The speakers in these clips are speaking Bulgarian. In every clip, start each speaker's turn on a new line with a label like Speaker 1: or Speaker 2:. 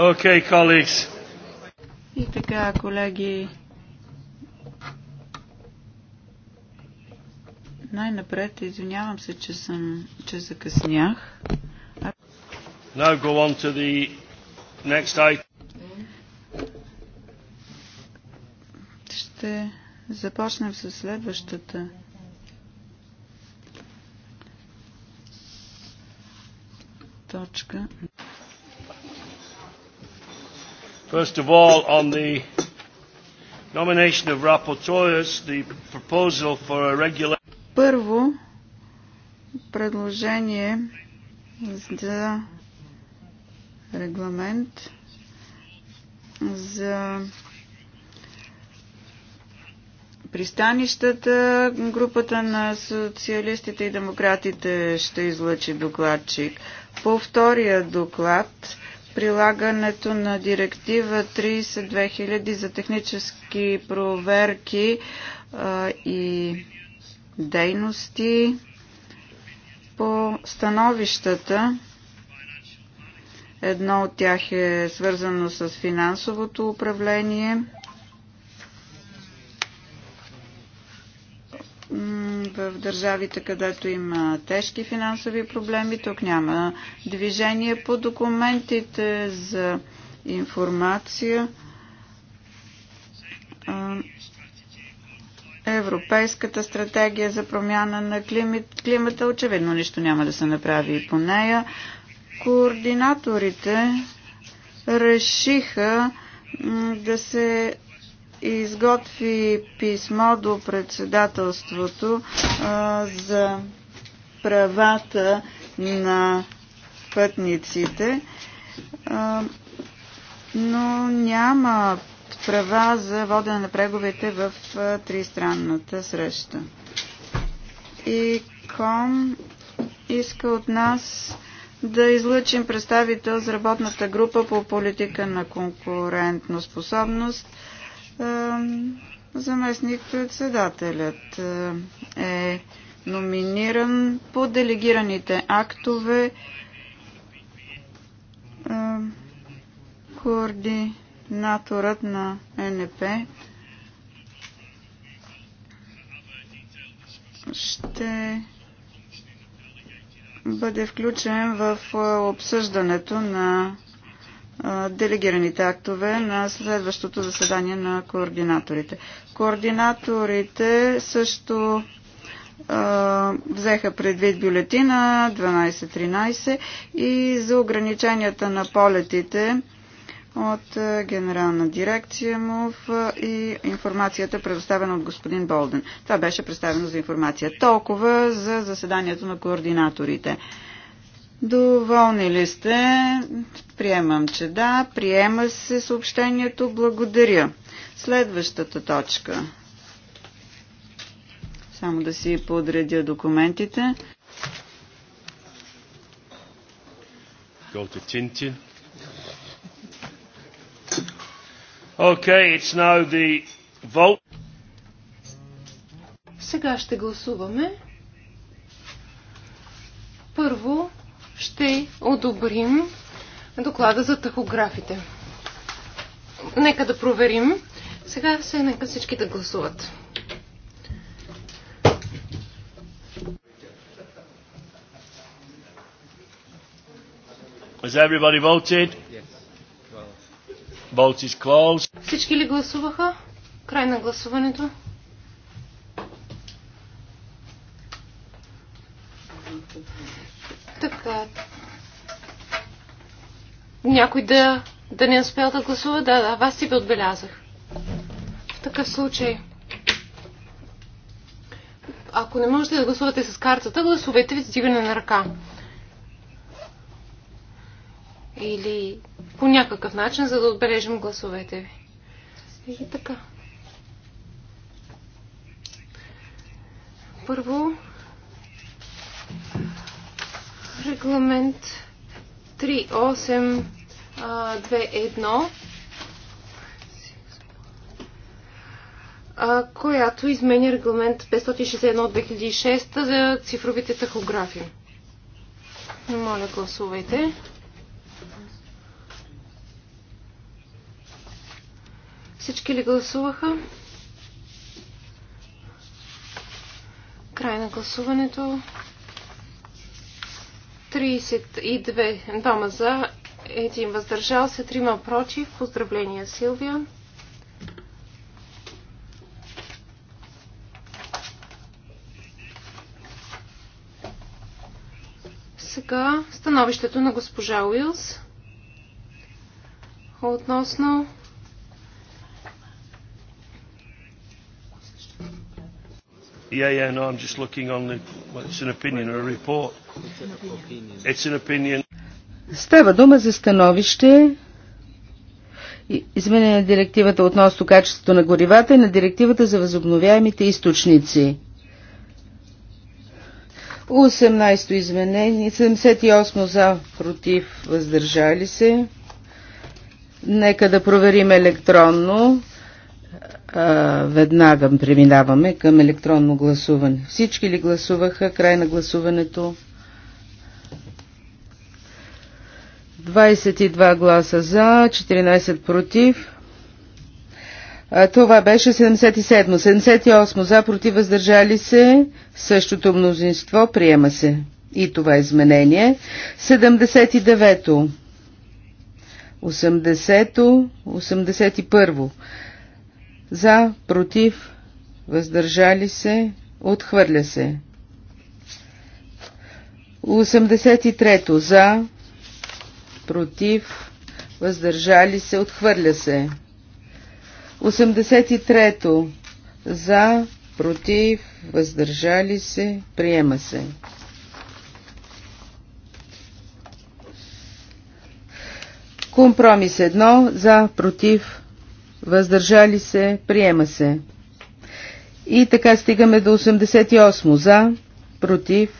Speaker 1: Okay, colleagues.
Speaker 2: И така, колеги, най-напред извинявам се, че, съм, че закъснях.
Speaker 1: Now go on to the next item.
Speaker 2: Ще започнем с следващата точка.
Speaker 1: First of all, on the nomination of rapporteurs, the proposal for a regular...
Speaker 2: Първо, предложение за регламент за пристанищата. Групата на социалистите и демократите ще излъчи докладчик. По втория доклад прилагането на директива 30-2000 за технически проверки а, и дейности по становищата. Едно от тях е свързано с финансовото управление. в държавите, където има тежки финансови проблеми. Тук няма движение по документите за информация. Европейската стратегия за промяна на климата, очевидно нищо няма да се направи и по нея. Координаторите решиха да се изготви писмо до председателството а, за правата на пътниците, а, но няма права за водене на преговорите в а, тристранната среща. И КОМ иска от нас да излъчим представител за работната група по политика на конкурентно способност – е, заместник-председателят е, е номиниран по делегираните актове е, координаторът на НП ще бъде включен в обсъждането на делегираните актове на следващото заседание на координаторите. Координаторите също взеха предвид бюлетина 12-13 и за ограниченията на полетите от генерална дирекция му и информацията предоставена от господин Болден. Това беше представено за информация. Толкова за заседанието на координаторите. Доволни ли сте? Приемам, че да. Приема се съобщението. Благодаря. Следващата точка. Само да си подредя документите.
Speaker 1: Go to Tintin. Okay, it's now the vote.
Speaker 3: Сега ще гласуваме първо ще одобрим доклада за тахографите. Нека да проверим. Сега се нека всички да гласуват.
Speaker 1: Has everybody voted? Yes. Vote is closed. Всички
Speaker 3: ли гласуваха? Край на гласуването. Така. Някой да, да не успял да гласува? Да, да, вас си бе отбелязах. В такъв случай. Ако не можете да гласувате с картата, гласувайте ви с дигане на ръка. Или по някакъв начин, за да отбележим гласовете ви. И така. Първо, Регламент 3821, която изменя регламент 561 от 2006 за цифровите тахографи. Моля, гласувайте. Всички ли гласуваха? Край на гласуването. 32 дома за, един въздържал се, трима против. Поздравления, Силвия. Сега становището на госпожа Уилс относно
Speaker 1: Yeah, yeah, no, I'm just looking on the... Well, It's an opinion or a report. It's an opinion.
Speaker 4: Става дума за становище изменение на директивата относно качеството на горивата и на директивата за възобновяемите източници. 18-то изменение, 78 за, против, въздържали се. Нека да проверим електронно веднага преминаваме към електронно гласуване. Всички ли гласуваха? Край на гласуването. 22 гласа за, 14 против. Това беше 77. 78 за, против, въздържали се. Същото мнозинство приема се. И това изменение. 79-то. 80-то. 81 за, против, въздържали се, отхвърля се. 83. За, против, въздържали се, отхвърля се. 83. За, против, въздържали се, приема се. Компромис 1. За, против, въздържали се, приема се. И така стигаме до 88 за, против,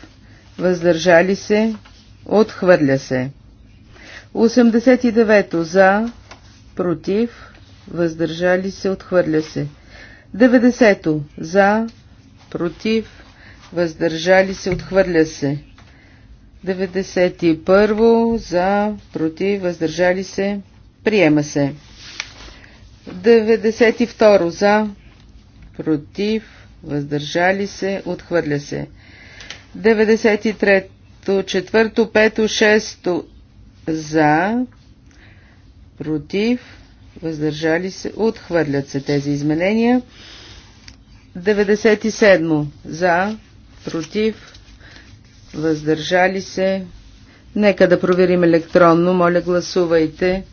Speaker 4: въздържали се, отхвърля се. 89 за, против, въздържали се, отхвърля се. 90 за, против, въздържали се, отхвърля се. 91 за, против, въздържали се, приема се. 92 за, против, въздържали се, отхвърля се. 93, 4, 5, 6 за, против, въздържали се, отхвърлят се тези изменения. 97 за, против, въздържали се. Нека да проверим електронно. Моля, гласувайте.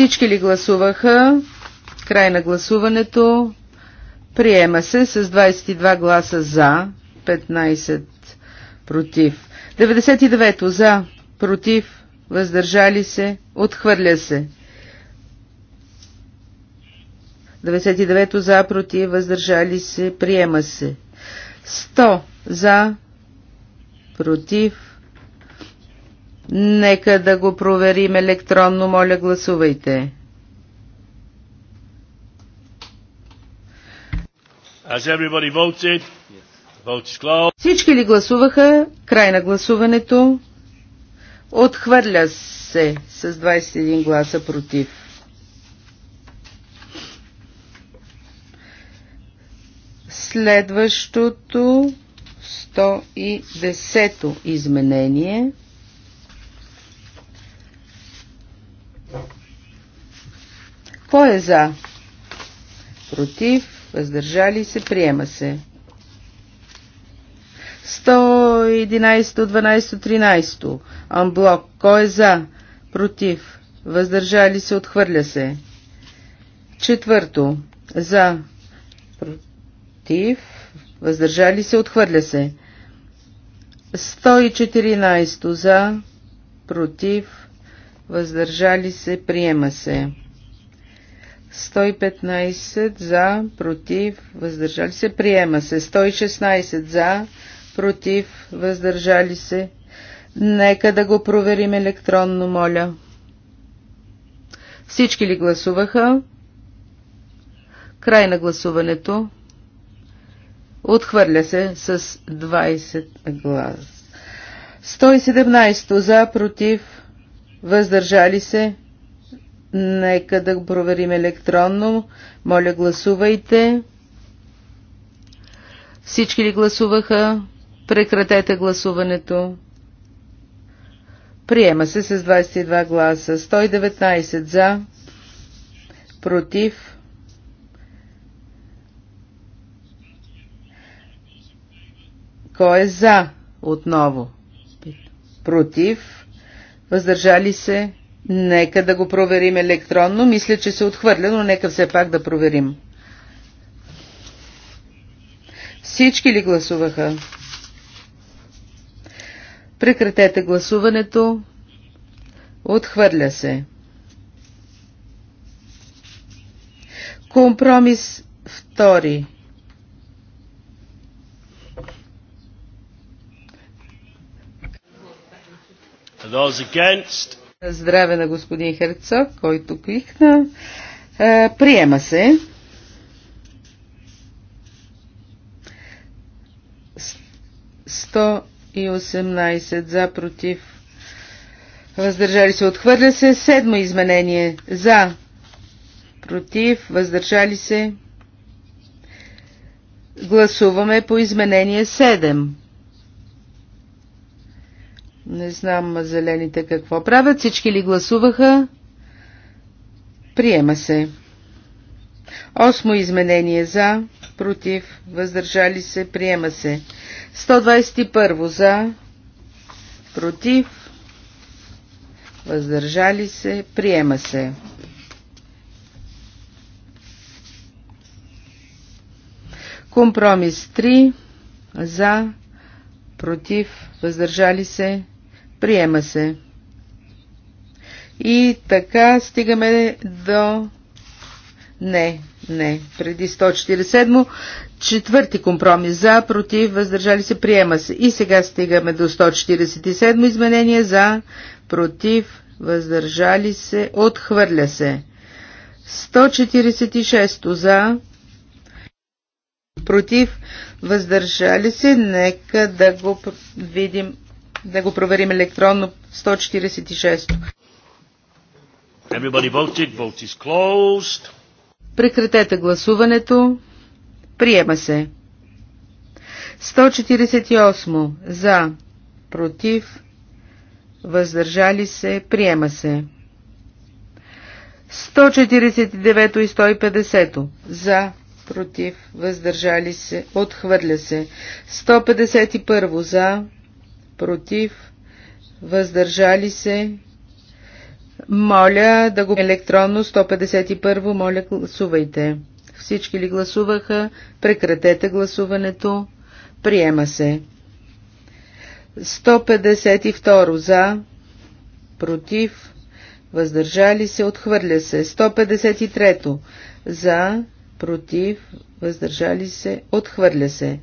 Speaker 4: Всички ли гласуваха? Край на гласуването. Приема се с 22 гласа за, 15 против. 99 за, против, въздържали се, отхвърля се. 99 за, против, въздържали се, приема се. 100 за, против, Нека да го проверим електронно. Моля, гласувайте.
Speaker 1: Voted?
Speaker 4: Всички ли гласуваха? Край на гласуването. Отхвърля се с 21 гласа против. Следващото 110 изменение. Кой е за? Против, въздържали се, приема се. 111, 12, 13. Амблок. Кой е за? Против. Въздържали се, отхвърля се. Четвърто. За. Против. Въздържали се, отхвърля се. 114. За. Против. Въздържали се, приема се. 115 за, против, въздържали се, приема се. 116 за, против, въздържали се. Нека да го проверим електронно, моля. Всички ли гласуваха? Край на гласуването. Отхвърля се с 20 глас. 117 за, против, въздържали се, Нека да проверим електронно. Моля, гласувайте. Всички ли гласуваха? Прекратете гласуването. Приема се с 22 гласа. 119 за, против. Кой е за? Отново. Против. Въздържали се. Нека да го проверим електронно. Мисля, че се отхвърля, но нека все пак да проверим. Всички ли гласуваха? Прекратете гласуването. Отхвърля се. Компромис втори.
Speaker 1: Those against
Speaker 4: Здраве на господин Херцог, който кликна. Е, приема се. Сто и 18 за против. Въздържали се. Отхвърля се. Седмо изменение. За. Против. Въздържали се. Гласуваме по изменение 7. Не знам зелените какво правят. Всички ли гласуваха? Приема се. Осмо изменение за, против, въздържали се, приема се. 121 за, против, въздържали се, приема се. Компромис 3 за, против, въздържали се, Приема се. И така стигаме до... Не, не, преди 147. Четвърти компромис за, против, въздържали се, приема се. И сега стигаме до 147 изменение за, против, въздържали се, отхвърля се. 146 за, против, въздържали се, нека да го видим да го проверим електронно 146.
Speaker 1: Everybody voted. Vote is closed.
Speaker 4: Прекратете гласуването. Приема се. 148 за, против, въздържали се, приема се. 149 и 150 за, против, въздържали се, отхвърля се. 151 за, против, въздържали се. Моля да го електронно 151, моля гласувайте. Всички ли гласуваха? Прекратете гласуването. Приема се. 152 за, против, въздържали се, отхвърля се. 153 за, против, въздържали се, отхвърля се.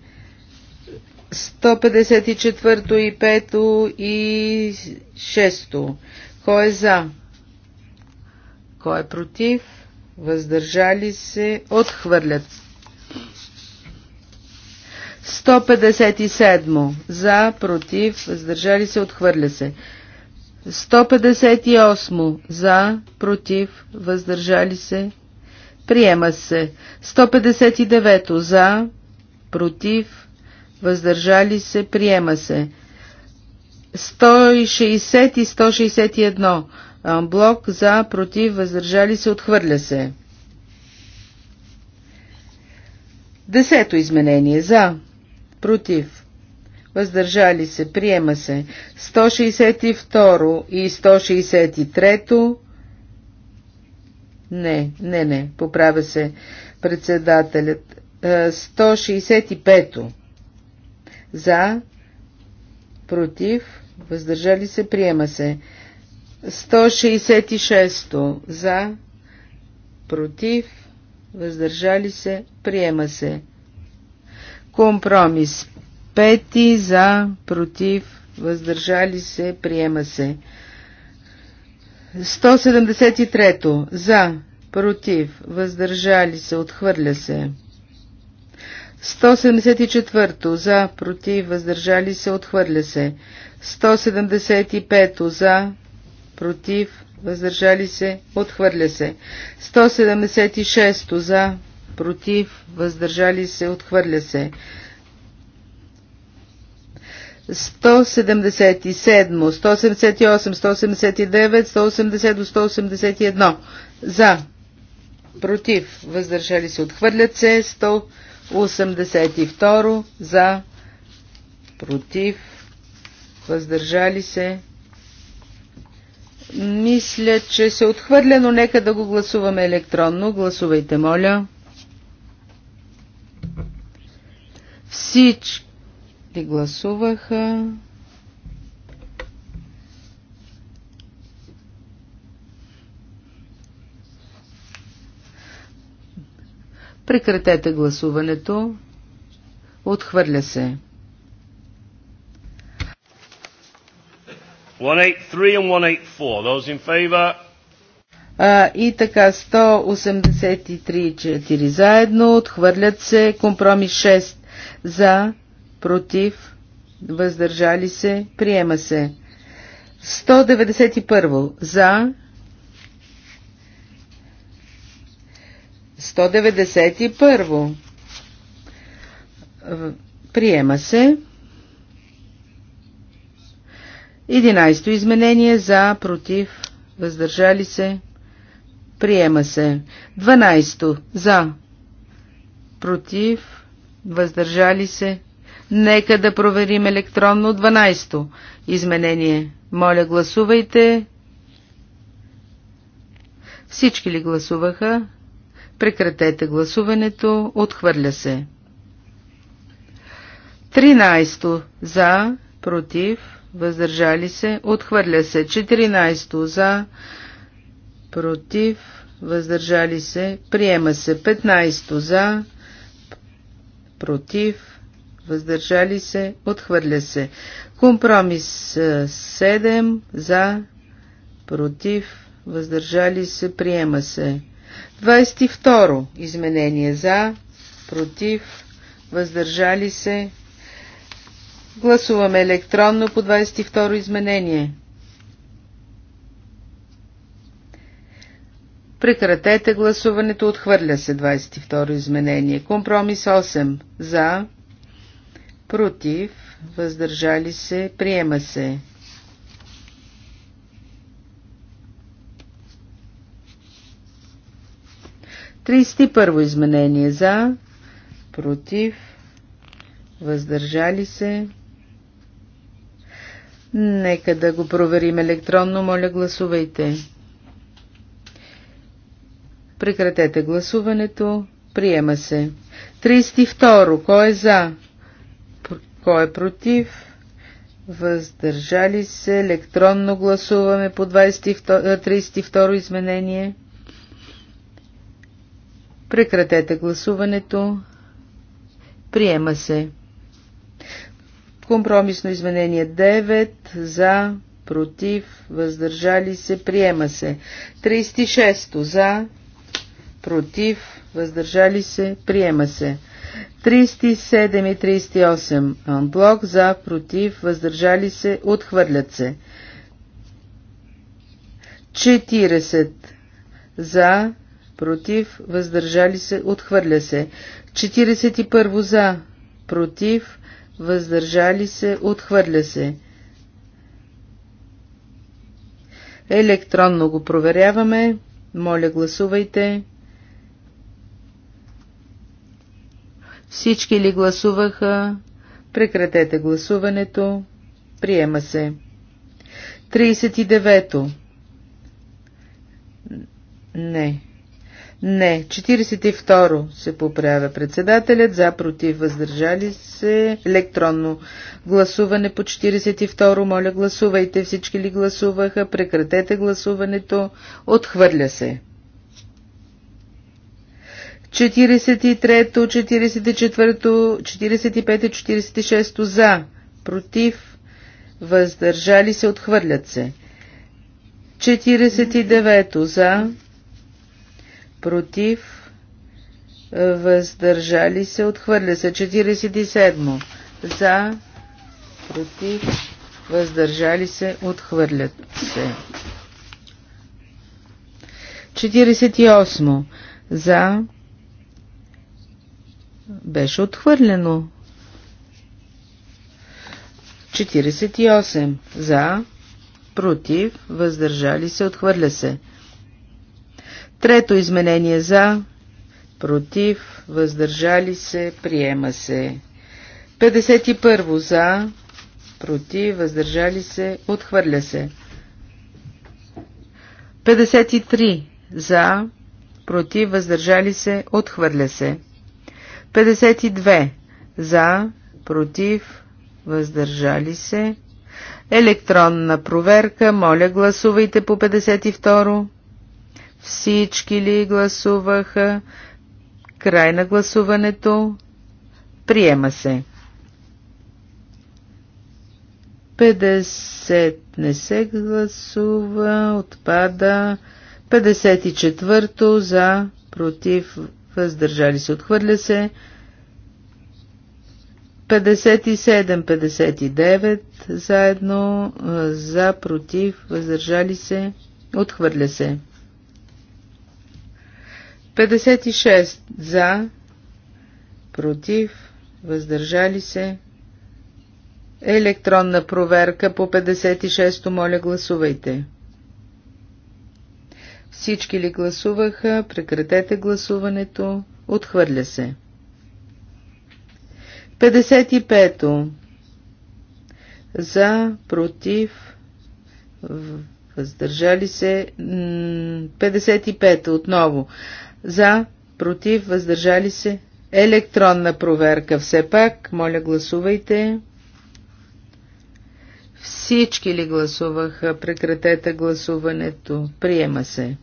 Speaker 4: 154 и 5 и 6. Кой е за? Кой е против? Въздържали се? Отхвърлят. 157. За, против, въздържали се, отхвърля се. 158. За, против, въздържали се, приема се. 159. За, против, въздържали се, приема се. 160 и 161. Блок за, против, въздържали се, отхвърля се. Десето изменение. За, против, въздържали се, приема се. 162 и 163. Не, не, не, поправя се председателят. 165. За, против, въздържали се, приема се. 166 за, против, въздържали се, приема се. Компромис. Пети за, против, въздържали се, приема се. 173 за, против, въздържали се, отхвърля се. 174 за, против, въздържали се, отхвърля се. 175 за, против, въздържали се, отхвърля се. 176 за, против, въздържали се, отхвърля се. 177, 178, 179, 180 до 181 за, против, въздържали се, отхвърлят се, 82 за, против, въздържали се. Мисля, че се отхвърля, но нека да го гласуваме електронно. Гласувайте, моля. Всички гласуваха. Прекратете гласуването. Отхвърля се.
Speaker 1: 183 и 184. Those
Speaker 4: А, и така 183-4 заедно отхвърлят се компромис 6 за, против, въздържали се, приема се. 191 за, 191. Приема се. 11 изменение за, против, въздържали се. Приема се. 12 за, против, въздържали се. Нека да проверим електронно 12 изменение. Моля, гласувайте. Всички ли гласуваха? Прекратете гласуването. Отхвърля се. 13 за, против, въздържали се. Отхвърля се. 14 за, против, въздържали се. Приема се. 15 за, против, въздържали се. Отхвърля се. Компромис 7 за, против, въздържали се. Приема се. 22 изменение за, против, въздържали се. Гласуваме електронно по 22 изменение. Прекратете гласуването, отхвърля се 22 изменение. Компромис 8 за, против, въздържали се, приема се. 31 изменение за, против, въздържали се. Нека да го проверим електронно, моля гласувайте. Прекратете гласуването. Приема се. 32. Кой е за? Кой е против? Въздържали се. Електронно гласуваме по 22, 32 изменение. Прекратете гласуването. Приема се. Компромисно изменение 9 за, против, въздържали се, приема се. 36 за, против, въздържали се, приема се. 37 и 38 анблок за, против, въздържали се, отхвърлят се. 40 за, против, въздържали се, отхвърля се. 41 за, против, въздържали се, отхвърля се. Електронно го проверяваме. Моля, гласувайте. Всички ли гласуваха? Прекратете гласуването. Приема се. 39. Не. Не. 42 се поправя председателят. За, против, въздържали се. Електронно гласуване по 42. Моля, гласувайте. Всички ли гласуваха? Прекратете гласуването. Отхвърля се. 43-то, 44-то, 45-то, 46-то за, против, въздържали се, отхвърлят се. 49-то за, против, въздържали се, отхвърля се. 47. За, против, въздържали се, отхвърлят се. 48. За, беше отхвърлено. 48. За, против, въздържали се, отхвърля се. Трето изменение за, против, въздържали се, приема се. 51 за, против, въздържали се, отхвърля се. 53 за, против, въздържали се, отхвърля се. 52 за, против, въздържали се. Електронна проверка, моля гласувайте по 52. Всички ли гласуваха? Край на гласуването. Приема се. 50 не се гласува, отпада. 54 то за, против, въздържали се, отхвърля се. 57-59 заедно, за, против, въздържали се, отхвърля се. 56 за, против, въздържали се. Електронна проверка по 56-то, моля гласувайте. Всички ли гласуваха? Прекратете гласуването. Отхвърля се. 55-то. За, против, въздържали се. 55-то отново за, против, въздържали се, електронна проверка. Все пак, моля гласувайте. Всички ли гласуваха? Прекратете гласуването. Приема се.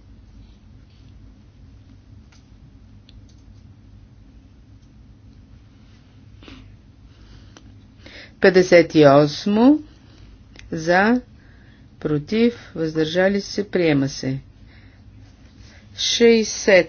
Speaker 4: Петдесет и осмо. За. Против. Въздържали се. Приема се. 60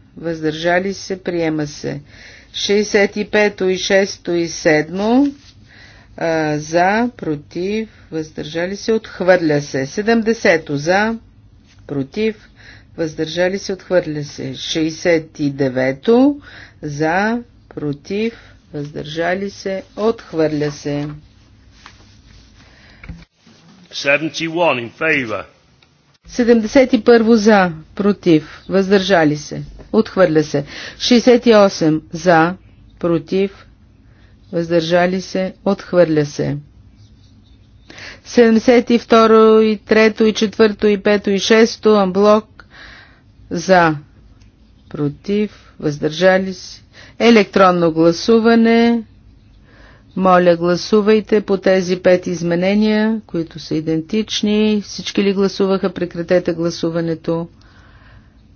Speaker 4: въздържали се, приема се. 65-то и 6-то и 7 а, за, против, въздържали се, отхвърля се. 70-то за, против, въздържали се, отхвърля се. 69-то за, против, въздържали се, отхвърля се.
Speaker 1: 71 in favor
Speaker 4: 71 за, против, въздържали се, отхвърля се. 68 за, против, въздържали се, отхвърля се. 72 и 3 и 4 и 5 и 6 амблок за, против, въздържали се. Електронно гласуване моля, гласувайте по тези пет изменения, които са идентични. Всички ли гласуваха? Прекратете гласуването.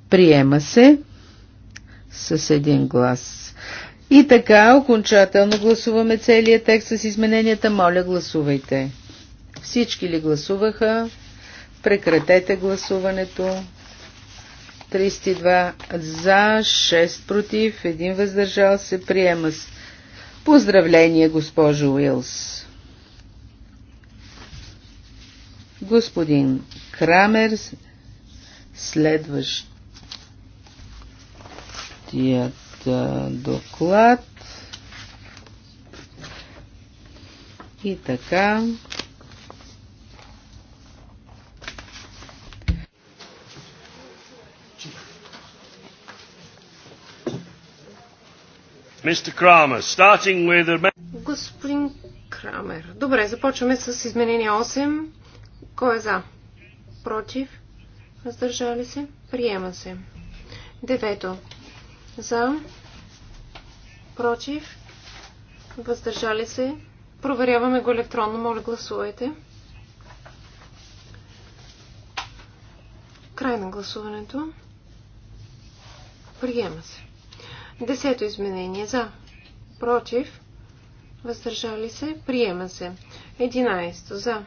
Speaker 4: Приема се с един глас. И така, окончателно гласуваме целият текст с измененията. Моля, гласувайте. Всички ли гласуваха? Прекратете гласуването. 32 за, 6 против, 1 въздържал се, приема се. Поздравление, госпожо Уилс. Господин Крамер, следващият доклад. И така.
Speaker 1: Mr. Kramer, starting with... Господин Крамер.
Speaker 3: Добре, започваме с изменение 8. Кой е за? Против? Въздържали се? Приема се. Девето. За? Против? Въздържали се? Проверяваме го електронно. Моля, гласувайте. Край на гласуването. Приема се. Десето изменение за. Против. Въздържали се. Приема се. Единайсто за.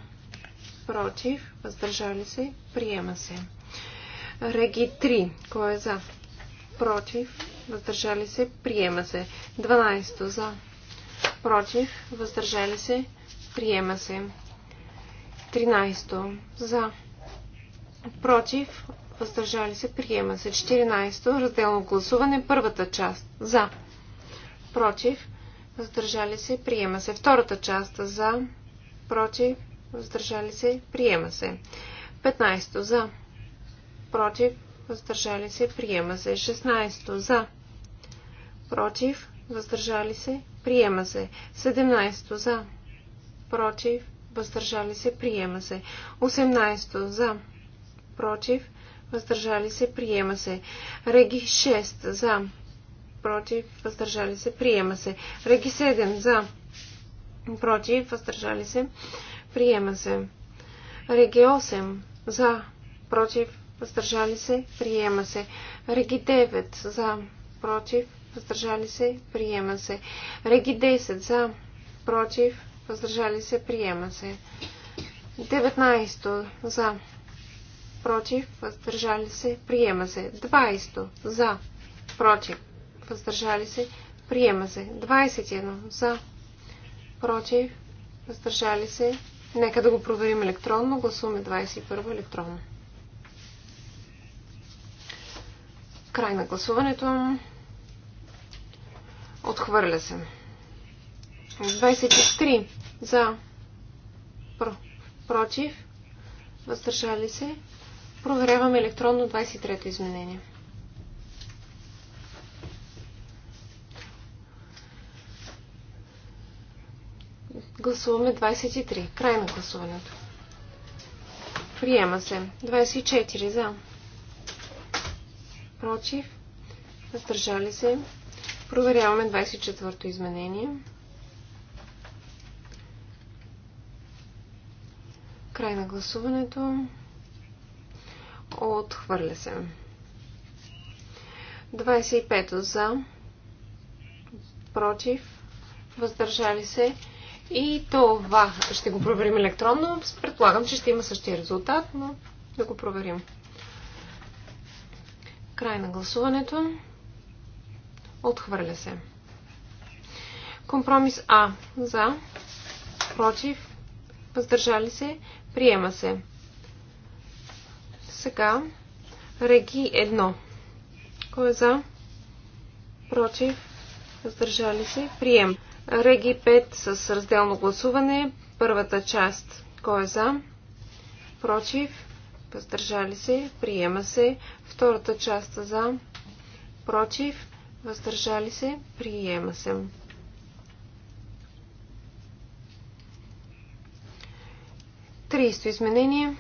Speaker 3: Против. Въздържали се. Приема се. Реги 3. Кой е за? Против. Въздържали се. Приема се. 12. За. Против. Въздържали се. Приема се. 13. За. Против въздържали се, приема се. 14. Разделно гласуване, първата част. За. Против, въздържали се, приема се. Втората част. За. Против, въздържали се, приема се. 15. За. Против, въздържали се, приема се. 16. За. Против, въздържали се, приема се. 17. За. Против, въздържали се, приема се. 18. За. Против, въздържали се, приема се. Реги 6 за, против, въздържали се, приема се. Реги 7 за, против, въздържали се, приема се. Реги 8 за, против, въздържали се, приема се. Реги 9 за, против, въздържали се, приема се. Реги 10 за, против, въздържали се, приема се. 19 за, против, въздържали се, приема се. 20 за, против, въздържали се, приема се. 21 за, против, въздържали се. Нека да го проверим електронно. Гласуваме 21 електронно. Край на гласуването. Отхвърля се. 23 за, против, въздържали се, Проверяваме електронно 23-то изменение. Гласуваме 23. Край на гласуването. Приема се. 24 за. Против. Въздържали се. Проверяваме 24-то изменение. Край на гласуването. Отхвърля се. 25 за, против, въздържали се. И това ще го проверим електронно. Предполагам, че ще има същия резултат, но да го проверим. Край на гласуването. Отхвърля се. Компромис А. За. Против. Въздържали се. Приема се. Сега Реги 1. Кой е за? Против? Въздържали се? Прием. Реги 5 с разделно гласуване. Първата част. Кой е за? Против? Въздържали се? Приема се. Втората част е за? Против? Въздържали се? Приема се. Тристо изменение.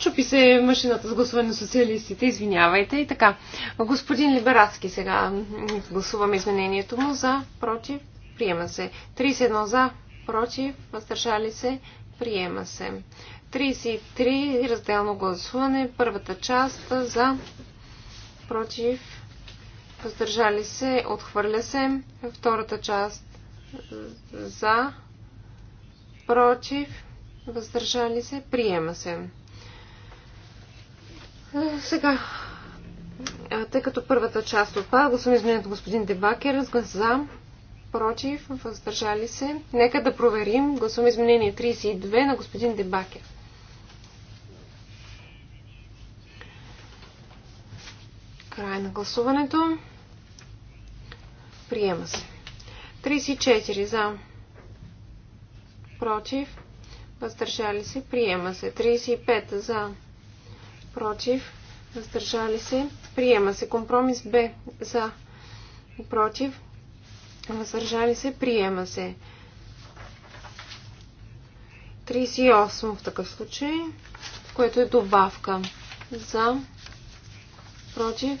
Speaker 3: Щупи се машината с гласуване на социалистите, извинявайте. И така, господин Либерацки сега гласуваме изменението му за, против, приема се. 31 за, против, въздържали се, приема се. 33 разделно гласуване, първата част за, против, въздържали се, отхвърля се. Втората част за, против, въздържали се, приема се. Сега, тъй като първата част отпада, гласуваме изменението господин Дебакер, за, против, въздържали се. Нека да проверим. Гласуваме изменение 32 на господин Дебакер. Край на гласуването. Приема се. 34 за, против, въздържали се, приема се. 35 за, против, въздържали се, приема се. Компромис Б за, против, въздържали се, приема се. 38 в такъв случай, което е добавка за, против,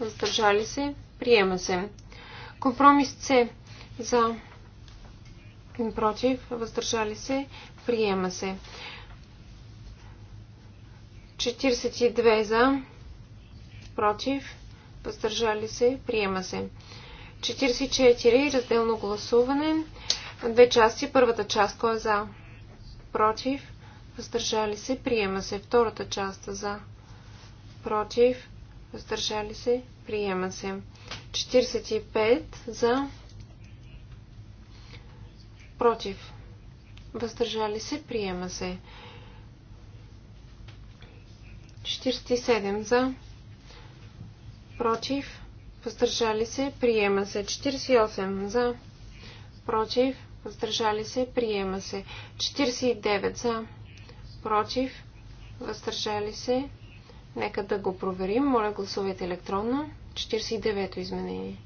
Speaker 3: въздържали се, приема се. Компромис С за, против, въздържали се, приема се. 42 за, против, въздържали се, приема се. 44 разделно гласуване, две части, първата част, кой е за, против, въздържали се, приема се. Втората част за, против, въздържали се, приема се. 45 за, против, против, въздържали се, приема се. 47 за, против, въздържали се, приема се. 48 за, против, въздържали се, приема се. 49 за, против, въздържали се. Нека да го проверим. Моля, гласувайте електронно. 49 изменение.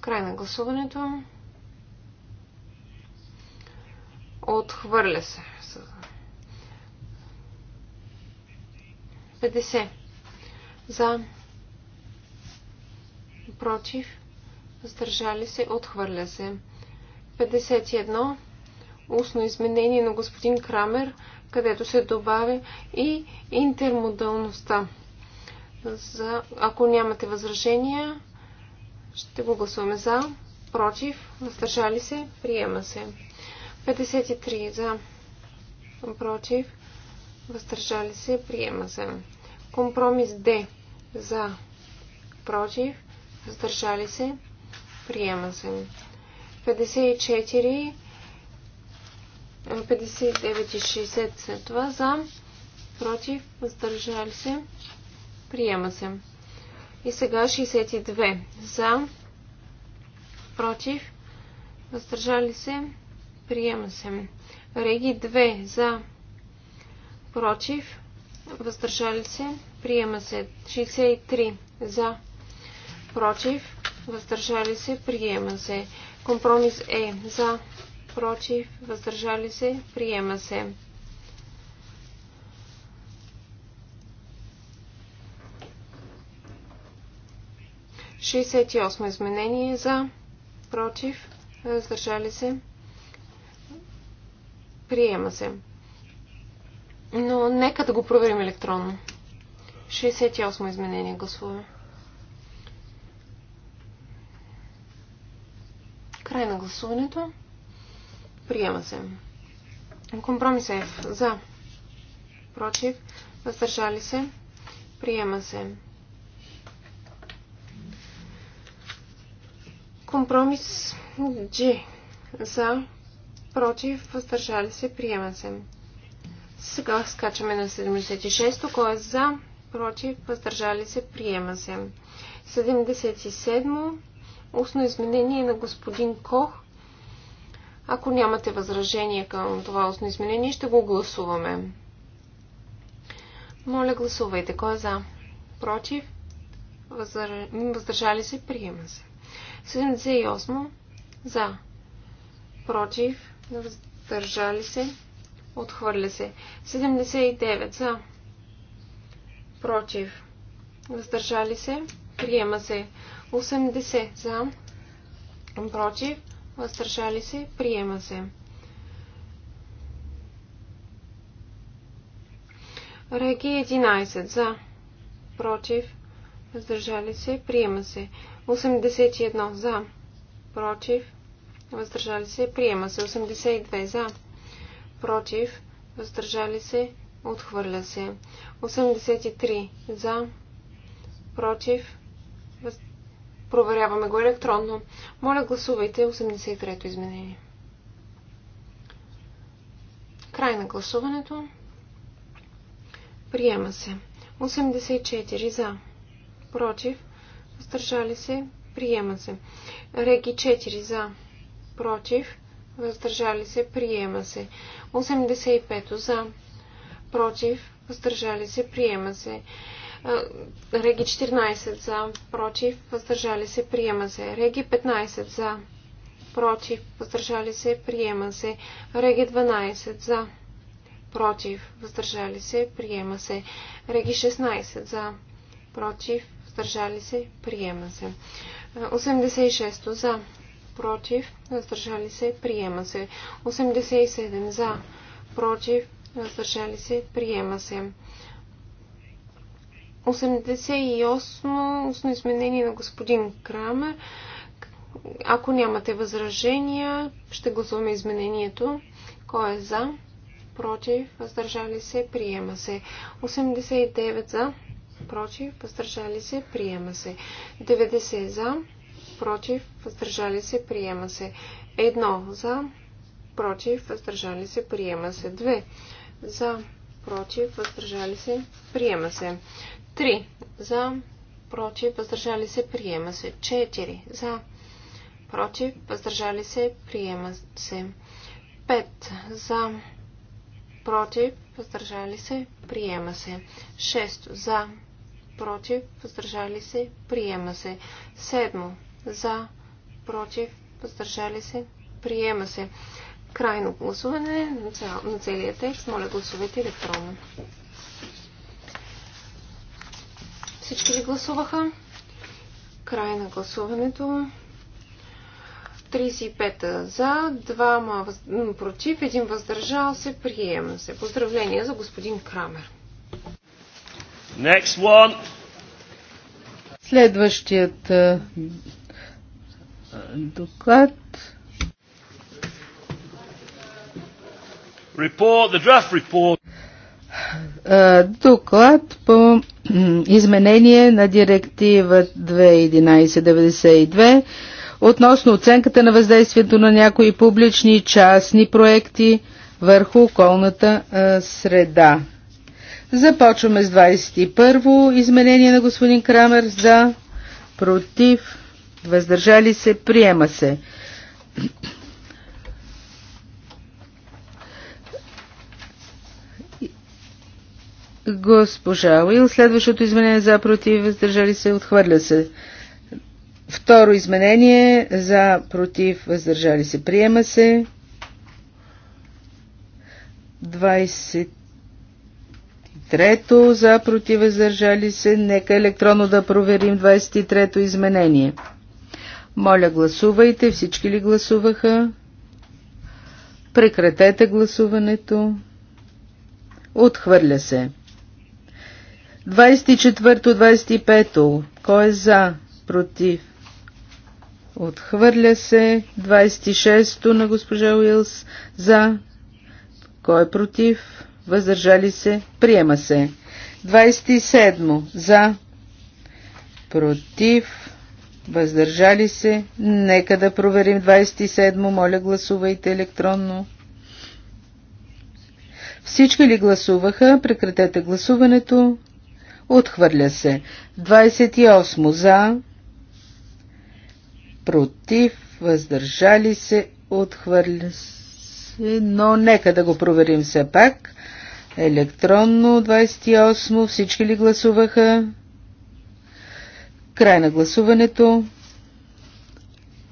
Speaker 3: Край на гласуването. Отхвърля се. 50. За. Против. Сдържали се. Отхвърля се. 51. Устно изменение на господин Крамер, където се добавя и интермодалността. За, ако нямате възражения, ще го гласуваме за. Против. Въздържали се. Приема се. 53 за. Против. Въздържали се. Приема се. Компромис Д. За. Против. Въздържали се. Приема се. 54. 59 и 60 след това. За. Против. Въздържали се. Приема се. И сега 62. За. Против. Въздържали се. Приема се. Реги 2. За. Против. Въздържали се. Приема се. 63. За. Против. Въздържали се. Приема се. Компромис Е. За. Против. Въздържали се. Приема се. 68 изменение за, против, въздържали се, приема се. Но нека да го проверим електронно. 68 изменение гласуваме. Край на гласуването. Приема се. Компромис F. За. Против. Въздържали се. Приема се. Компромис G. За, против, въздържали се, приема се. Сега скачаме на 76-то. Кой е за, против, въздържали се, приема се. 77-мо. Устно изменение на господин Кох. Ако нямате възражение към това устно изменение, ще го гласуваме. Моля, гласувайте. Кой е за? Против? Въздържали се? Приема се. 78 за, против, въздържали се, отхвърля се. 79 за, против, въздържали се, приема се. 80 за, против, въздържали се, приема се. Реги 11 за, против, въздържали се, приема се. 81 за, против, въздържали се, приема се. 82 за, против, въздържали се, отхвърля се. 83 за, против, въз... проверяваме го електронно. Моля, гласувайте 83-то изменение. Край на гласуването. Приема се. 84 за против, въздържали се, приема се. Реги 4 за, против, въздържали се, приема се. 85 за, против, въздържали се, приема се. Реги 14 за, против, въздържали се, приема се. Реги 15 за, против, въздържали се, приема се. Реги 12 за, против, въздържали се, приема се. Реги 16 за, против, въздържали се, приема се. 86 за, против, въздържали се, приема се. 87 за, против, въздържали се, приема се. 88 устно изменение на господин Крамер. Ако нямате възражения, ще гласуваме изменението. Кой е за? Против? Въздържали се? Приема се. 89 за против, въздържали се, приема се. 90 за, против, въздържали се, приема се. 1 за, против, въздържали се, приема се. 2 за, против, въздържали се, приема се. 3 за, против, въздържали се, приема се. 4 за, против, въздържали се, приема се. 5 за, против, въздържали се, приема се. 6 за, против, въздържали се, приема се. Седмо, за, против, въздържали се, приема се. Крайно гласуване на целия текст. Моля, гласувайте електронно. Всички ли гласуваха? Край на гласуването. 35 за, 2 против, 1 въздържал се, приема се. Поздравления за господин
Speaker 1: Крамер. Next one.
Speaker 4: Следващият доклад.
Speaker 1: Report, the draft report.
Speaker 4: Доклад по изменение на директива 2.11.92 относно оценката на въздействието на някои публични и частни проекти върху околната среда. Започваме с 21-во изменение на господин Крамер за, против, въздържали се, приема се. Госпожа Уил, следващото изменение за, против, въздържали се, отхвърля се. Второ изменение за, против, въздържали се, приема се. 20 23-то за против въздържали се. Нека електронно да проверим 23-то изменение. Моля гласувайте. Всички ли гласуваха? Прекратете гласуването. Отхвърля се. 24-25. Кой е за? Против? Отхвърля се. 26-то на госпожа Уилс. За? Кой е против? въздържали се, приема се. 27 за, против, въздържали се. Нека да проверим 27. Моля, гласувайте електронно. Всички ли гласуваха? Прекратете гласуването. Отхвърля се. 28 за, против, въздържали се, отхвърля се. Но нека да го проверим все пак. Електронно 28. Всички ли гласуваха? Край на гласуването.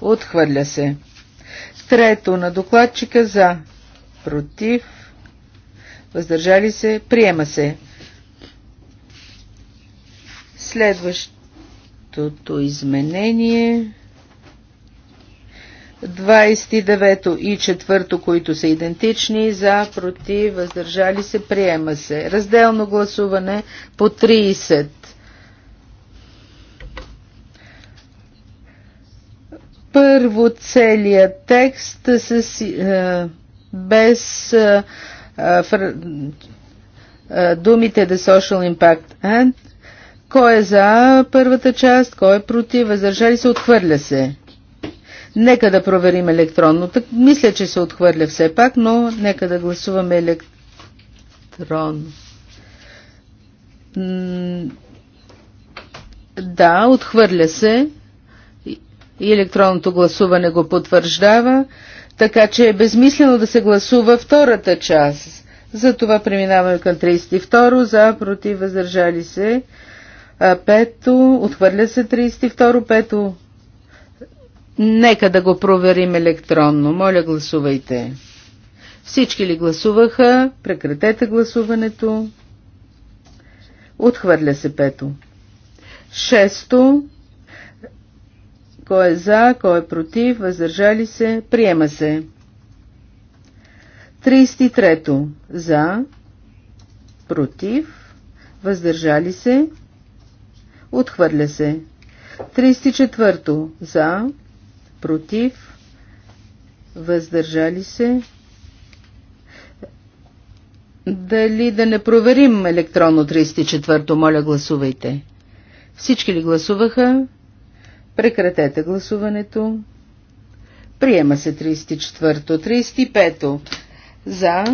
Speaker 4: Отхвърля се. Трето на докладчика за. Против. Въздържали се. Приема се. Следващото изменение 29 и 4, които са идентични, за, против, въздържали се, приема се. Разделно гласуване по 30. Първо целият текст с, е, без е, е фр, е, думите The Social Impact and кой е за първата част, кой е против, въздържали се, отхвърля се. Нека да проверим електронно. Так, мисля, че се отхвърля все пак, но нека да гласуваме електронно. Да, отхвърля се. И електронното гласуване го потвърждава, така че е безмислено да се гласува втората част. Затова преминаваме към 32 за, против, въздържали се. Пето, отхвърля се 32, пето Нека да го проверим електронно. Моля, гласувайте. Всички ли гласуваха? Прекратете гласуването. Отхвърля се пето. Шесто. Кой е за, кой е против, въздържали се, приема се. 33. За, против, въздържали се, отхвърля се. 34. За, против, въздържали се. Дали да не проверим електронно 34-то? Моля, гласувайте. Всички ли гласуваха? Прекратете гласуването. Приема се 34-то. 35-то. За,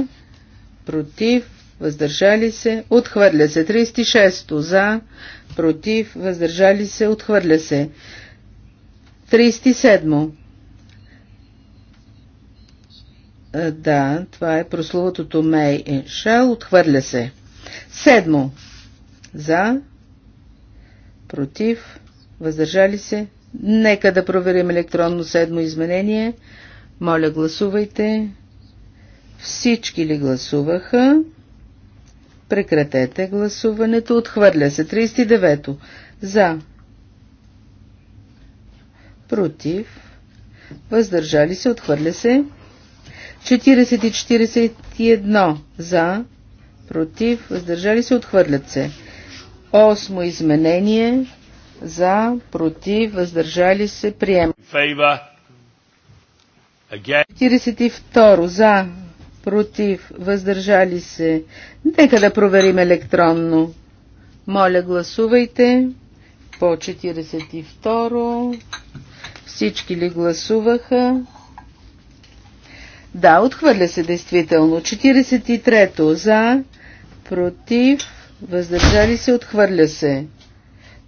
Speaker 4: против, въздържали се, отхвърля се. 36-то. За, против, въздържали се, отхвърля се. 37. Е, да, това е прословутото Мей и Шел. Отхвърля се. Седмо. За. Против. Въздържали се. Нека да проверим електронно седмо изменение. Моля, гласувайте. Всички ли гласуваха? Прекратете гласуването. Отхвърля се. 39. За против, въздържали се, отхвърля се. 40 41 за, против, въздържали се, отхвърлят се. Осмо изменение за, против, въздържали се, приема. 42 за, против, въздържали се. Нека да проверим електронно. Моля, гласувайте по 42. Всички ли гласуваха? Да, отхвърля се действително. 43-то за, против, въздържали се, отхвърля се.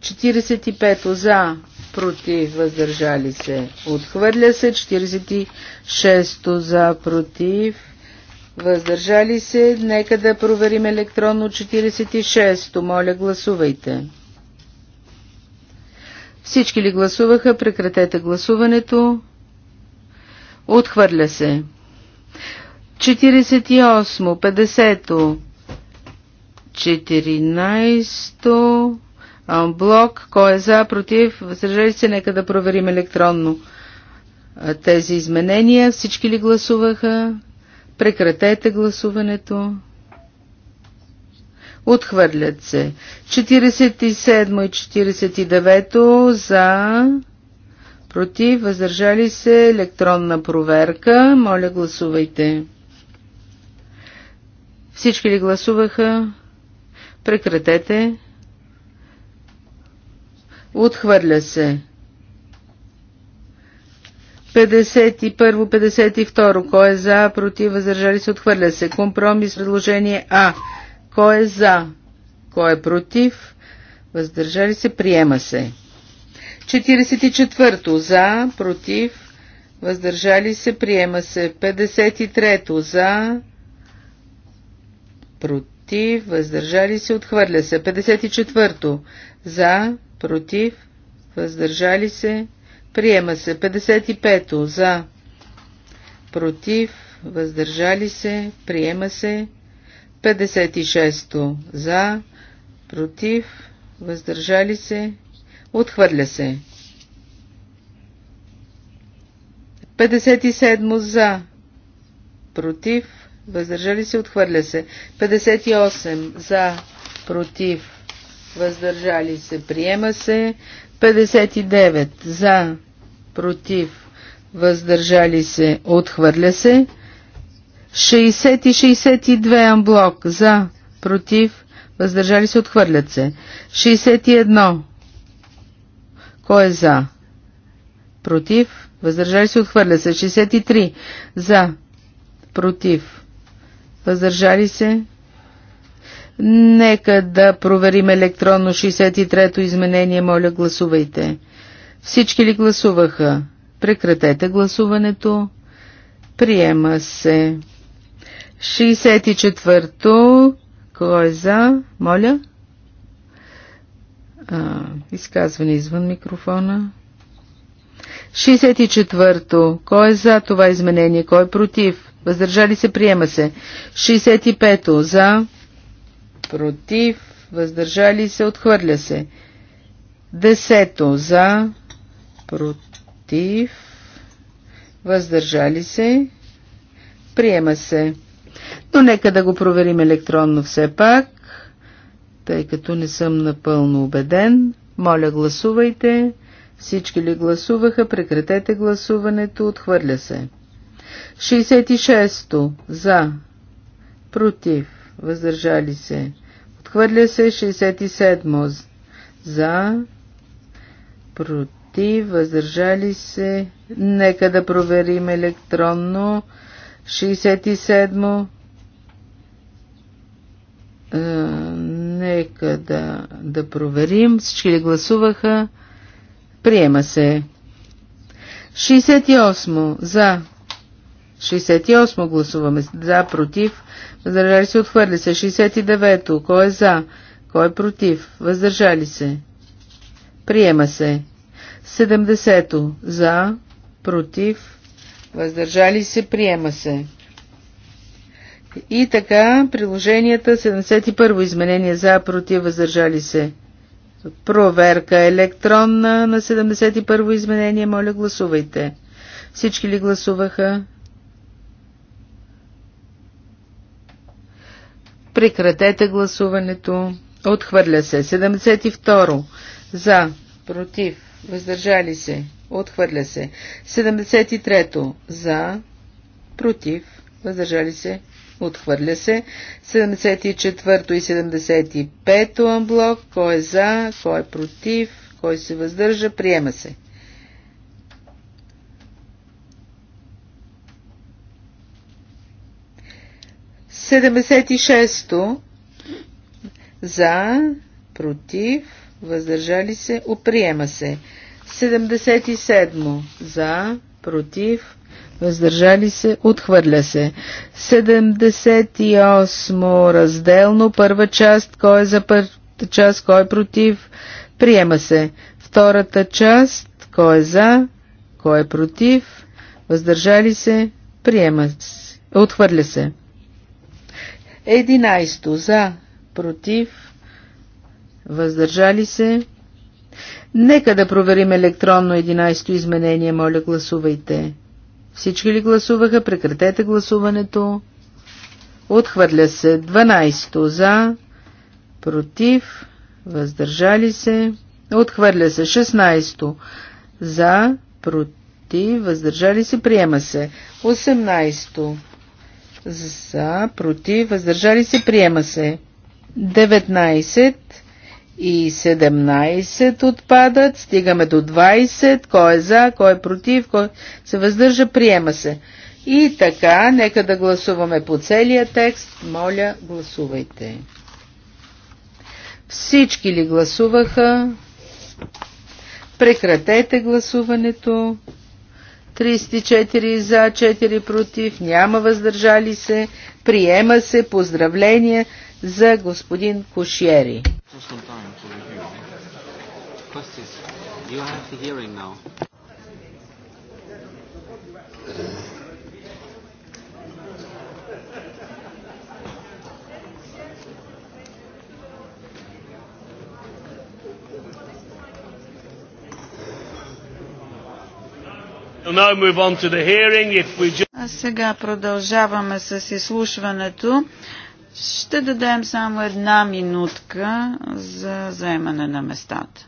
Speaker 4: 45-то за, против, въздържали се, отхвърля се. 46-то за, против, въздържали се. Нека да проверим електронно 46-то. Моля, гласувайте. Всички ли гласуваха? Прекратете гласуването. Отхвърля се. 48, 50, 14, блок, кой е за, против, въздържали се, нека да проверим електронно тези изменения. Всички ли гласуваха? Прекратете гласуването. Отхвърлят се. 47 и 49 за, против, въздържали се, електронна проверка. Моля, гласувайте. Всички ли гласуваха? Прекратете. Отхвърля се. 51-52. Кой е за, против, въздържали се, отхвърля се. Компромис, предложение А. Кой е за? Кой е против? Въздържали се, приема се. 44-то за, против, въздържали се, приема се. 53-то за, против, въздържали се, отхвърля се. 54-то за, против, въздържали се, приема се. 55-то за, против, въздържали се, приема се. 56 за, против, въздържали се, отхвърля се. 57 за, против, въздържали се, отхвърля се. 58 за, против, въздържали се, приема се. 59 за, против, въздържали се, отхвърля се. 60 и 62 амблок за, против, въздържали се, отхвърлят се. 61. Кой е за? Против, въздържали се, отхвърля се. 63. За, против, въздържали се. Нека да проверим електронно 63-то изменение, моля гласувайте. Всички ли гласуваха? Прекратете гласуването. Приема се. 64-то. Кой е за? Моля. А, изказване извън микрофона. 64-то. Кой е за това изменение? Кой е против? Въздържали се, приема се. 65-то. За. Против. Въздържали се, отхвърля се. 10-то. За. Против. Въздържали се. Приема се. Но нека да го проверим електронно все пак, тъй като не съм напълно убеден. Моля, гласувайте. Всички ли гласуваха? Прекратете гласуването. Отхвърля се. 66-то. За. Против. Въздържали се. Отхвърля се 67 мо За. Против. Въздържали се. Нека да проверим електронно. 67. Е, нека да, да проверим. Всички ли гласуваха? Приема се. 68. За. 68 гласуваме. За, против. Въздържали се, отхвърли се. 69. Кой е за? Кой е против? Въздържали се. Приема се. 70. За, против въздържали се, приема се. И така, приложенията 71 изменение за, против, въздържали се. Проверка електронна на 71 изменение, моля гласувайте. Всички ли гласуваха? Прекратете гласуването. Отхвърля се. 72. За. Против. Въздържали се. Отхвърля се. 73-то. За. Против. Въздържали се. Отхвърля се. 74-то и 75-то амблок. Кой е за, кой е против, кой се въздържа, приема се. Седемдесет и шесто за, против, въздържали се, оприема се. 77 за, против, въздържали се, отхвърля се. 78 разделно, първа част, кой е за първата част, кой е против, приема се. Втората част, кой е за, кой е против, въздържали се, приема се, отхвърля се. 11 за, против, въздържали се, Нека да проверим електронно 11-то изменение. Моля, гласувайте. Всички ли гласуваха? Прекратете гласуването. Отхвърля се 12-то за, против, въздържали се. Отхвърля се 16-то за, против, въздържали се, приема се. 18-то за, против, въздържали се, приема се. 19 и 17 отпадат, стигаме до 20, кой е за, кой е против, кой се въздържа, приема се. И така, нека да гласуваме по целия текст. Моля, гласувайте. Всички ли гласуваха? Прекратете гласуването. 34 за, 4 против, няма въздържали се. Приема се. поздравления за господин Кошиери.
Speaker 2: А сега продължаваме с изслушването ще дадем само една минутка за заемане на местата.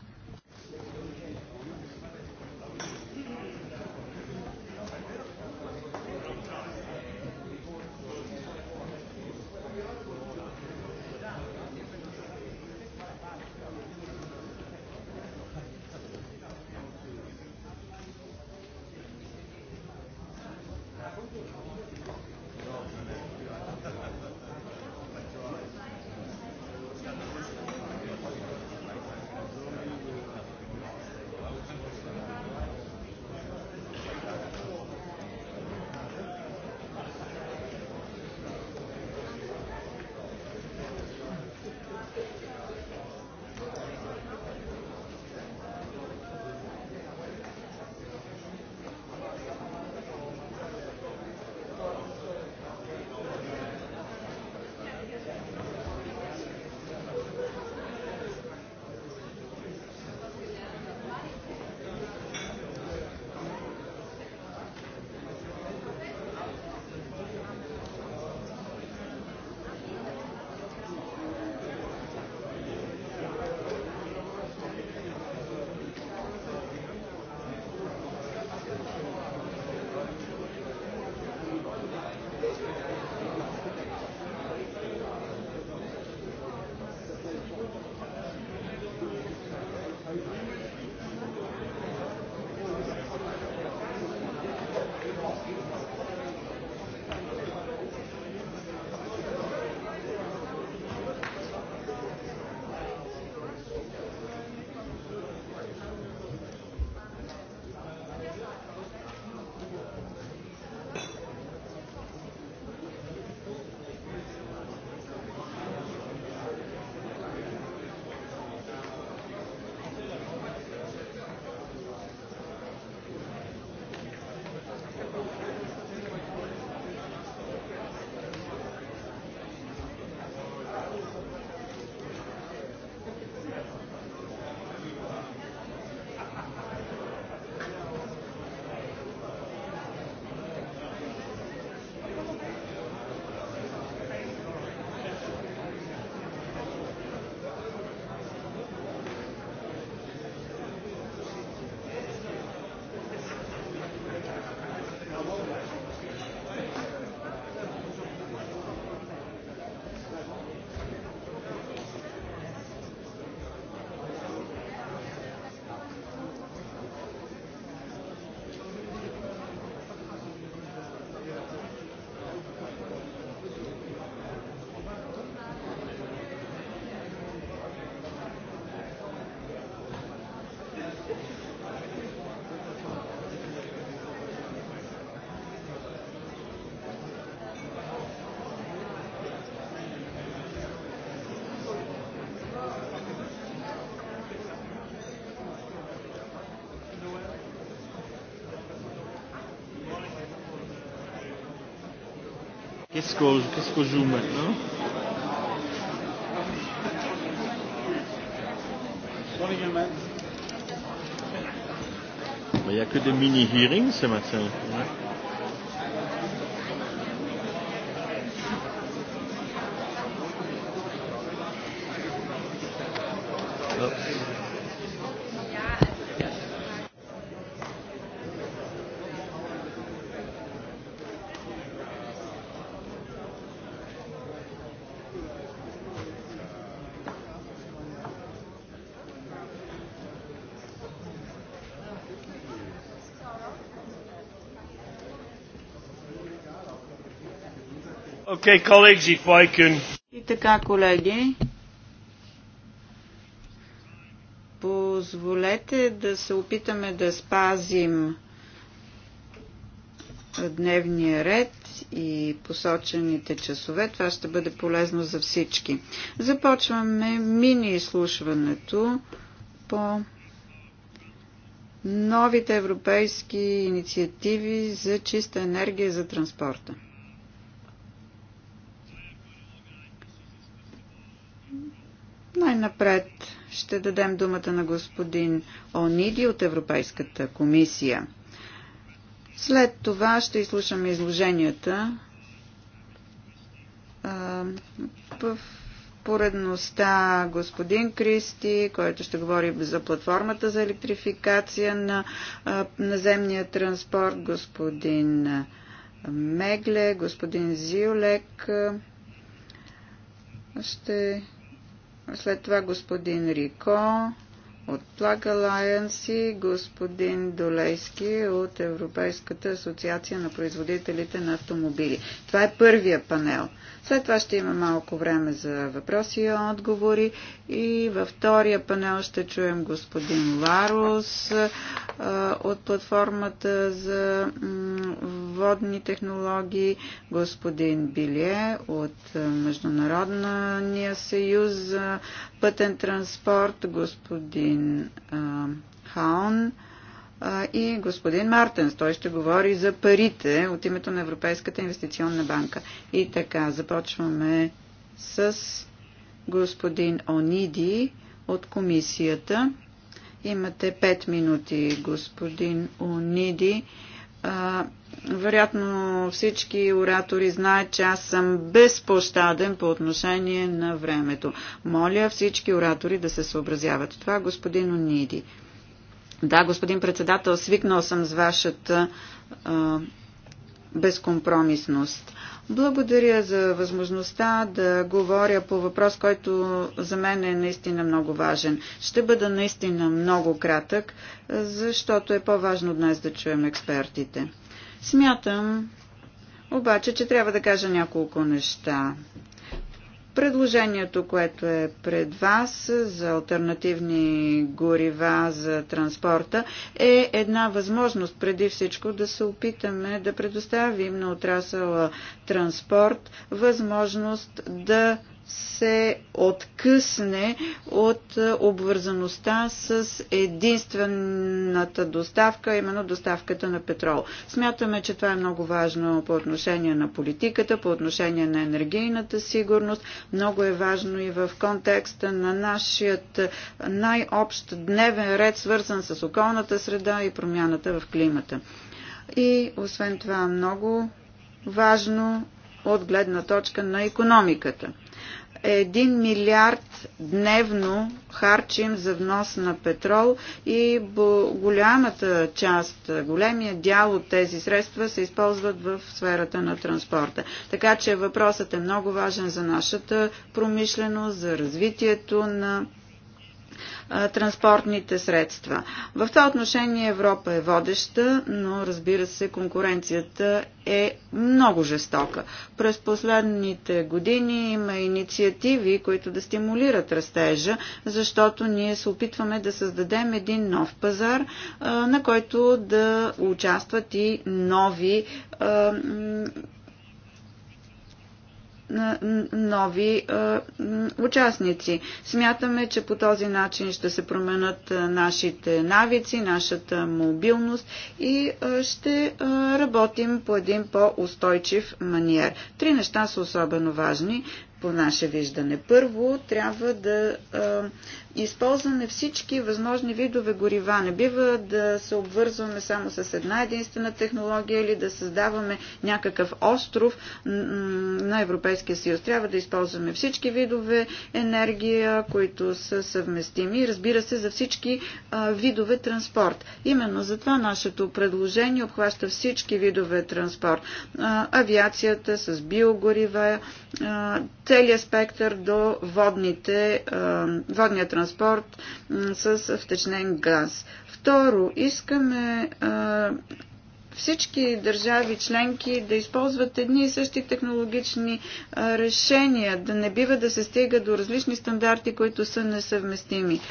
Speaker 1: Qu'est-ce qu'on qu'est-ce qu'on joue maintenant Il n'y a que des mini-hearings ce matin. Okay, colleagues, if I can...
Speaker 2: И така, колеги, позволете да се опитаме да спазим дневния ред и посочените часове. Това ще бъде полезно за всички. Започваме мини изслушването по новите европейски инициативи за чиста енергия за транспорта. Най-напред ще дадем думата на господин Ониди от Европейската комисия. След това ще изслушаме изложенията в поредността господин Кристи, който ще говори за платформата за електрификация на наземния транспорт, господин Мегле, господин Зиолек ще след това господин Рико от Plug Alliance и господин Долейски от Европейската асоциация на производителите на автомобили. Това е първия панел. След това ще има малко време за въпроси и отговори. И във втория панел ще чуем господин Ларус от платформата за водни технологии, господин Билие от е, Международния съюз за пътен транспорт, господин е, Хаун е, и господин Мартенс. Той ще говори за парите от името на Европейската инвестиционна банка. И така, започваме с господин Ониди от комисията. Имате 5 минути, господин Ониди вероятно всички оратори знаят, че аз съм безпощаден по отношение на времето. Моля всички оратори да се съобразяват. Това господин Ониди. Да, господин председател, свикнал съм с вашата а, безкомпромисност. Благодаря за възможността да говоря по въпрос, който за мен е наистина много важен. Ще бъда наистина много кратък, защото е по-важно днес да чуем експертите. Смятам, обаче, че трябва да кажа няколко неща. Предложението, което е пред вас за альтернативни горива за транспорта, е една възможност преди всичко да се опитаме да предоставим на отрасъла транспорт възможност да се откъсне от обвързаността с единствената доставка, именно доставката на петрол. Смятаме, че това е много важно по отношение на политиката, по отношение на енергийната сигурност. Много е важно и в контекста на нашият най-общ дневен ред, свързан с околната среда и промяната в климата. И освен това много важно от гледна точка на економиката. Един милиард дневно харчим за внос на петрол и голямата част, големия дял от тези средства се използват в сферата на транспорта. Така че въпросът е много важен за нашата промишленост, за развитието на транспортните средства. В това отношение Европа е водеща, но разбира се, конкуренцията е много жестока. През последните години има инициативи, които да стимулират растежа, защото ние се опитваме да създадем един нов пазар, на който да участват и нови нови участници. Смятаме, че по този начин ще се променят нашите навици, нашата мобилност и ще работим по един по-устойчив маниер. Три неща са особено важни по наше виждане. Първо, трябва да използваме всички възможни видове горива. Не бива да се обвързваме само с една единствена технология или да създаваме някакъв остров на Европейския съюз. Трябва да използваме всички видове енергия, които са съвместими. Разбира се, за всички видове транспорт. Именно затова нашето предложение обхваща всички видове транспорт. Авиацията с биогорива, целият спектър до водните, водния транспорт транспорт с втечнен газ. Второ, искаме всички държави членки да използват едни и същи технологични решения, да не бива да се стига до различни стандарти, които са несъвместими.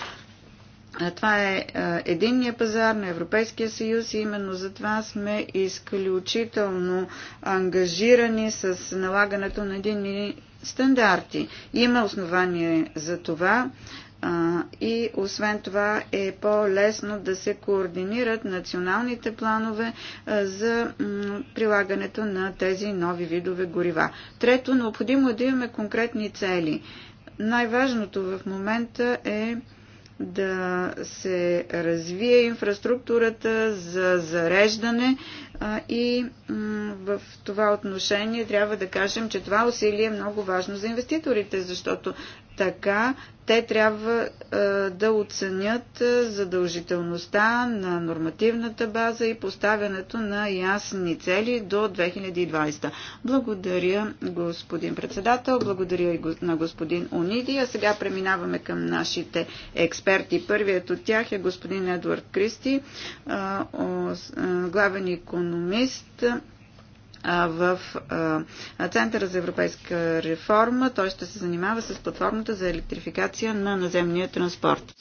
Speaker 2: това е единния пазар на Европейския съюз и именно за това сме изключително ангажирани с налагането на единни стандарти. Има основание за това и освен това е по-лесно да се координират националните планове за прилагането на тези нови видове горива. Трето, необходимо е да имаме конкретни цели. Най-важното в момента е да се развие инфраструктурата за зареждане и в това отношение трябва да кажем, че това усилие е много важно за инвеститорите, защото така те трябва да оценят задължителността на нормативната база и поставянето на ясни цели до 2020. Благодаря, господин председател, благодаря и на господин Униди. А сега преминаваме към нашите експерти. Първият от тях е господин Едуард Кристи, главен икон економист в Центъра за европейска реформа. Той ще се занимава с платформата за електрификация на наземния транспорт.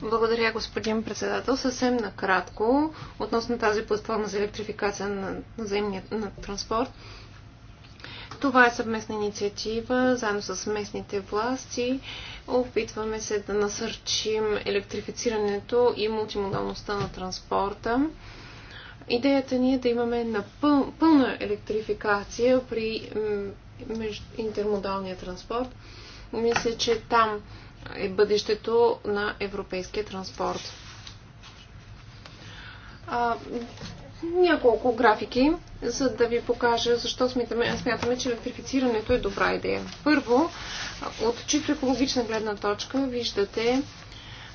Speaker 3: Благодаря, господин председател. Съвсем накратко относно тази платформа за електрификация на наземния на транспорт. Това е съвместна инициатива, заедно с местните власти. Опитваме се да насърчим електрифицирането и мултимодалността на транспорта. Идеята ни е да имаме напъл... пълна електрификация при интермодалния транспорт. Мисля, че там е бъдещето на европейския транспорт. А, няколко графики, за да ви покажа защо смятаме, смятаме, че електрифицирането е добра идея. Първо, от чисто екологична гледна точка виждате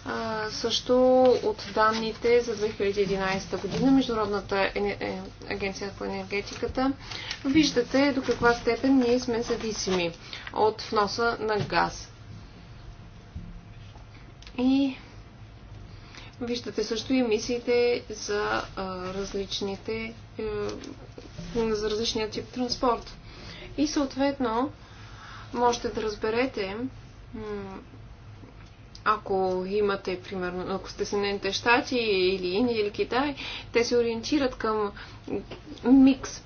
Speaker 3: а, също от данните за 2011 година, Международната е, агенция по енергетиката, виждате до каква степен ние сме зависими от вноса на газ. И виждате също и емисиите за различните е, за различния тип транспорт. И съответно можете да разберете ако имате, примерно, ако сте Съединените щати или Индия или Китай, те се ориентират към микс.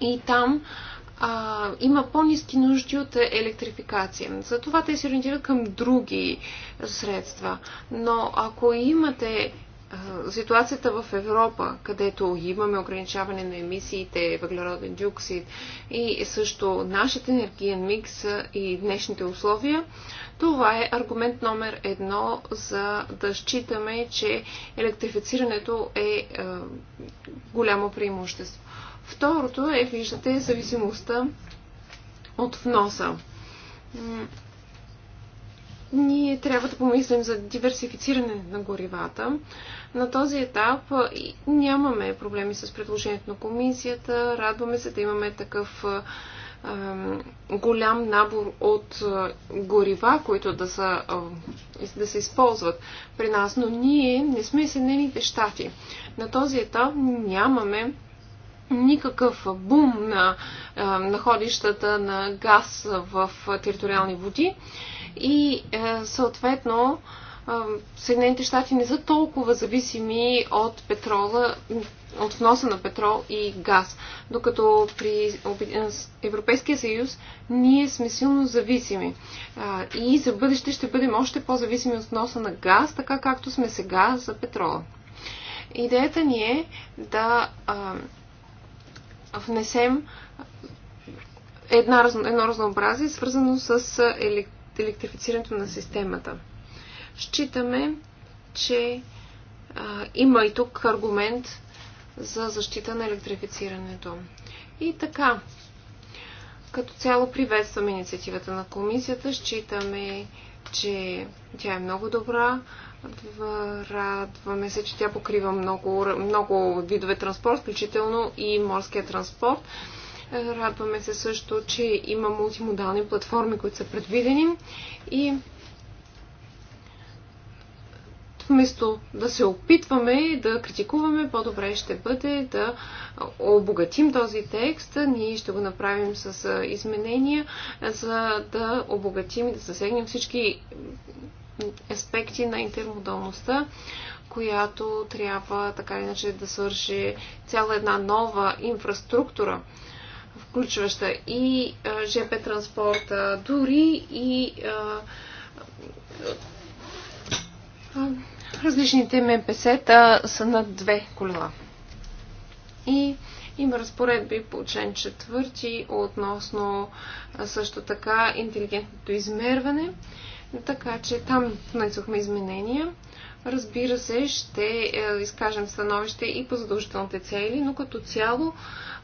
Speaker 3: И там а, има по-низки нужди от електрификация. Затова те се ориентират към други средства. Но ако имате ситуацията в Европа, където имаме ограничаване на емисиите, въглероден диоксид и също нашите енергиен микс и днешните условия, това е аргумент номер едно за да считаме, че електрифицирането е голямо преимущество. Второто е, виждате, зависимостта от вноса ние трябва да помислим за диверсифициране на горивата. На този етап нямаме проблеми с предложението на комисията. Радваме се да имаме такъв голям набор от горива, които да, са, да се използват при нас, но ние не сме Съединените щати. На този етап нямаме никакъв бум на е, находищата на газ в териториални води и е, съответно е, Съединените щати не са толкова зависими от петрола, от вноса на петрол и газ. Докато при Европейския съюз ние сме силно зависими. И за бъдеще ще бъдем още по-зависими от вноса на газ, така както сме сега за петрола. Идеята ни е да внесем една, едно разнообразие, свързано с електрифицирането на системата. Считаме, че а, има и тук аргумент за защита на електрифицирането. И така, като цяло приветствам инициативата на комисията, считаме, че тя е много добра. Радваме се, че тя покрива много, много видове транспорт, включително и морския транспорт. Радваме се също, че има мултимодални платформи, които са предвидени и вместо да се опитваме да критикуваме, по-добре ще бъде да обогатим този текст. Ние ще го направим с изменения, за да обогатим и да засегнем всички аспекти на интермодалността, която трябва така иначе да свърши цяла една нова инфраструктура включваща и ЖП транспорта, дори и а, а, Различните МПС-та са на две колела. И има разпоредби по член 4 относно също така интелигентното измерване. Така че там внесохме изменения. Разбира се, ще е, изкажем становище и по задължителните цели, но като цяло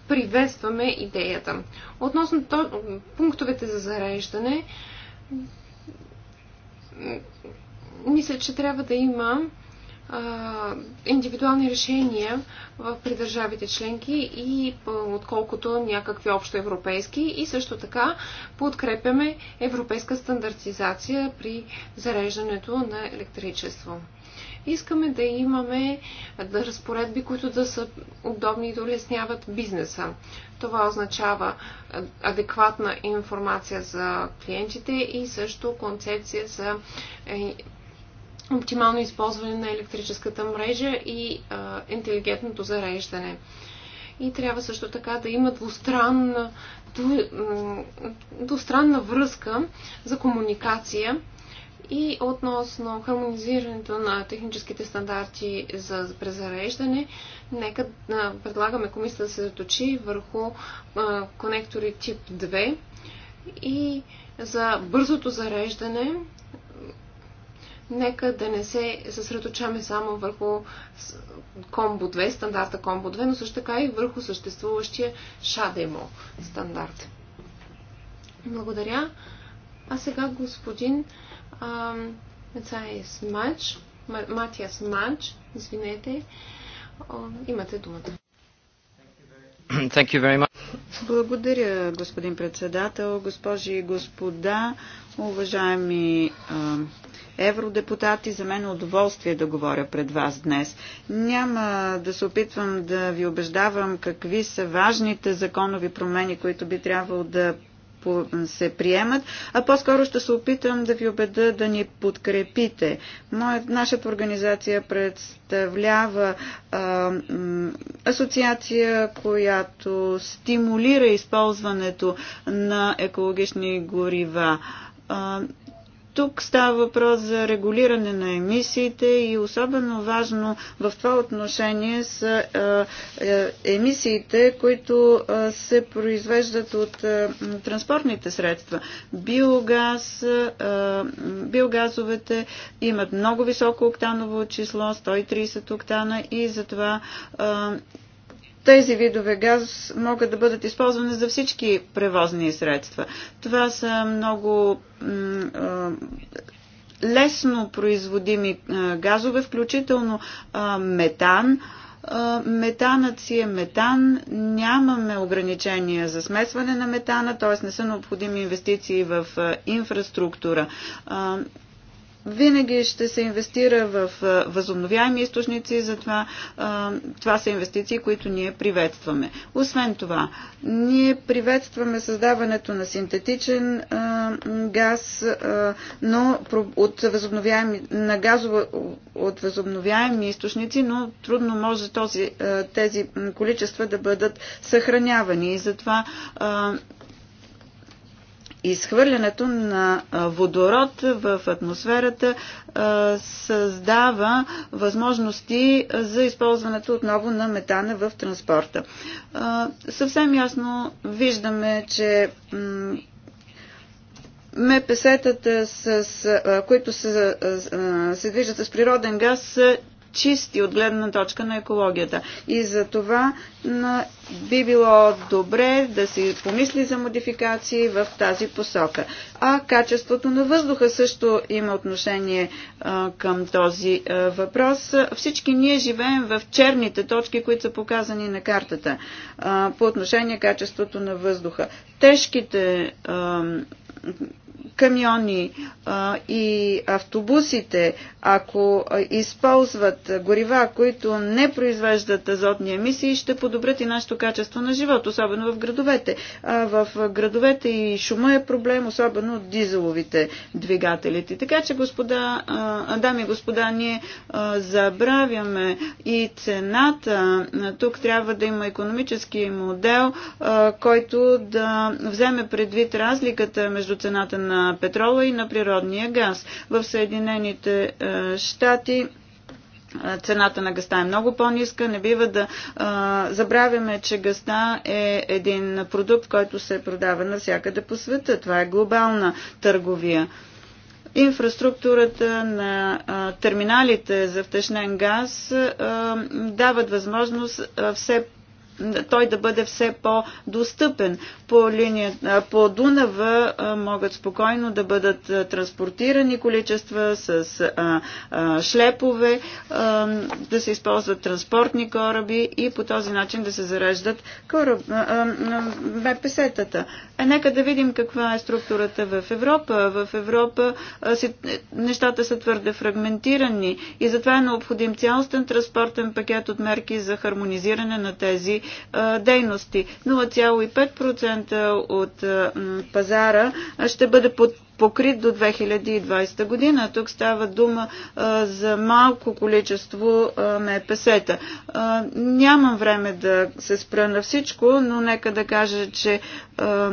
Speaker 3: приветстваме идеята. Относно то, пунктовете за зареждане, мисля, че трябва да има индивидуални решения при държавите членки и отколкото някакви общо европейски и също така подкрепяме европейска стандартизация при зареждането на електричество. Искаме да имаме да разпоредби, които да са удобни и да улесняват бизнеса. Това означава адекватна информация за клиентите и също концепция за е, оптимално използване на електрическата мрежа и а, интелигентното зареждане. И трябва също така да има двустранна, двустранна връзка за комуникация и относно хармонизирането на техническите стандарти за презареждане, нека а, предлагаме комисията да се заточи върху а, конектори тип 2 и за бързото зареждане нека да не се съсредочаме само върху комбо 2, стандарта комбо 2, но също така и върху съществуващия шадемо стандарт. Благодаря. А сега господин Мецаес Мач, Матиас Мач,
Speaker 2: извинете, имате думата.
Speaker 3: Thank you very much.
Speaker 2: Благодаря, господин председател, госпожи и господа, уважаеми евродепутати. За мен е удоволствие да говоря пред вас днес. Няма да се опитвам да ви убеждавам какви са важните законови промени, които би трябвало да се приемат, а по-скоро ще се опитам да ви убеда да ни подкрепите. Моя, нашата организация представлява а, асоциация, която стимулира използването на екологични горива. А, тук става въпрос за регулиране на емисиите и особено важно в това отношение са емисиите, които се произвеждат от транспортните средства. Биогаз, биогазовете имат много високо октаново число, 130 октана и затова тези видове газ могат да бъдат използвани за всички превозни средства. Това са много лесно производими газове, включително метан. Метанът си е метан, нямаме ограничения за смесване на метана, т.е. не са необходими инвестиции в инфраструктура. Винаги ще се инвестира в възобновяеми източници, затова това са инвестиции, които ние приветстваме. Освен това, ние приветстваме създаването на синтетичен газ, но от възобновяеми, на газово, от възобновяеми източници, но трудно може този, тези количества да бъдат съхранявани. И затова изхвърлянето на водород в атмосферата създава възможности за използването отново на метана в транспорта. Съвсем ясно виждаме, че МПС-тата, които се, се движат с природен газ, са чисти от гледна точка на екологията. И за това би било добре да се помисли за модификации в тази посока. А качеството на въздуха също има отношение а, към този а, въпрос. Всички ние живеем в черните точки, които са показани на картата а, по отношение качеството на въздуха. Тежките камиони а, и автобусите, ако използват горива, които не произвеждат азотни емисии, ще подобрят и нашето качество на живот, особено в градовете. А, в градовете и шума е проблем, особено от дизеловите двигателите. Така че, господа, а, дами и господа, ние а, забравяме и цената. Тук трябва да има економически модел, а, който да вземе предвид разликата между цената на на петрола и на природния газ. В Съединените е, щати е, цената на гъста е много по-ниска. Не бива да а, е, забравяме, че гъста е един продукт, който се продава навсякъде по света. Това е глобална търговия. Инфраструктурата на терминалите за втешнен газ дават възможност все той да бъде все по-достъпен. По, линия, по Дунава могат спокойно да бъдат транспортирани количества с а, а, шлепове, а, да се използват транспортни кораби и по този начин да се зареждат кораб, МПС-тата. Е, нека да видим каква е структурата в Европа. В Европа си, нещата са твърде фрагментирани и затова е необходим цялостен транспортен пакет от мерки за хармонизиране на тези дейности. 0,5% от пазара ще бъде под покрит до 2020 година. Тук става дума а, за малко количество МПС-та. Нямам време да се спра на всичко, но нека да кажа, че а,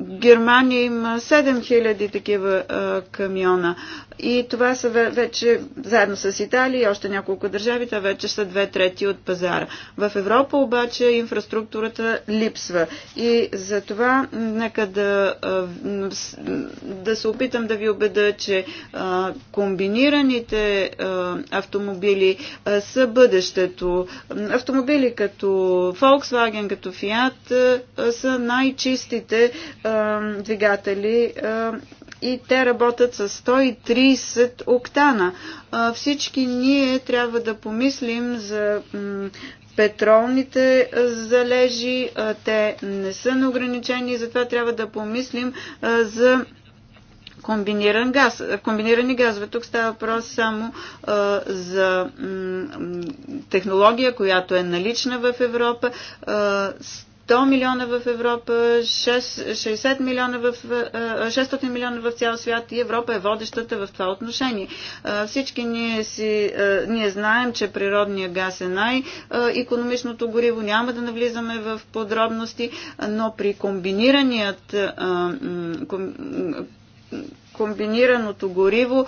Speaker 2: Германия има 7000 такива а, камиона. И това са вече, заедно с Италия и още няколко държави, това вече са две трети от пазара. В Европа обаче инфраструктурата липсва. И за това нека да, да се опитам да ви убеда, че а, комбинираните а, автомобили а, са бъдещето. Автомобили като Volkswagen, като Fiat а, са най-чистите двигатели и те работят с 130 октана. Всички ние трябва да помислим за петролните залежи. Те не са неограничени, затова трябва да помислим за комбиниран газ, комбинирани газове. Тук става въпрос само а, за м, технология, която е налична в Европа. А, 100 милиона в Европа, 6, 60 милиона в, 600 милиона в цял свят и Европа е водещата в това отношение. Всички ние, си, ние знаем, че природният газ е най-економичното гориво. Няма да навлизаме в подробности, но при комбинираният комбинираното гориво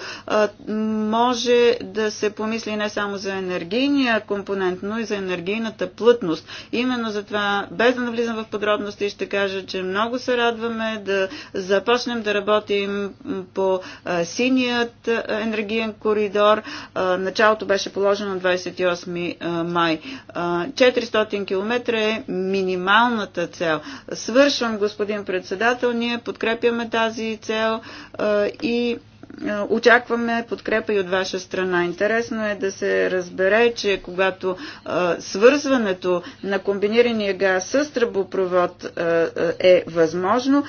Speaker 2: може да се помисли не само за енергийния компонент, но и за енергийната плътност. Именно за това, без да навлизам в подробности, ще кажа, че много се радваме да започнем да работим по синият енергиен коридор. Началото беше положено на 28 май. 400 км е минималната цел. Свършвам, господин председател, ние подкрепяме тази цел и очакваме подкрепа и от ваша страна. Интересно е да се разбере, че когато свързването на комбинирания газ с тръбопровод е възможно,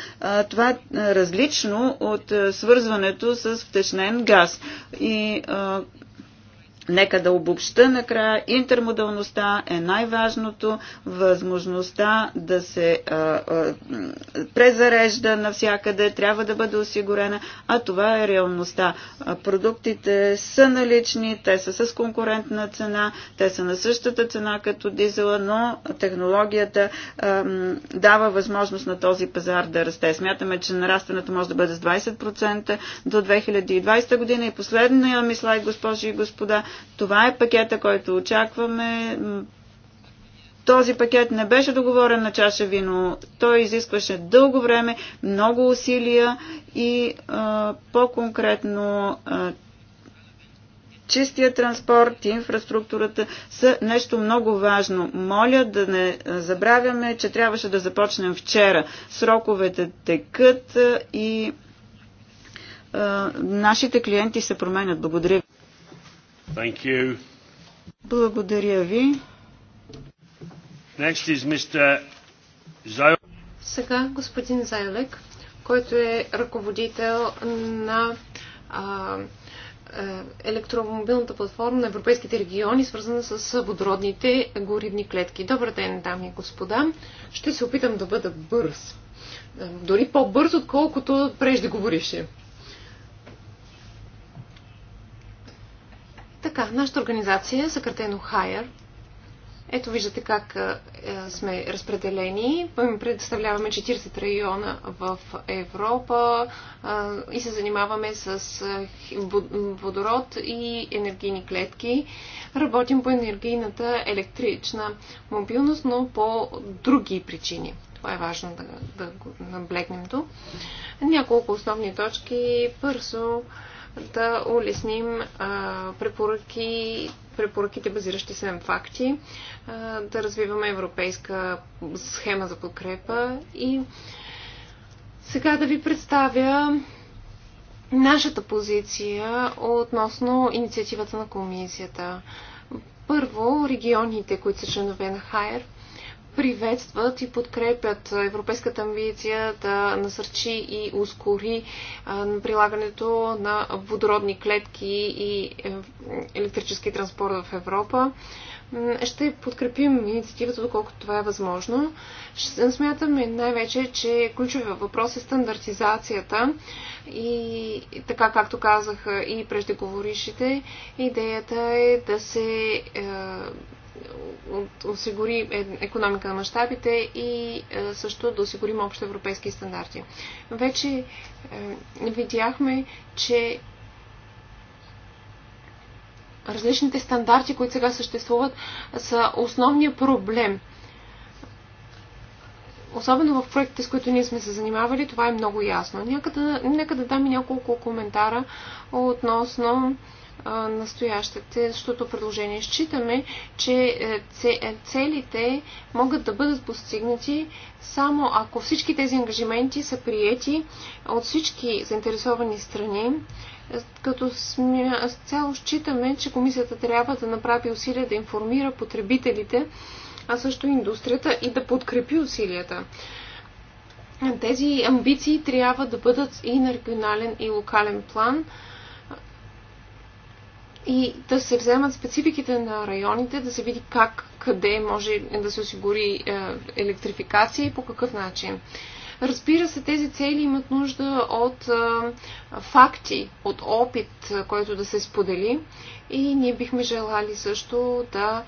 Speaker 2: това е различно от свързването с втечнен газ. И Нека да обобща накрая. Интермодалността е най-важното. Възможността да се а, а, презарежда навсякъде трябва да бъде осигурена, а това е реалността. А, продуктите са налични, те са с конкурентна цена, те са на същата цена като дизела, но технологията а, дава възможност на този пазар да расте. Смятаме, че нарастването може да бъде с 20% до 2020 година. И последния ми слайд, госпожи и господа, това е пакета, който очакваме. Този пакет не беше договорен на чаша вино. Той изискваше дълго време, много усилия и по-конкретно чистия транспорт и инфраструктурата са нещо много важно. Моля да не забравяме, че трябваше да започнем вчера. Сроковете текат и а, нашите клиенти се променят. Благодаря ви. Thank you. Благодаря ви.
Speaker 1: Next is Mr. Zayl.
Speaker 3: Сега господин Зайлек, който е ръководител на а, е, електромобилната платформа на европейските региони, свързана с водородните горивни клетки. Добър ден, дами и господа. Ще се опитам да бъда бърз. Дори по-бърз, отколкото говорише. Така, нашата организация е съкратено HIRE. Ето виждате как е, сме разпределени. Представляваме 40 района в Европа е, и се занимаваме с е, водород и енергийни клетки. Работим по енергийната електрична мобилност, но по други причини. Това е важно да, да го наблегнем тук. Няколко основни точки. Първо, да улесним препоръки, препоръките, базиращи се на факти, да развиваме европейска схема за подкрепа и сега да ви представя нашата позиция относно инициативата на комисията. Първо, регионите, които са членове на ХАЕР, приветстват и подкрепят европейската амбиция да насърчи и ускори прилагането на водородни клетки и е, електрически транспорт в Европа. Ще подкрепим инициативата, доколкото това е възможно. Ще смятаме най-вече, че ключовия въпрос е стандартизацията и така както казах и преждеговорившите, идеята е да се е, осигури економика на мащабите и е, също да осигурим общо европейски стандарти. Вече е, видяхме, че различните стандарти, които сега съществуват, са основния проблем. Особено в проектите, с които ние сме се занимавали, това е много ясно. Нека да, нека да дам и няколко коментара относно настоящите, защото предложение. Считаме, че е, е, целите могат да бъдат постигнати само ако всички тези ангажименти са приети от всички заинтересовани страни, е, като цяло считаме, че комисията трябва да направи усилия да информира потребителите, а също индустрията и да подкрепи усилията тези амбиции трябва да бъдат и на регионален и локален план, и да се вземат спецификите на районите, да се види как, къде може да се осигури е, електрификация и по какъв начин. Разбира се, тези цели имат нужда от факти, от опит, който да се сподели и ние бихме желали също да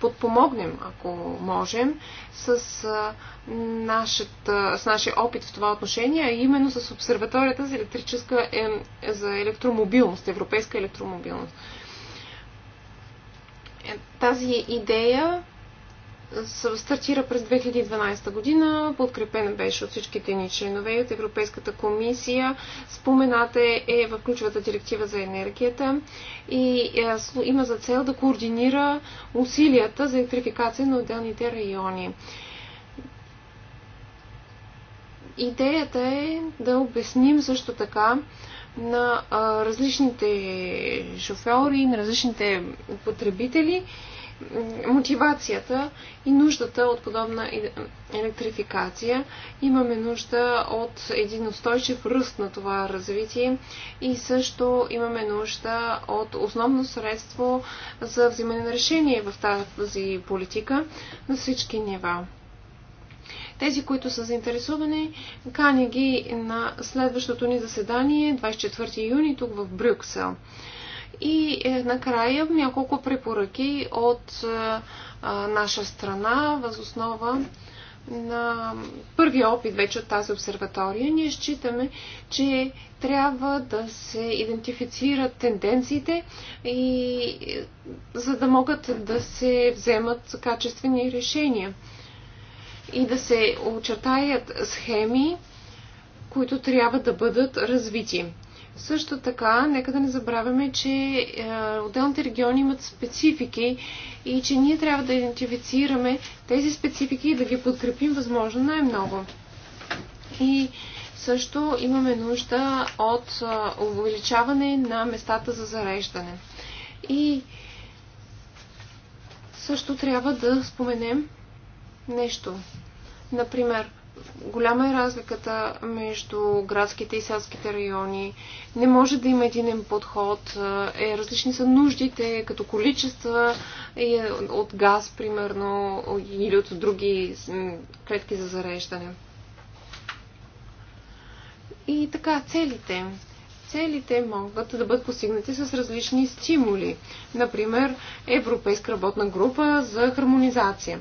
Speaker 3: подпомогнем, ако можем, с, нашата, с нашия опит в това отношение, а именно с обсерваторията за, електрическа, е, за електромобилност, европейска електромобилност. Е, тази идея стартира през 2012 година, подкрепена беше от всичките ни членове от Европейската комисия. Спомената е в ключовата директива за енергията и е, има за цел да координира усилията за електрификация на отделните райони. Идеята е да обясним също така на различните шофьори, на различните потребители, мотивацията и нуждата от подобна електрификация. Имаме нужда от един устойчив ръст на това развитие и също имаме нужда от основно средство за взимане на решение в тази политика на всички нива. Тези, които са заинтересовани, каня ги на следващото ни заседание 24 юни тук в Брюксел. И е, накрая няколко препоръки от е, наша страна, възоснова на първия опит вече от тази обсерватория. Ние считаме, че трябва да се идентифицират тенденциите и е, за да могат да се вземат качествени решения и да се очертаят схеми, които трябва да бъдат развити. Също така, нека да не забравяме, че е, отделните региони имат специфики и че ние трябва да идентифицираме тези специфики и да ги подкрепим възможно най-много. И също имаме нужда от е, увеличаване на местата за зареждане. И също трябва да споменем нещо. Например, голяма е разликата между градските и селските райони. Не може да има единен подход. Е, различни са нуждите, като количества е, от газ, примерно, или от други клетки за зареждане. И така, целите. Целите могат да бъдат постигнати с различни стимули. Например, Европейска работна група за хармонизация.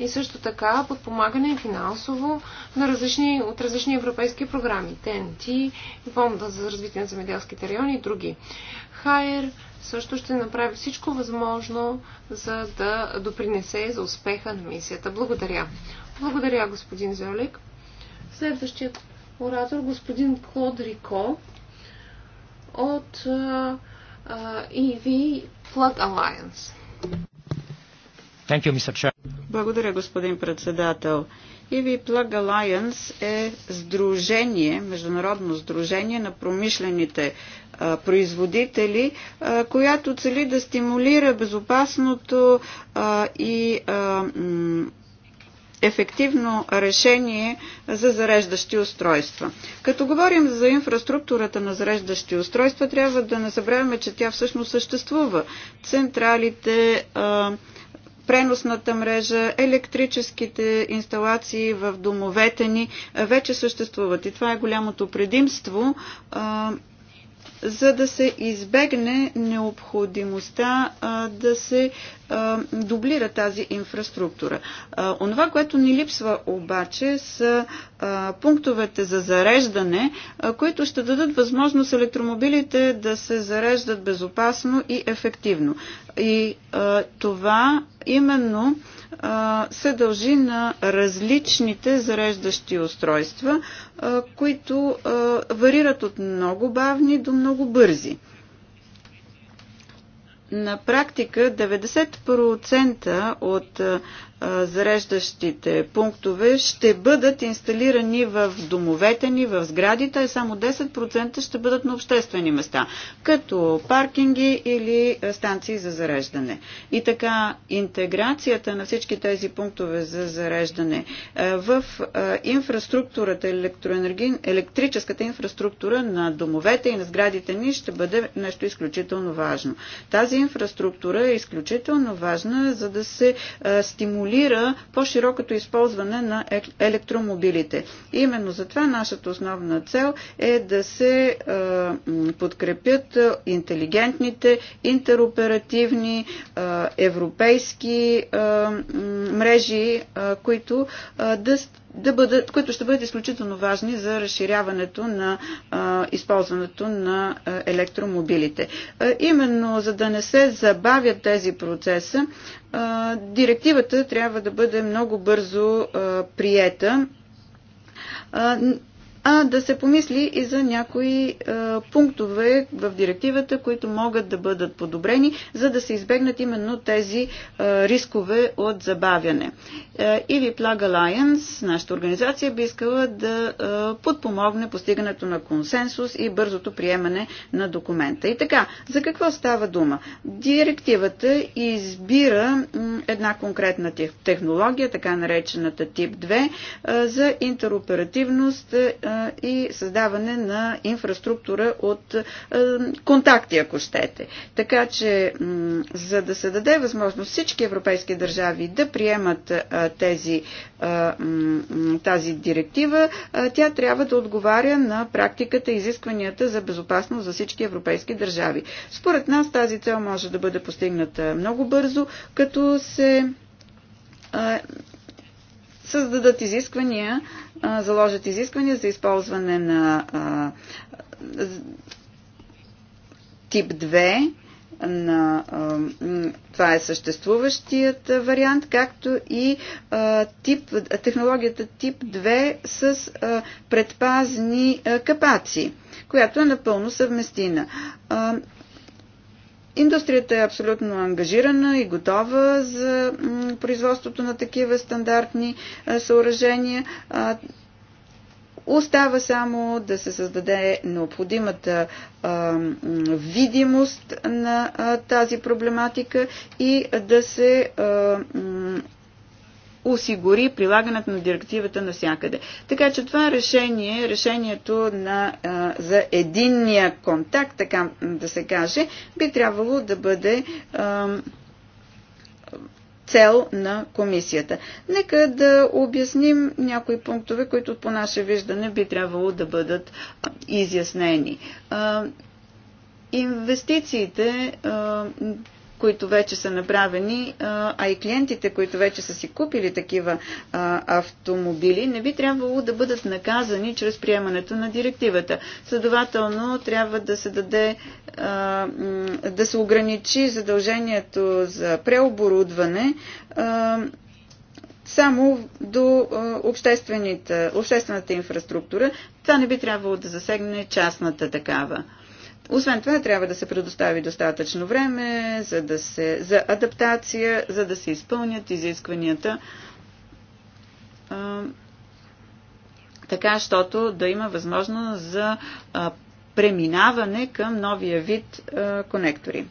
Speaker 3: И също така подпомагане финансово на различни, от различни европейски програми. ТНТ, Фонда за развитие на земеделските райони и други. Хайер също ще направи всичко възможно, за да допринесе за успеха на мисията. Благодаря. Благодаря, господин Зелик. Следващият оратор, господин Клод Рико от EV Flood Alliance. Thank you, Mr. Chair.
Speaker 2: Благодаря, господин председател. EV Plug Alliance е сдружение, международно сдружение на промишлените а, производители, а, която цели да стимулира безопасното а, и ефективно решение за зареждащи устройства. Като говорим за инфраструктурата на зареждащи устройства, трябва да не забравяме, че тя всъщност съществува. Централите, преносната мрежа, електрическите инсталации в домовете ни вече съществуват. И това е голямото предимство за да се избегне необходимостта а, да се а, дублира тази инфраструктура. А, онова, което ни липсва обаче са а, пунктовете за зареждане, а, които ще дадат възможност електромобилите да се зареждат безопасно и ефективно. И а, това именно а, се дължи на различните зареждащи устройства, а, които а, варират от много бавни до много много бързи. На практика 90% от зареждащите пунктове ще бъдат инсталирани в домовете ни, в сградите, а само 10% ще бъдат на обществени места, като паркинги или станции за зареждане. И така, интеграцията на всички тези пунктове за зареждане в инфраструктурата, електрическата инфраструктура на домовете и на сградите ни ще бъде нещо изключително важно. Тази инфраструктура е изключително важна, за да се стимулира стимулира по-широкото използване на е- електромобилите. Именно затова нашата основна цел е да се е, подкрепят е, интелигентните, интероперативни, европейски мрежи, които да да бъдат, които ще бъдат изключително важни за разширяването на а, използването на а, електромобилите. А, именно за да не се забавят тези процеса, а, директивата трябва да бъде много бързо а, приета а да се помисли и за някои а, е, пунктове в директивата, които могат да бъдат подобрени, за да се избегнат именно тези а, е, рискове от забавяне. И е, Иви Plug Alliance, нашата организация, би искала да а, подпомогне постигането на консенсус и бързото приемане на документа. И така, за какво става дума? Директивата избира една конкретна технология, така наречената тип 2, за интероперативност и създаване на инфраструктура от е, контакти, ако щете. Така че, за да се даде възможност всички европейски държави да приемат е, тези, е, тази директива, тя трябва да отговаря на практиката и изискванията за безопасност за всички европейски държави. Според нас тази цел може да бъде постигната много бързо, като се създадат изисквания, заложат изисквания за използване на тип 2 на това е съществуващият вариант, както и тип, технологията тип 2 с предпазни капаци, която е напълно съвместина. Индустрията е абсолютно ангажирана и готова за производството на такива стандартни съоръжения. Остава само да се създаде необходимата а, видимост на а, тази проблематика и да се а, осигури прилагането на директивата навсякъде. Така че това решение, решението на, а, за единния контакт, така да се каже, би трябвало да бъде а, цел на комисията. Нека да обясним някои пунктове, които по наше виждане би трябвало да бъдат изяснени. А, инвестициите които вече са направени, а и клиентите, които вече са си купили такива автомобили, не би трябвало да бъдат наказани чрез приемането на директивата. Следователно, трябва да се даде, да се ограничи задължението за преоборудване само до обществената инфраструктура. Това не би трябвало да засегне частната такава. Освен това, трябва да се предостави достатъчно време за, да се, за адаптация, за да се изпълнят изискванията, а, така, щото да има възможност за а, преминаване към новия вид а, конектори.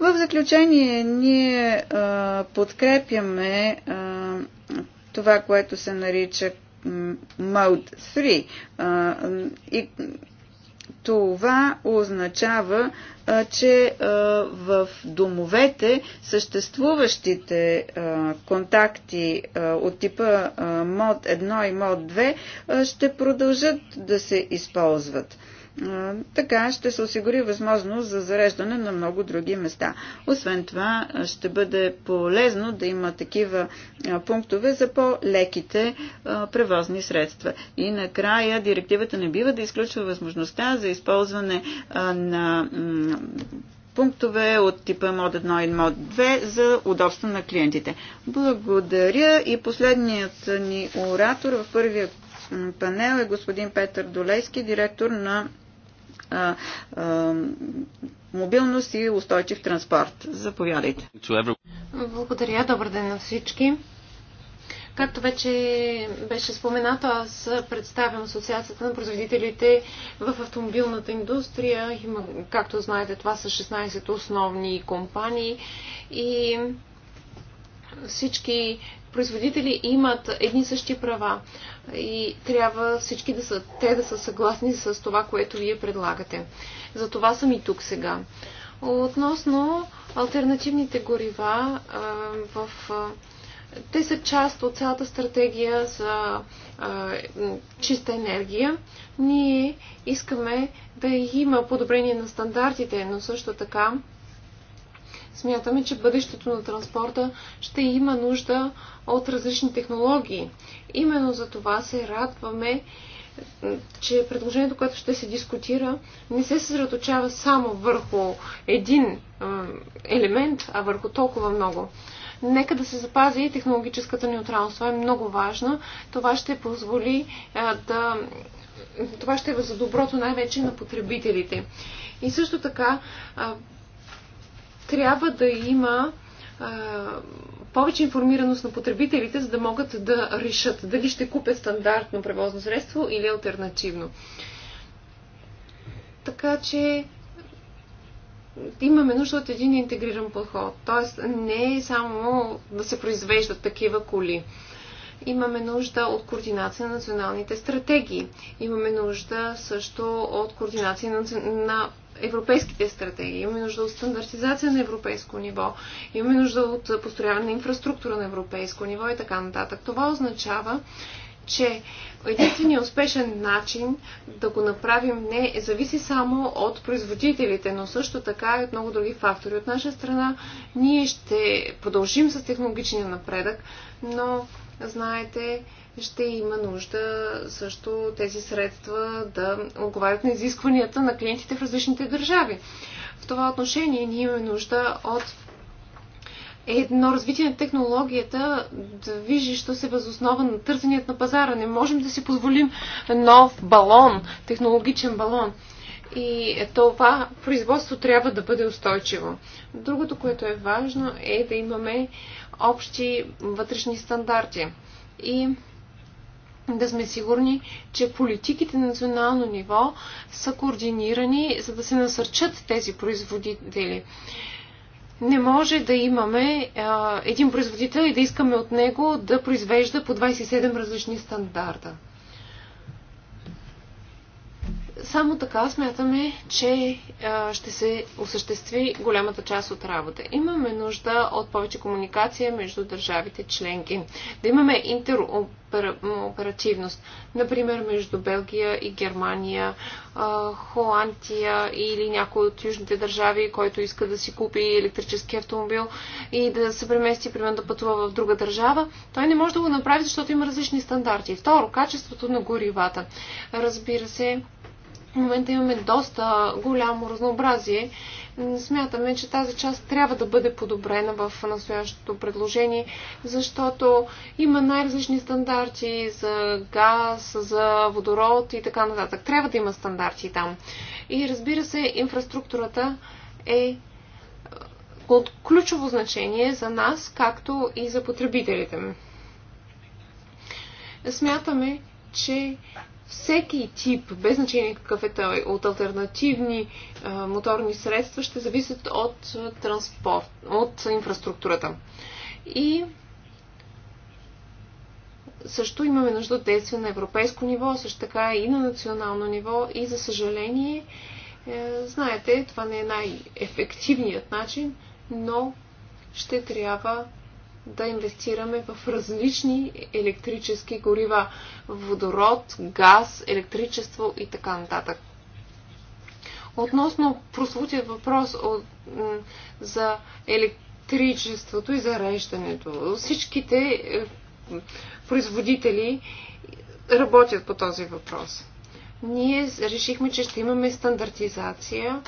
Speaker 2: В заключение, ние а, подкрепяме а, това, което се нарича Mode 3 а, и това означава, че в домовете съществуващите контакти от типа мод 1 и мод 2 ще продължат да се използват. Така ще се осигури възможност за зареждане на много други места. Освен това, ще бъде полезно да има такива пунктове за по-леките превозни средства. И накрая директивата не бива да изключва възможността за използване на пунктове от типа мод 1 и мод 2 за удобство на клиентите. Благодаря и последният ни оратор в първия панел е господин Петър Долейски, директор на а, а, мобилност и устойчив транспорт. Заповядайте.
Speaker 3: Благодаря. Добър ден на всички. Както вече беше споменато, аз представям Асоциацията на производителите в автомобилната индустрия. Има, както знаете, това са 16 основни компании и всички производители имат едни същи права и трябва всички да са, те да са съгласни с това, което вие предлагате. За това съм и тук сега. Относно альтернативните горива, в, те са част от цялата стратегия за чиста енергия. Ние искаме да има подобрение на стандартите, но също така Смятаме, че бъдещето на транспорта ще има нужда от различни технологии. Именно за това се радваме, че предложението, което ще се дискутира, не се съсредоточава само върху един елемент, а върху толкова много. Нека да се запази и технологическата неутралност. Това е много важно. Това ще позволи да. Това ще е за доброто най-вече на потребителите. И също така трябва да има повече информираност на потребителите, за да могат да решат дали ще купят стандартно превозно средство или альтернативно. Така че имаме нужда от един интегриран подход. Тоест не е само да се произвеждат такива коли. Имаме нужда от координация на националните стратегии. Имаме нужда също от координация на, на европейските стратегии, имаме нужда от стандартизация на европейско ниво, имаме нужда от построяване на инфраструктура на европейско ниво и така нататък. Това означава, че единственият успешен начин да го направим не зависи само от производителите, но също така и от много други фактори. От наша страна ние ще продължим с технологичния напредък, но знаете, ще има нужда също тези средства да отговарят на изискванията на клиентите в различните държави. В това отношение ние имаме нужда от едно развитие на технологията, движещо се възоснова на търсеният на пазара. Не можем да си позволим нов балон, технологичен балон. И това производство трябва да бъде устойчиво. Другото, което е важно, е да имаме общи вътрешни стандарти. И да сме сигурни, че политиките на национално ниво са координирани, за да се насърчат тези производители. Не може да имаме а, един производител и да искаме от него да произвежда по 27 различни стандарта. Само така смятаме, че ще се осъществи голямата част от работа. Имаме нужда от повече комуникация между държавите членки. Да имаме интероперативност. Например, между Белгия и Германия, Холандия или някой от южните държави, който иска да си купи електрически автомобил и да се премести, примерно да пътува в друга държава. Той не може да го направи, защото има различни стандарти. Второ, качеството на горивата. Разбира се, в момента имаме доста голямо разнообразие. Смятаме, че тази част трябва да бъде подобрена в настоящото предложение, защото има най-различни стандарти за газ, за водород и така нататък. Трябва да има стандарти там. И разбира се, инфраструктурата е от ключово значение за нас, както и за потребителите. Смятаме, че всеки тип, без значение какъв е той, от альтернативни а, моторни средства ще зависят от транспорт, от инфраструктурата. И също имаме нужда от действия на европейско ниво, също така и на национално ниво и за съжаление, е, знаете, това не е най-ефективният начин, но ще трябва да инвестираме в различни електрически горива водород, газ, електричество и така нататък. Относно прослутия въпрос от, за електричеството и зареждането, всичките е, производители работят по този въпрос. Ние решихме, че ще имаме стандартизация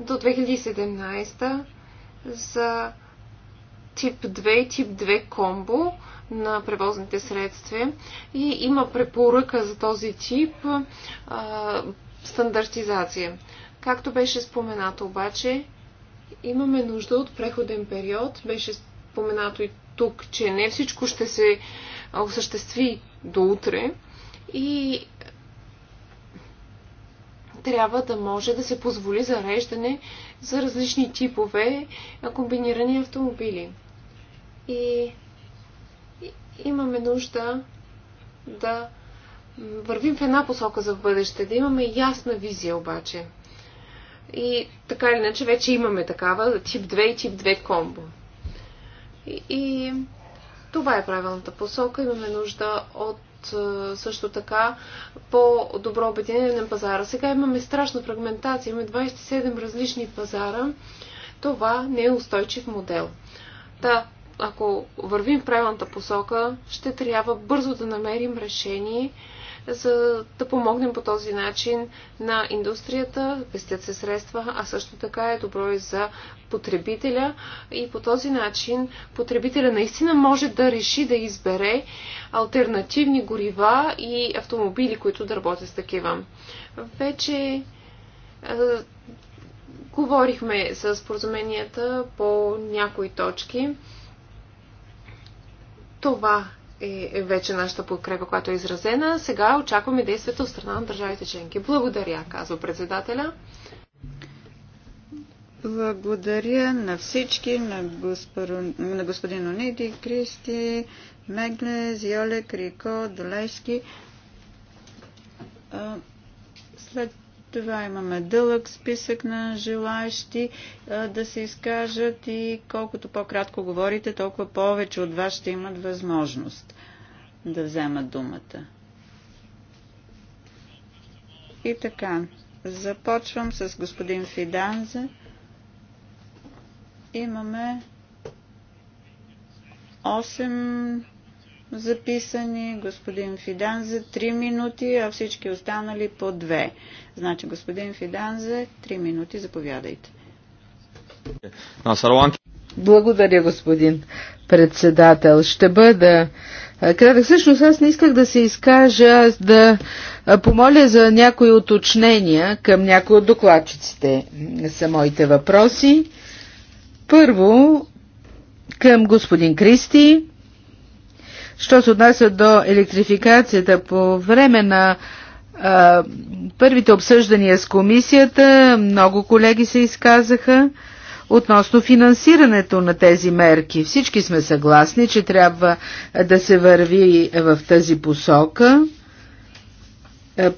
Speaker 3: до 2017 за тип 2 и тип 2 комбо на превозните средства и има препоръка за този тип а, стандартизация. Както беше споменато обаче, имаме нужда от преходен период. Беше споменато и тук, че не всичко ще се осъществи до утре и трябва да може да се позволи зареждане за различни типове комбинирани автомобили и имаме нужда да вървим в една посока за в бъдеще, да имаме ясна визия обаче. И така или иначе вече имаме такава, тип 2 и тип 2 комбо. И, и това е правилната посока. Имаме нужда от е, също така по-добро обединение на пазара. Сега имаме страшна фрагментация, имаме 27 различни пазара. Това не е устойчив модел. Та, да, ако вървим в правилната посока, ще трябва бързо да намерим решение, за да помогнем по този начин на индустрията, пестят се средства, а също така е добро и за потребителя. И по този начин потребителя наистина може да реши да избере альтернативни горива и автомобили, които да работят с такива. Вече говорихме с поразуменията по някои точки. Това е, е вече нашата подкрепа, която е изразена. Сега очакваме действията от страна на държавите членки. Благодаря, казва председателя.
Speaker 2: Благодаря на всички, на, госпору, на господин Ониди, Кристи, Мегнес, Йоле, Крико, Долешки. След това имаме дълъг списък на желаящи да се изкажат и колкото по-кратко говорите, толкова повече от вас ще имат възможност да вземат думата. И така, започвам с господин Фиданзе. Имаме 8 записани, господин Фидан за 3 минути, а всички останали по 2. Значи господин Фидан за 3 минути, заповядайте.
Speaker 4: Благодаря, господин председател. Ще бъда кратък. Всъщност аз не исках да се изкажа, да помоля за някои уточнения към някои от докладчиците са моите въпроси. Първо, към господин Кристи Що се отнася до електрификацията, по време на а, първите обсъждания с комисията много колеги се изказаха относно финансирането на тези мерки. Всички сме съгласни, че трябва да се върви в тази посока.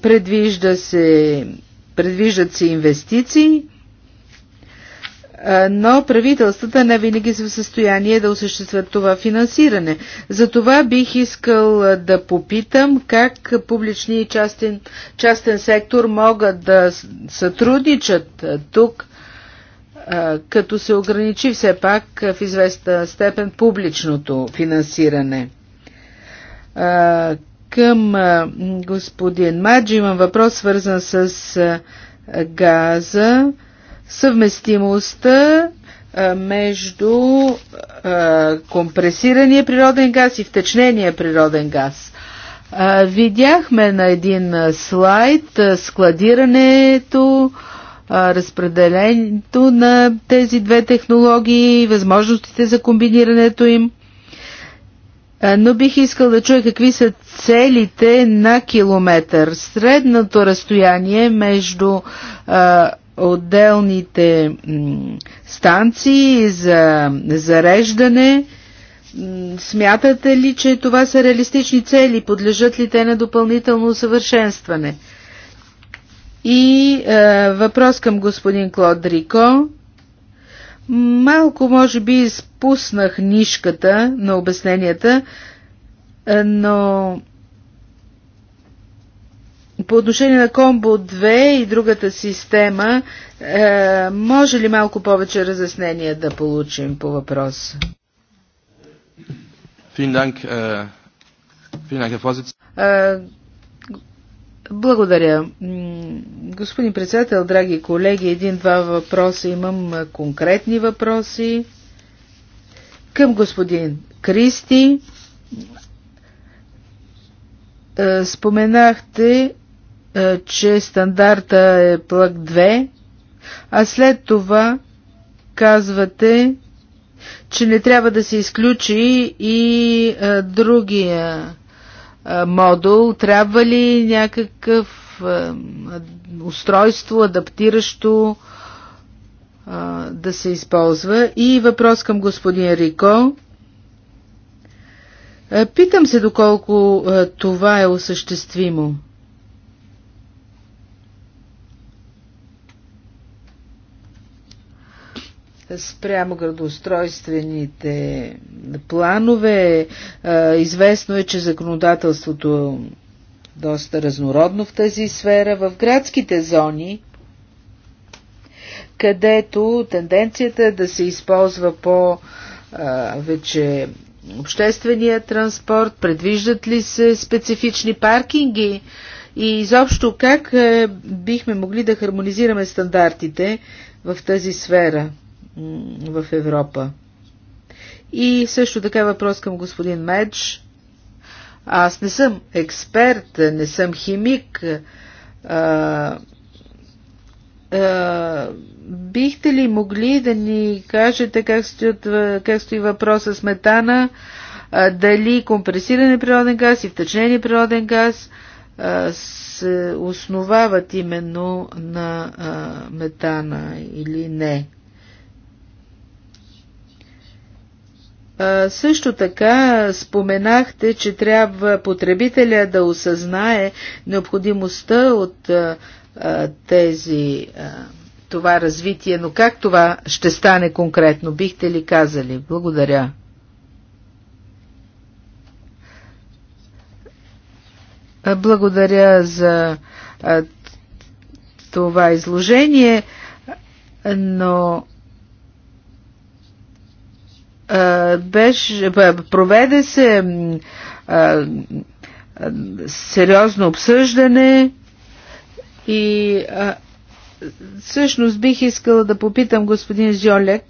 Speaker 4: Предвижда се, предвиждат се инвестиции но правителствата не винаги са в състояние да осъществят това финансиране. Затова бих искал да попитам как публични и частен, частен сектор могат да сътрудничат тук, като се ограничи все пак в известна степен публичното финансиране. Към господин Маджи имам въпрос свързан с газа съвместимостта между компресирания природен газ и втечнения природен газ. Видяхме на един слайд складирането, разпределението на тези две технологии, възможностите за комбинирането им. Но бих искал да чуя какви са целите на километър. Средното разстояние между отделните станции за зареждане. Смятате ли, че това са реалистични цели? Подлежат ли те на допълнително усъвършенстване? И е, въпрос към господин Клод Рико. Малко, може би, изпуснах нишката на обясненията, е, но по отношение на Комбо 2 и другата система, е, може ли малко повече разяснения да получим по въпрос?
Speaker 1: Äh,
Speaker 4: е, благодаря. Господин председател, драги колеги, един-два въпроса имам е, конкретни въпроси към господин Кристи. Е, споменахте е, че стандарта е плък 2, а след това казвате, че не трябва да се изключи и а, е, другия а, е, модул. Трябва ли някакъв а, устройство, адаптиращо а, да се използва? И въпрос към господин Рико. А, питам се доколко а, това е осъществимо. спрямо градоустройствените планове. Известно е, че законодателството доста разнородно в тази сфера. В градските зони, където тенденцията е да се използва по вече обществения транспорт, предвиждат ли се специфични паркинги и изобщо как е, бихме могли да хармонизираме стандартите в тази сфера в Европа. И също така е въпрос към господин Медж. Аз не съм експерт, не съм химик. А, а, бихте ли могли да ни кажете как, стоят, как стои въпроса с метана? А, дали компресиране природен газ и втечнен е природен газ а, се основават именно на а, метана или не? Също така споменахте, че трябва потребителя да осъзнае необходимостта от тези, това развитие, но как това ще стане конкретно, бихте ли казали? Благодаря. Благодаря за това изложение, но е, беше, проведе се е, сериозно обсъждане и е, всъщност бих искала да попитам господин Зьолек.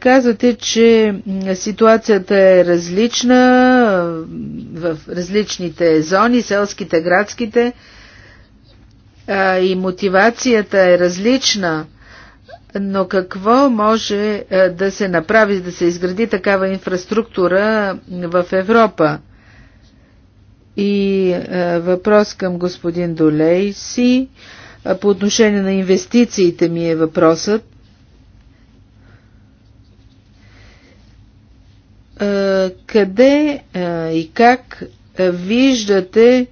Speaker 4: Казвате, че ситуацията е различна в различните зони, селските, градските и мотивацията е различна но какво може е, да се направи, да се изгради такава инфраструктура в Европа? И е, въпрос към господин Долейси. Е, по отношение на инвестициите ми е въпросът. Къде и как виждате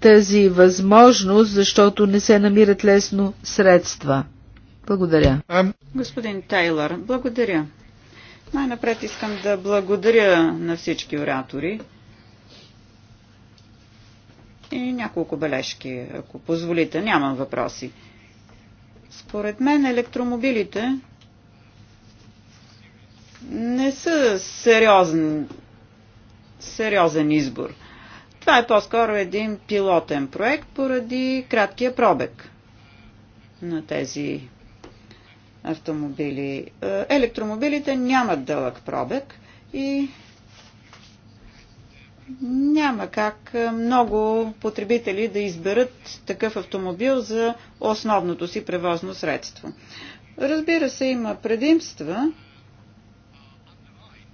Speaker 4: тази възможност, защото не се намират лесно средства. Благодаря.
Speaker 2: Господин Тайлър, благодаря. Най-напред искам да благодаря на всички оратори и няколко бележки, ако позволите. Нямам въпроси. Според мен електромобилите не са сериозен, сериозен избор. Това е по-скоро един пилотен проект поради краткия пробег на тези автомобили. Е, електромобилите нямат дълъг пробег и няма как е, много потребители да изберат такъв автомобил за основното си превозно средство. Разбира се, има предимства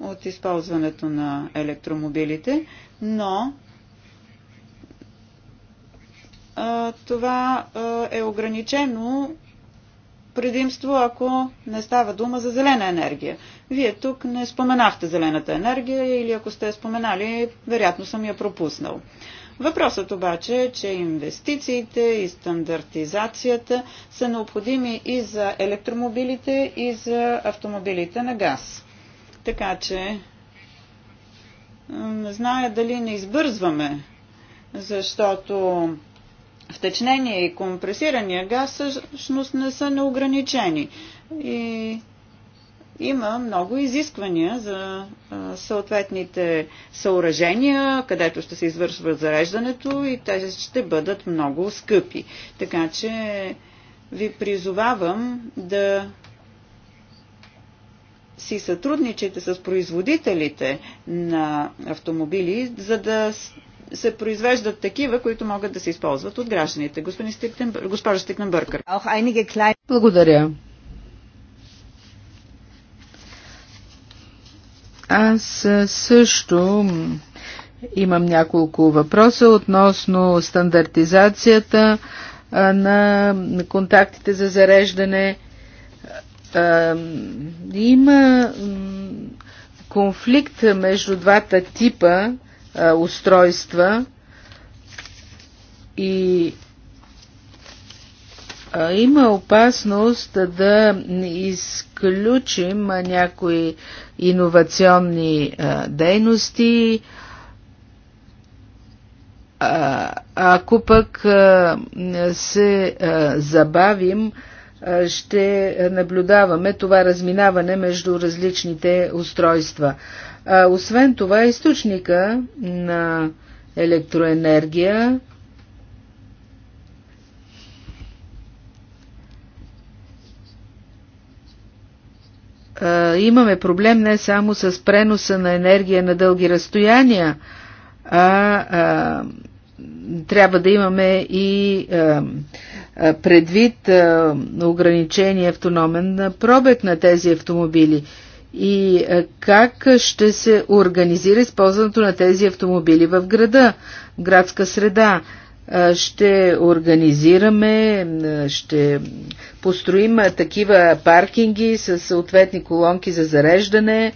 Speaker 2: от използването на електромобилите, но това е ограничено предимство, ако не става дума за зелена енергия. Вие тук не споменахте зелената енергия или ако сте споменали, вероятно съм я пропуснал. Въпросът обаче е, че инвестициите и стандартизацията са необходими и за електромобилите, и за автомобилите на газ. Така че не зная дали не избързваме, защото втечнения и компресирания газ всъщност не са неограничени. И има много изисквания за съответните съоръжения, където ще се извършва зареждането и те ще бъдат много скъпи. Така че ви призовавам да си сътрудничите с производителите на автомобили, за да се произвеждат такива, които могат да се използват от гражданите. Госпожа Стикненбъркър. Благодаря.
Speaker 4: Аз също имам няколко въпроса относно стандартизацията на контактите за зареждане. Има конфликт между двата типа устройства и има опасност да изключим някои иновационни дейности, ако пък се забавим, ще наблюдаваме това разминаване между различните устройства. А, освен това, източника на електроенергия имаме проблем не само с преноса на енергия на дълги разстояния, а, а трябва да имаме и а, предвид а, ограничения автономен пробег на тези автомобили и е, как ще се организира използването на тези автомобили в града, в градска среда. Е, ще организираме, е, ще построим такива паркинги с съответни колонки за зареждане.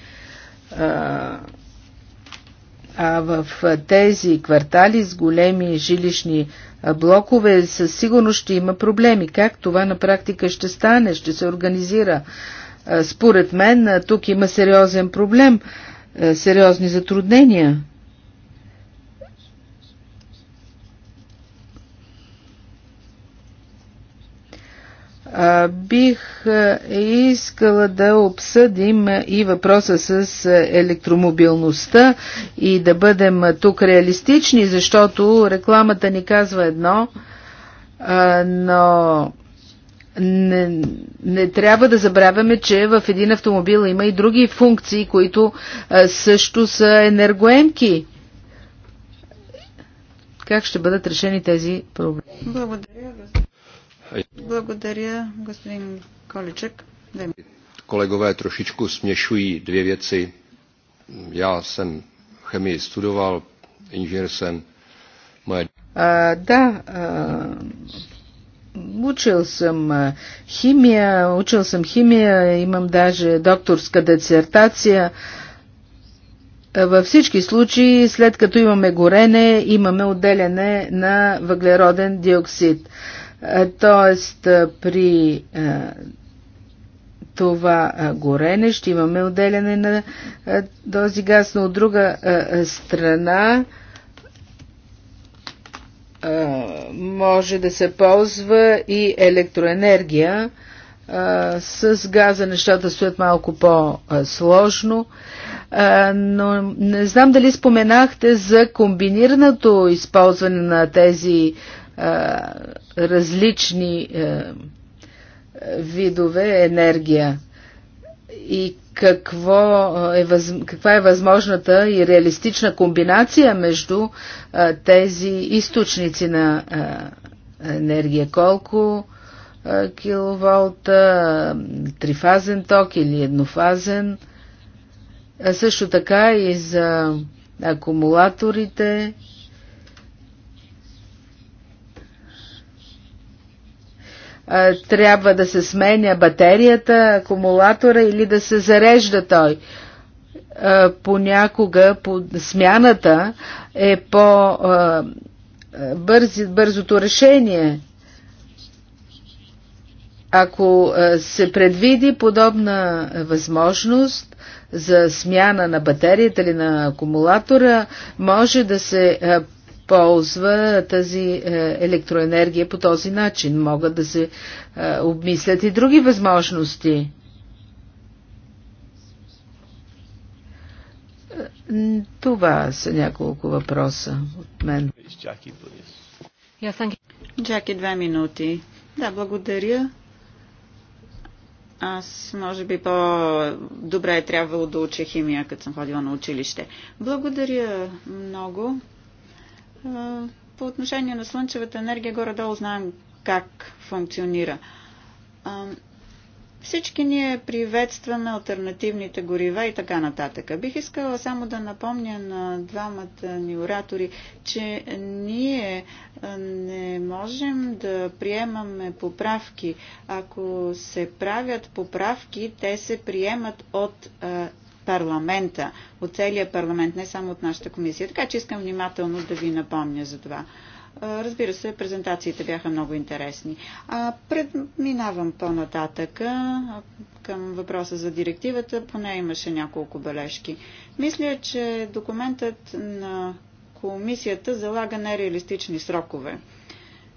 Speaker 4: А в тези квартали с големи жилищни блокове със сигурност ще има проблеми. Как това на практика ще стане, ще се организира? Според мен тук има сериозен проблем, сериозни затруднения. бих искала да обсъдим и въпроса с електромобилността и да бъдем тук реалистични, защото рекламата ни казва едно, но не, не трябва да забравяме, че в един автомобил има и други функции, които е, също са енергоемки. Как ще бъдат решени тези проблеми?
Speaker 2: Благодаря, Благодаря, господин Количек.
Speaker 1: Колегове trošičku смешуи две веци. Я съм chemii студовал, инженер съм. Moje...
Speaker 4: Uh, да, uh, Учил съм химия, учил съм химия, имам даже докторска дисертация. Във всички случаи, след като имаме горене, имаме отделяне на въглероден диоксид. Тоест, при това горене ще имаме отделяне на този газ, но от друга страна може да се ползва и електроенергия. С газа нещата стоят малко по-сложно, но не знам дали споменахте за комбинираното използване на тези различни видове енергия и какво е, каква е възможната и реалистична комбинация между а, тези източници на а, енергия. Колко а, киловолта, трифазен ток или еднофазен, а също така и за акумулаторите, трябва да се сменя батерията, акумулатора или да се зарежда той. Понякога по смяната е по бързото решение. Ако се предвиди подобна възможност за смяна на батерията или на акумулатора, може да се ползва тази е, електроенергия по този начин. Могат да се е, обмислят и други възможности. Това са няколко въпроса от мен.
Speaker 2: Джаки, две минути. Да, благодаря. Аз, може би, по-добре е трябвало да уча химия, като съм ходила на училище. Благодаря много. По отношение на слънчевата енергия, горе-долу знаем как функционира. Всички ние приветстваме альтернативните горива и така нататък. Бих искала само да напомня на двамата ни оратори, че ние не можем да приемаме поправки. Ако се правят поправки, те се приемат от парламента, от целия парламент, не само от нашата комисия. Така че искам внимателно да ви напомня за това. Разбира се, презентациите бяха много интересни. А, предминавам по-нататък към въпроса за директивата. Поне имаше няколко бележки. Мисля, че документът на комисията залага нереалистични срокове.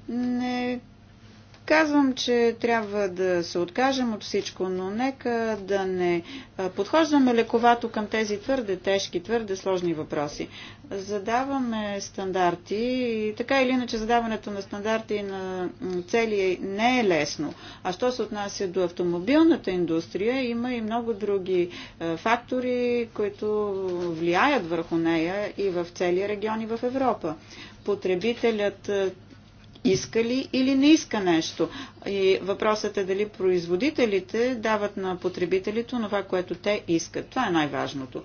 Speaker 2: Не Казвам, че трябва да се откажем от всичко, но нека да не подхождаме лековато към тези твърде тежки, твърде сложни въпроси. Задаваме стандарти и така или иначе задаването на стандарти и на цели не е лесно. А що се отнася до автомобилната индустрия, има и много други фактори, които влияят върху нея и в цели региони в Европа потребителят иска ли или не иска нещо. И въпросът е дали производителите дават на потребителите това, което те искат. Това е най-важното.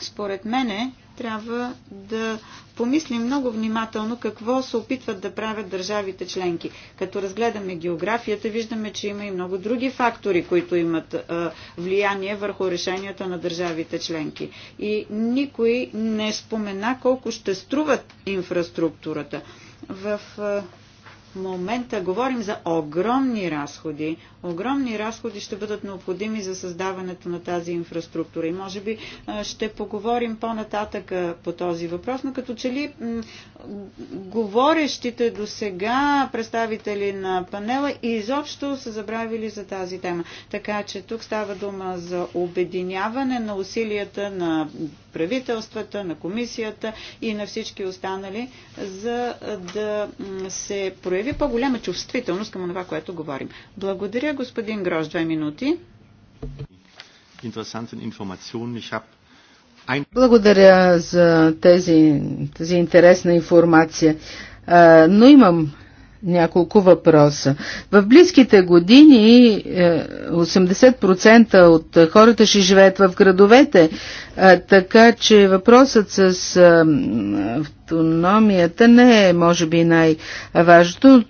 Speaker 2: Според мене, трябва да помислим много внимателно какво се опитват да правят държавите членки. Като разгледаме географията, виждаме, че има и много други фактори, които имат влияние върху решенията на държавите членки. И никой не спомена колко ще струват инфраструктурата. В момента говорим за огромни разходи. Огромни разходи ще бъдат необходими за създаването на тази инфраструктура. И може би ще поговорим по-нататък по този въпрос, но като че ли говорещите до сега представители на панела изобщо са забравили за тази тема. Така че тук става дума за обединяване на усилията на правителствата, на комисията и на всички останали, за да се прояви по-голяма чувствителност към това, което говорим. Благодаря, господин Грош, две минути.
Speaker 4: Благодаря за тези, тази интересна информация. Но имам няколко въпроса. В близките години 80% е, от хората ще живеят в градовете, е, така че въпросът с е, автономията не е, може би, най-важното.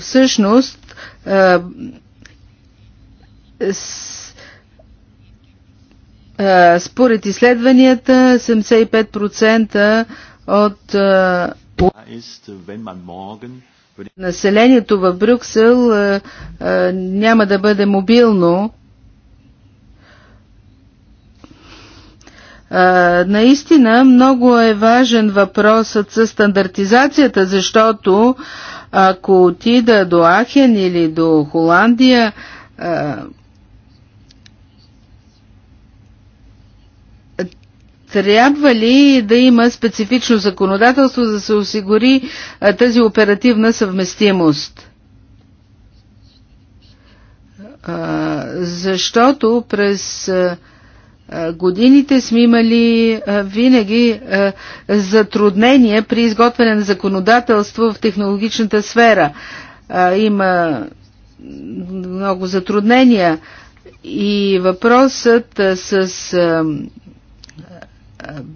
Speaker 4: Всъщност, според изследванията, 75% от Населението в Брюксел а, е, а, е, няма да бъде мобилно. А, е, наистина много е важен въпросът с стандартизацията, защото ако отида до Ахен или до Холандия, трябва ли да има специфично законодателство, за да се осигури тази оперативна съвместимост? Защото през годините сме имали винаги затруднения при изготвяне на законодателство в технологичната сфера. Има много затруднения и въпросът с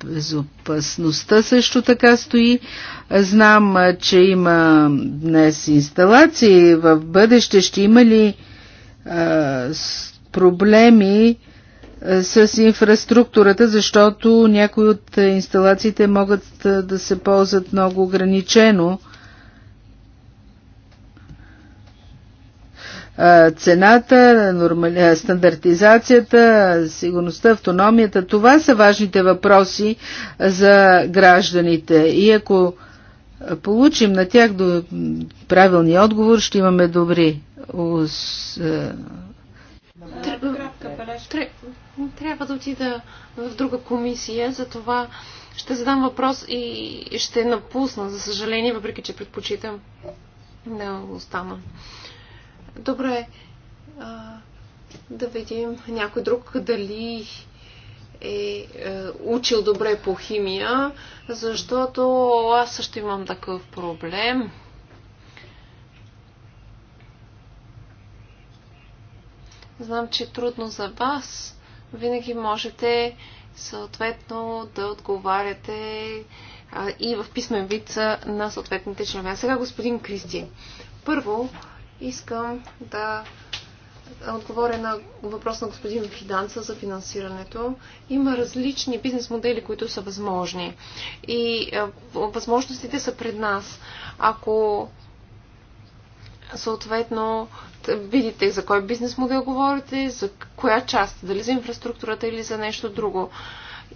Speaker 4: безопасността също така стои. Знам, че има днес инсталации. В бъдеще ще има ли а, проблеми а, с инфраструктурата, защото някои от инсталациите могат да се ползват много ограничено. А, цената, стандартизацията, сигурността, автономията. Това са важните въпроси за гражданите. И ако получим на тях до правилния отговор, ще имаме добри.
Speaker 3: Трябва, трябва да отида в друга комисия, за това ще задам въпрос и ще напусна, за съжаление, въпреки че предпочитам да остана. Добре, а, да видим някой друг дали е, е учил добре по химия, защото аз също имам такъв проблем. Знам, че е трудно за вас. Винаги можете съответно да отговаряте а, и в писмен вид на съответните членове. Сега господин Кристи. Първо, Искам да отговоря на въпрос на господин Фиданца за финансирането. Има различни бизнес модели, които са възможни. И е, възможностите са пред нас. Ако съответно видите за кой бизнес модел говорите, за коя част, дали за инфраструктурата или за нещо друго.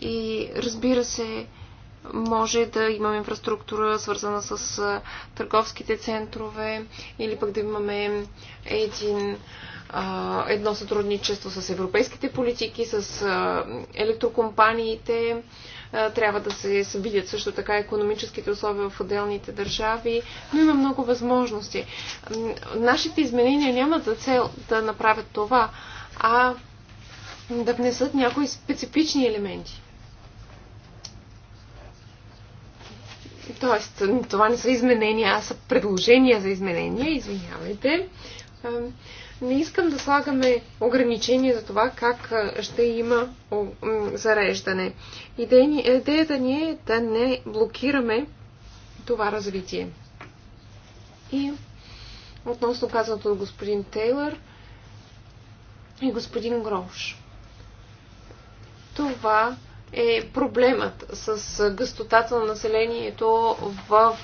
Speaker 3: И разбира се, може да имаме инфраструктура, свързана с търговските центрове, или пък да имаме един, едно сътрудничество с европейските политики, с електрокомпаниите. Трябва да се видят също така економическите условия в отделните държави, но има много възможности. Нашите изменения нямат за цел да направят това, а да внесат някои специфични елементи. Тоест, това не са изменения, а са предложения за изменения, извинявайте. Не искам да слагаме ограничения за това как ще има зареждане. Идеята ни е да не блокираме това развитие. И относно казаното от господин Тейлър и господин Грош. Това е проблемът с гъстотата на населението в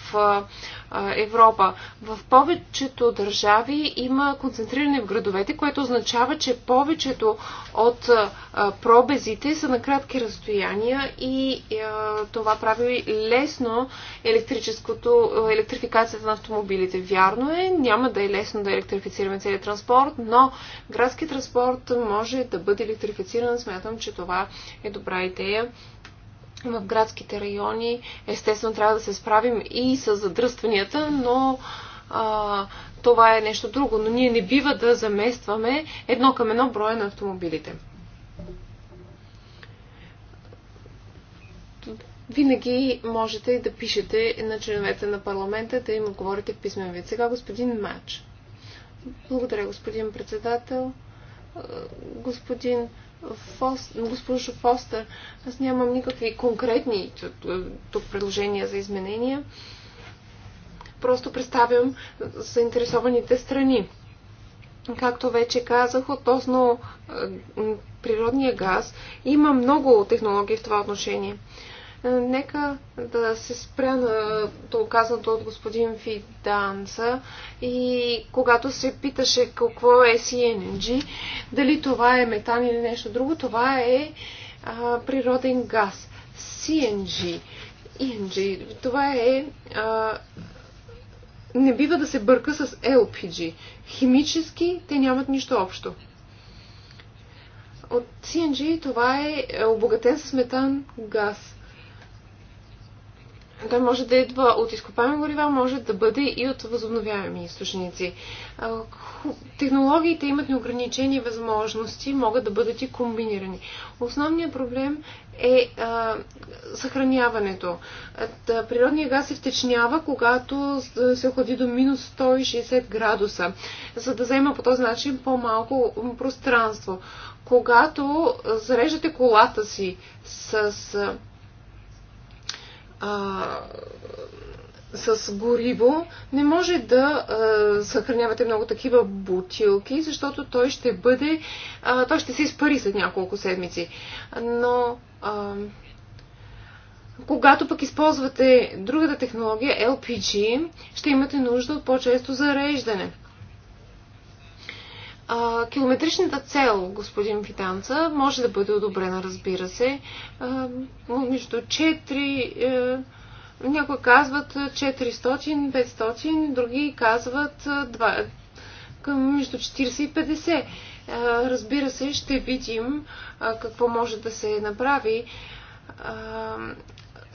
Speaker 3: Европа. В повечето държави има концентриране в градовете, което означава, че повечето от пробезите са на кратки разстояния и това прави лесно електрическото, електрификацията на автомобилите. Вярно е, няма да е лесно да електрифицираме целият транспорт, но градски транспорт може да бъде електрифициран. Смятам, че това е добра идея в градските райони. Естествено, трябва да се справим и с задръстванията, но а, това е нещо друго. Но ние не бива да заместваме едно към едно броя на автомобилите. Винаги можете да пишете на членовете на парламента, да им отговорите в писмен вид. Сега господин Мач. Благодаря, господин председател господин Фост, госпожо Фостер, аз нямам никакви конкретни тук предложения за изменения. Просто представям заинтересованите страни. Както вече казах, относно е, природния газ, има много технологии в това отношение. Е, нека да се спря на то казаното от господин Фиданца и когато се питаше какво е CNG, дали това е метан или нещо друго, това е а, природен газ. CNG. ENG. Това е а, не бива да се бърка с LPG. Химически те нямат нищо общо. От CNG това е, е обогатен с метан газ. Той може да идва от изкопаеми горива, може да бъде и от възобновяеми източници. Технологиите имат неограничени възможности, могат да бъдат и комбинирани. Основният проблем е а, съхраняването. Природният газ се втечнява, когато се охлади до минус 160 градуса, за да взема по този начин по-малко пространство. Когато зареждате колата си с а, с гориво, не може да а, съхранявате много такива бутилки, защото той ще бъде, а, той ще се изпари след няколко седмици. Но а, когато пък използвате другата технология, LPG, ще имате нужда от по-често зареждане. А, километричната цел, господин Фитанца, може да бъде одобрена, разбира се. А, между 4. Е, някои казват 400, 500, други казват 2, е, към между 40 и 50. Е, разбира се, ще видим какво може да се направи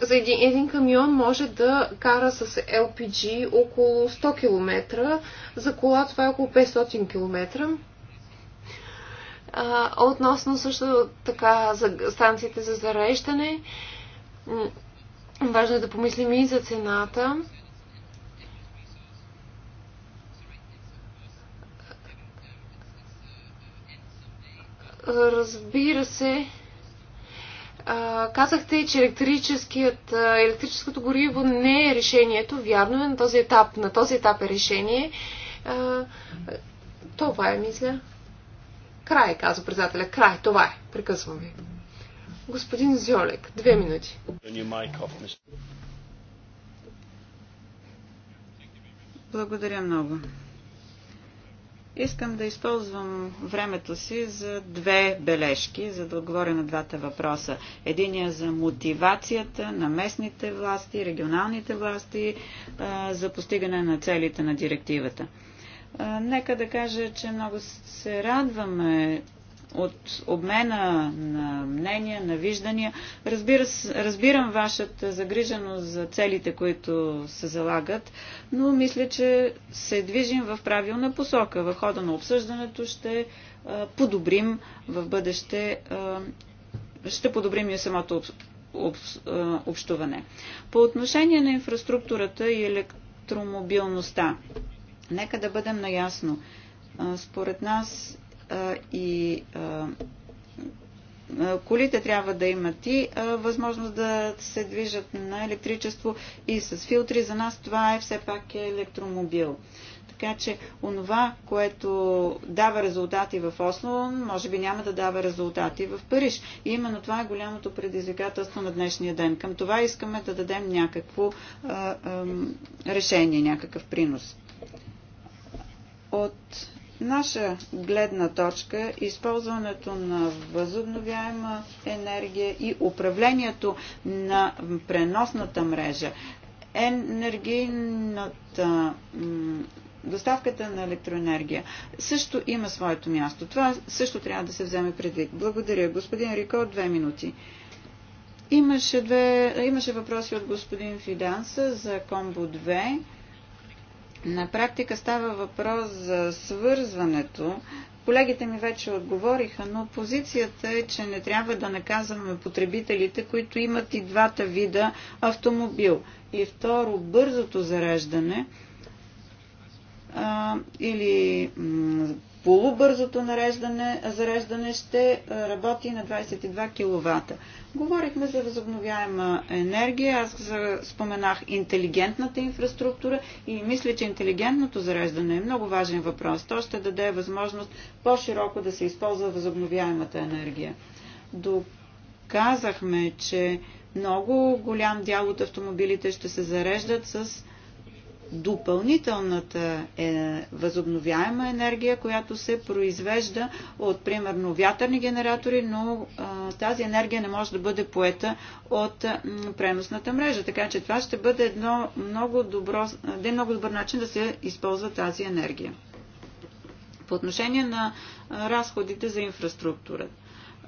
Speaker 3: за един, един камион може да кара с LPG около 100 км, за кола това е около 500 км. А, относно също така за станциите за зареждане, важно е да помислим и за цената. Разбира се, казахте, че електрическото гориво не е решението. Вярно е, на този етап, на този етап е решение. А, това е, мисля. Край, казва председателя. Край, това е. Прекъсвам ви. Господин Зьолек, две минути.
Speaker 2: Благодаря много. Искам да използвам времето си за две бележки, за да отговоря на двата въпроса. Единия за мотивацията на местните власти, регионалните власти за постигане на целите на директивата. Нека да кажа, че много се радваме, от обмена на мнения, на виждания. Разбира, разбирам вашата загриженост за целите, които се залагат, но мисля, че се движим в правилна посока. В хода на обсъждането ще подобрим в бъдеще, ще подобрим и самото об, об, общуване. По отношение на инфраструктурата и електромобилността, нека да бъдем наясно. Според нас и колите трябва да имат и възможност да се движат на електричество и с филтри. За нас това е все пак е електромобил. Така че онова, което дава резултати в Осло, може би няма да дава резултати в Париж. И именно това е голямото предизвикателство на днешния ден. Към това искаме да дадем някакво а, а, решение, някакъв принос. От наша гледна точка е използването на възобновяема енергия и управлението на преносната мрежа, енергийната доставката на електроенергия също има своето място. Това също трябва да се вземе предвид. Благодаря. Господин Рико, две минути. Имаше, две, имаше въпроси от господин Фиданса за Комбо 2. На практика става въпрос за свързването. Колегите ми вече отговориха, но позицията е, че не трябва да наказваме потребителите, които имат и двата вида автомобил. И второ, бързото зареждане а, или полубързото нареждане, зареждане ще работи на 22 кВт. Говорихме за възобновяема енергия, аз за, споменах интелигентната инфраструктура и мисля, че интелигентното зареждане е много важен въпрос. То ще даде възможност по-широко да се използва възобновяемата енергия. Доказахме, че много голям дял от автомобилите ще се зареждат с допълнителната е, възобновяема енергия, която се произвежда от, примерно, вятърни генератори, но а, тази енергия не може да бъде поета от а, преносната мрежа. Така че това ще бъде едно много добро, един много добър начин да се използва тази енергия. По отношение на разходите за инфраструктура.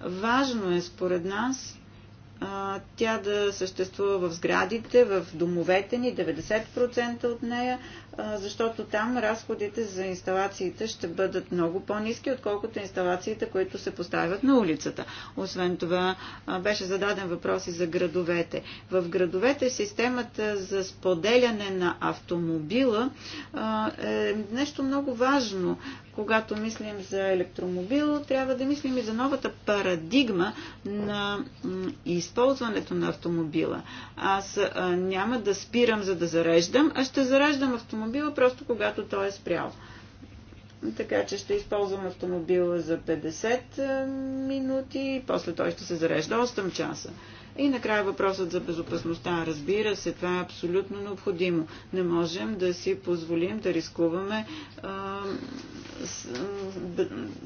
Speaker 2: Важно е, според нас, тя да съществува в сградите, в домовете ни, 90% от нея, защото там разходите за инсталациите ще бъдат много по-низки, отколкото инсталациите, които се поставят на улицата. Освен това, беше зададен въпрос и за градовете. В градовете системата за споделяне на автомобила е нещо много важно. Когато мислим за електромобил, трябва да мислим и за новата парадигма на използването на автомобила. Аз няма да спирам за да зареждам, а ще зареждам автомобила автомобила, просто когато той е спрял. Така че ще използвам автомобила за 50 е, минути, и после той ще се зарежда 8 часа. И накрая въпросът за безопасността. Разбира се, това е абсолютно необходимо. Не можем да си позволим да рискуваме а, е, с,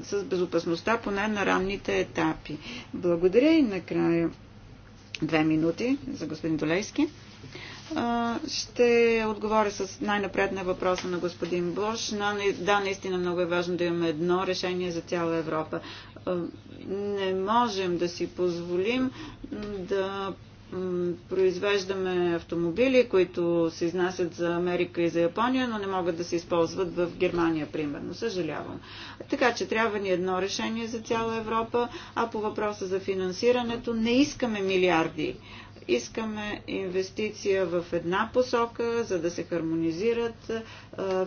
Speaker 2: с безопасността поне на ранните етапи. Благодаря и накрая две минути за господин Долейски. Ще отговоря с най-напред на въпроса на господин Бош. Да, наистина много е важно да имаме едно решение за цяла Европа. Не можем да си позволим да произвеждаме автомобили, които се изнасят за Америка и за Япония, но не могат да се използват в Германия, примерно. Съжалявам. Така че трябва ни едно решение за цяла Европа, а по въпроса за финансирането не искаме милиарди. Искаме инвестиция в една посока, за да се хармонизират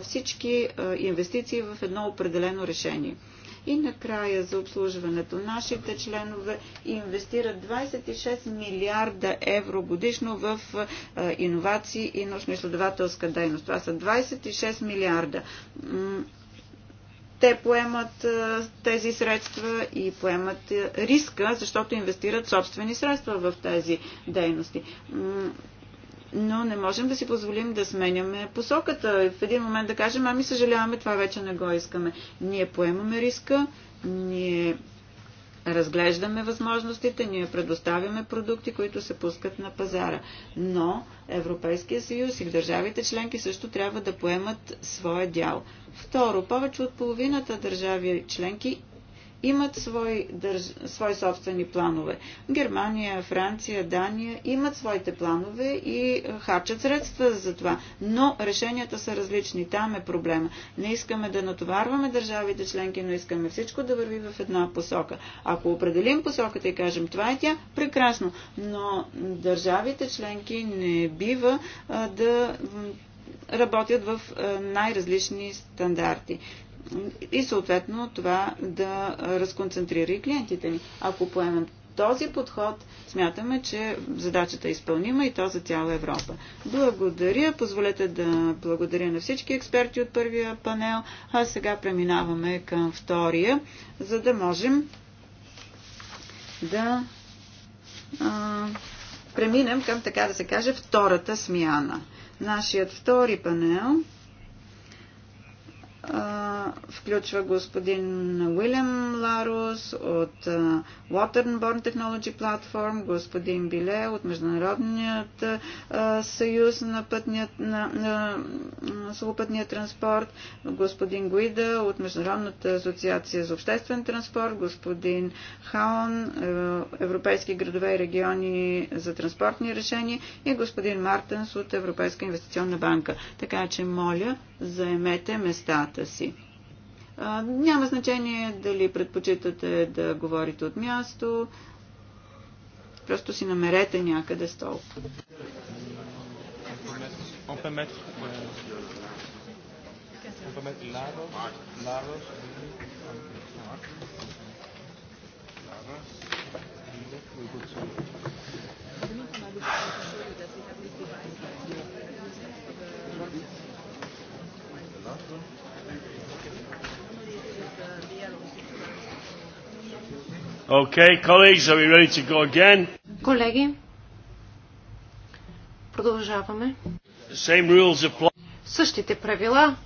Speaker 2: всички инвестиции в едно определено решение. И накрая за обслужването. Нашите членове инвестират 26 милиарда евро годишно в иновации и научно-изследователска дейност. Това са 26 милиарда те поемат тези средства и поемат риска, защото инвестират собствени средства в тези дейности. Но не можем да си позволим да сменяме посоката. В един момент да кажем, ами съжаляваме, това вече не го искаме. Ние поемаме риска, ние разглеждаме възможностите, ние предоставяме продукти, които се пускат на пазара. Но Европейския съюз и държавите членки също трябва да поемат своя дял. Второ, повече от половината държави членки имат свои, държ... свои собствени планове. Германия, Франция, Дания имат своите планове и е, харчат средства за това. Но решенията са различни. Там е проблема. Не искаме да натоварваме държавите членки, но искаме всичко да върви в една посока. Ако определим посоката и кажем това е тя, прекрасно. Но държавите членки не бива а, е, да работят в е, най-различни стандарти и съответно това да разконцентрира и клиентите ни. Ако поемем този подход, смятаме, че задачата е изпълнима и то за цяла Европа. Благодаря. Позволете да благодаря на всички експерти от първия панел, а сега преминаваме към втория, за да можем да а, преминем към, така да се каже, втората смяна. Нашият втори панел включва господин Уилям Ларус от Waterborne Technology Platform, господин Биле от Международният съюз на, пътният, на, на, на сухопътния транспорт, господин Гуида от Международната асоциация за обществен транспорт, господин Хаон, Европейски градове и региони за транспортни решения и господин Мартенс от Европейска инвестиционна банка. Така че моля заемете местата си. Няма значение дали предпочитате да говорите от място, просто си намерете някъде стол.
Speaker 4: Thank euh, you.
Speaker 1: Okay, colleagues, are we ready to go again?
Speaker 3: Колеги, продължаваме.
Speaker 1: Same rules apply.
Speaker 3: Същите правила,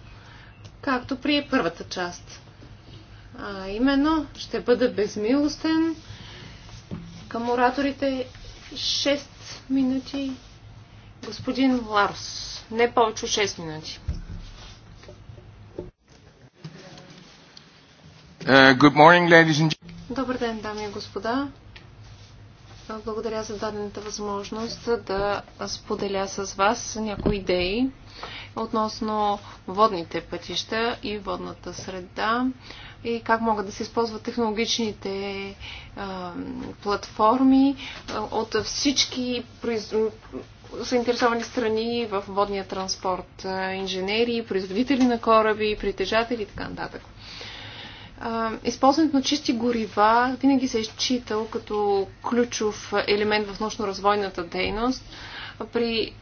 Speaker 3: както при първата част. А именно, ще бъда безмилостен към ораторите 6 минути. Господин Ларс, не повече от 6 минути.
Speaker 1: Uh, morning,
Speaker 3: Добър ден, дами и господа. Uh, благодаря за дадената възможност да споделя с вас някои идеи относно водните пътища и водната среда и как могат да се използват технологичните а, uh, платформи от всички произ... заинтересовани страни в водния транспорт. Инженери, производители на кораби, притежатели и така нататък използването на чисти горива винаги се е считал като ключов елемент в научно-развойната дейност при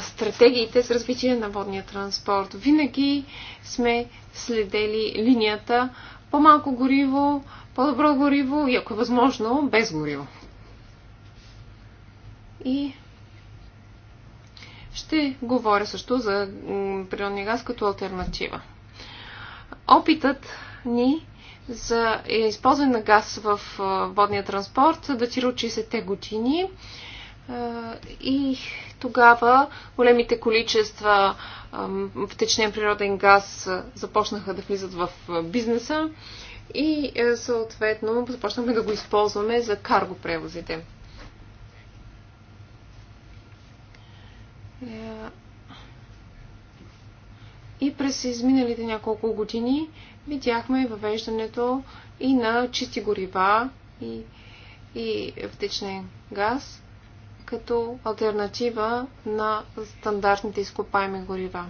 Speaker 3: стратегиите с развитие на водния транспорт. Винаги сме следели линията по-малко гориво, по-добро гориво и ако е възможно, без гориво. И ще говоря също за природния газ като альтернатива. Опитът ни за използване на газ в водния транспорт датира от 60-те години и тогава големите количества втечнен природен газ започнаха да влизат в бизнеса и съответно започнахме да го използваме за карго превозите. Е, и през изминалите няколко години видяхме въвеждането и на чисти горива и, и втечнен газ като альтернатива на стандартните изкопаеми горива.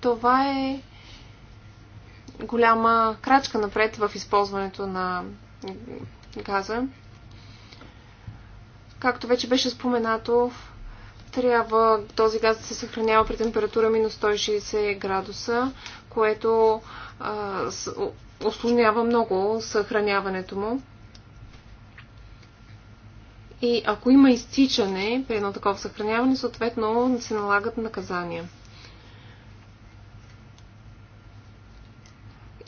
Speaker 3: Това е голяма крачка напред в използването на газа. Както вече беше споменато, трябва този газ да се съхранява при температура минус 160 градуса, което осложнява много съхраняването му. И ако има изтичане при едно такова съхраняване, съответно се налагат наказания.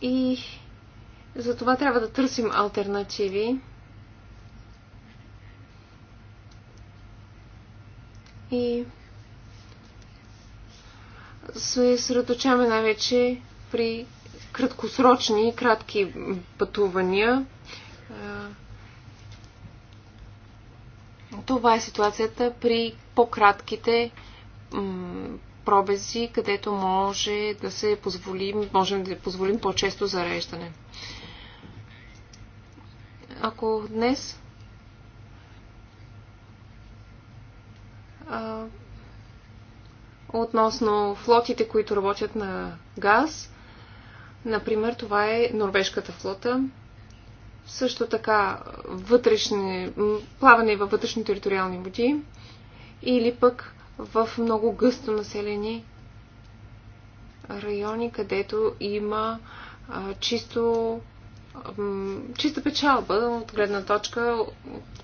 Speaker 3: И за това трябва да търсим альтернативи. и се средочаме най-вече при краткосрочни и кратки пътувания. Това е ситуацията при по-кратките пробези, където може да се позволим, можем да позволим по-често зареждане. Ако днес а, относно флотите, които работят на газ. Например, това е норвежката флота. Също така вътрешни, плаване във вътрешни териториални води или пък в много гъсто населени райони, където има а, чисто, чиста печалба от гледна точка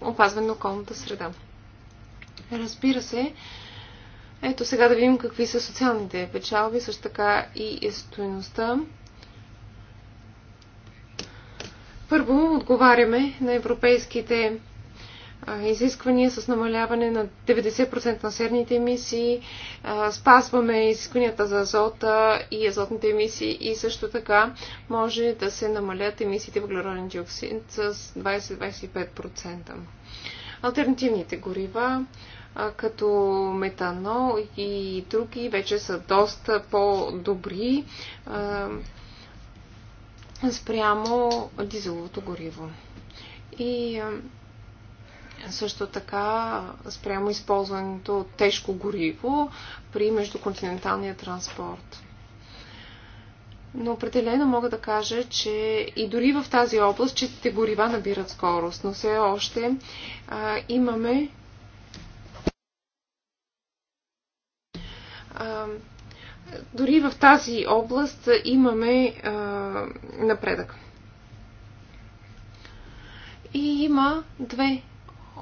Speaker 3: опазване на околната среда. Разбира се. Ето сега да видим какви са социалните печалби, също така и стоеността. Първо отговаряме на европейските изисквания с намаляване на 90% на серните емисии, спазваме изискванията за азота и азотните емисии и също така може да се намалят емисиите въглероден диоксид с 20-25%. Альтернативните горива, като метанол и други, вече са доста по-добри спрямо дизеловото гориво. И също така спрямо използването от тежко гориво при междуконтиненталния транспорт. Но определено мога да кажа, че и дори в тази област чистите горива набират скорост, но все още а, имаме а, дори в тази област имаме а, напредък. И има две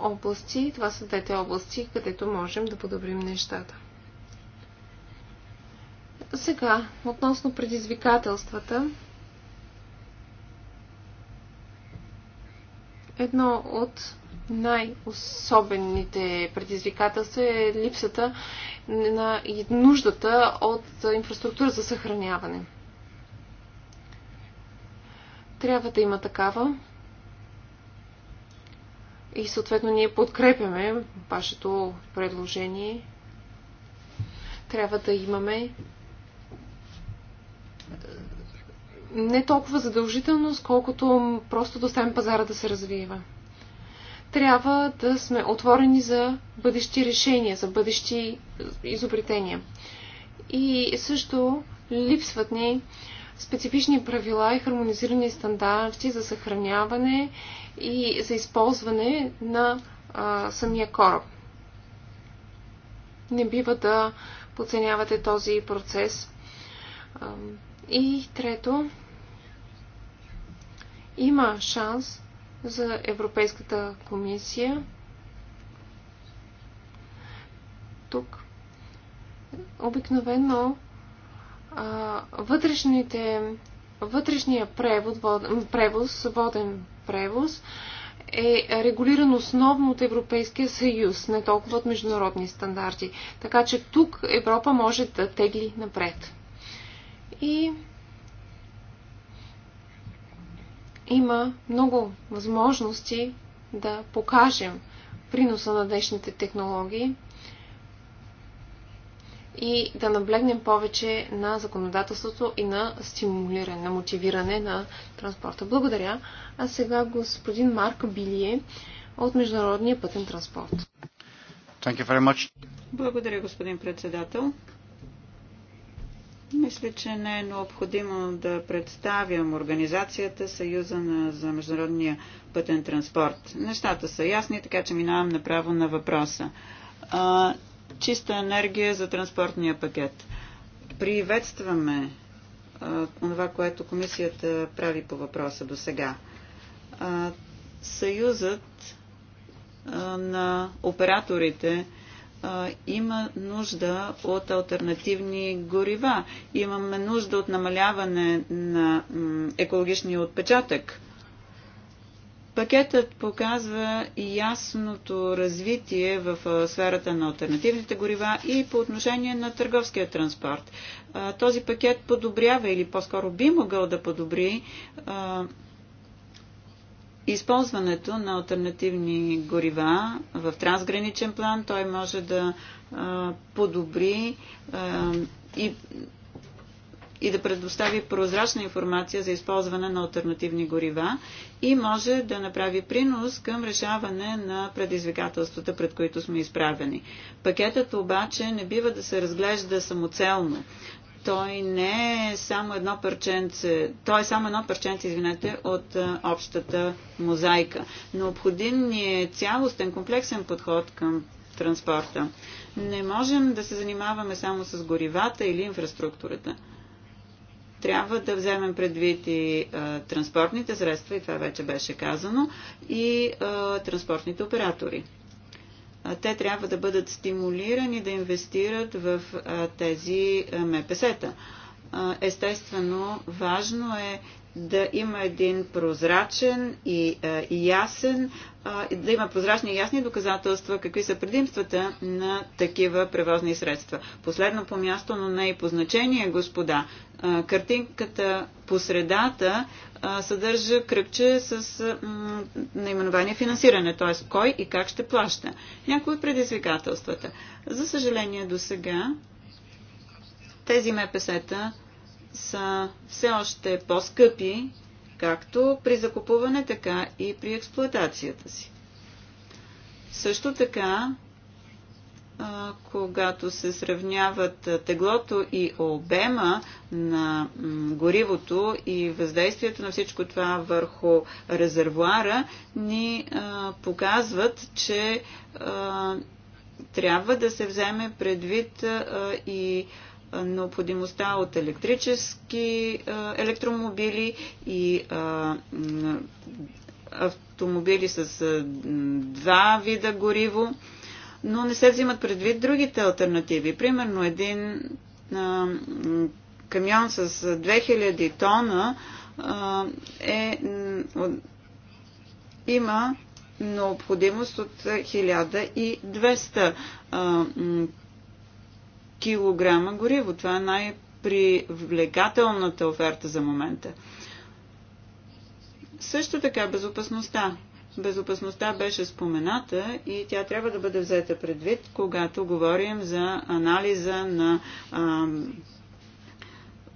Speaker 3: области, това са двете области, където можем да подобрим нещата. Сега, относно предизвикателствата, едно от най-особените предизвикателства е липсата на и нуждата от инфраструктура за съхраняване. Трябва да има такава. И съответно ние подкрепяме вашето предложение. Трябва да имаме не толкова задължително, сколкото просто да оставим пазара да се развива. Трябва да сме отворени за бъдещи решения, за бъдещи е, изобретения. И също липсват ни специфични правила и хармонизирани стандарти за съхраняване и за използване на а, самия кораб. Не бива да подценявате този процес. И трето, има шанс за Европейската комисия тук. Обикновено а, вътрешните, вътрешния превод, превоз, воден превоз е регулиран основно от Европейския съюз, не толкова от международни стандарти. Така че тук Европа може да тегли напред и има много възможности да покажем приноса на днешните технологии и да наблегнем повече на законодателството и на стимулиране, на мотивиране на транспорта. Благодаря. А сега господин Марк Билие от Международния пътен транспорт.
Speaker 2: Благодаря, господин председател. Мисля, че не е необходимо да представям организацията Съюза на, за международния пътен транспорт. Нещата са ясни, така че минавам направо на въпроса. А, чиста енергия за транспортния пакет. Приветстваме а, това, което комисията прави по въпроса до сега. Съюзът а, на операторите а, има нужда от альтернативни горива. Имаме нужда от намаляване на екологичния отпечатък. Пакетът показва ясното развитие в сферата на альтернативните горива и по отношение на търговския транспорт. Този пакет подобрява или по-скоро би могъл да подобри използването на альтернативни горива в трансграничен план, той може да а, подобри а, и, и да предостави прозрачна информация за използване на альтернативни горива и може да направи принос към решаване на предизвикателствата, пред които сме изправени. Пакетът обаче не бива да се разглежда самоцелно той не е само едно парченце, той е само едно парченце, извинете, от а, общата мозайка. Необходим ни е цялостен, комплексен подход към транспорта. Не можем да се занимаваме само с горивата или инфраструктурата. Трябва да вземем предвид и а, транспортните средства, и това вече беше казано, и а, транспортните оператори те трябва да бъдат стимулирани да инвестират в тези МПС-та. Естествено, важно е да има един прозрачен и, ясен, да има прозрачни и ясни доказателства какви са предимствата на такива превозни средства. Последно по място, но не и по значение, господа. Картинката по средата съдържа кръгче с наименование финансиране, т.е. кой и как ще плаща. Някои от предизвикателствата. За съжаление до сега тези МПС-та са все още по-скъпи, както при закупуване, така и при експлуатацията си. Също така когато се сравняват теглото и обема на горивото и въздействието на всичко това върху резервуара, ни показват, че трябва да се вземе предвид и необходимостта от електрически електромобили и автомобили с два вида гориво но не се взимат предвид другите альтернативи. Примерно един а, камион с 2000 тона а, е, от, има необходимост от 1200 а, килограма гориво. Това е най-привлекателната оферта за момента. Също така безопасността. Безопасността беше спомената и тя трябва да бъде взета предвид, когато говорим за анализа на а,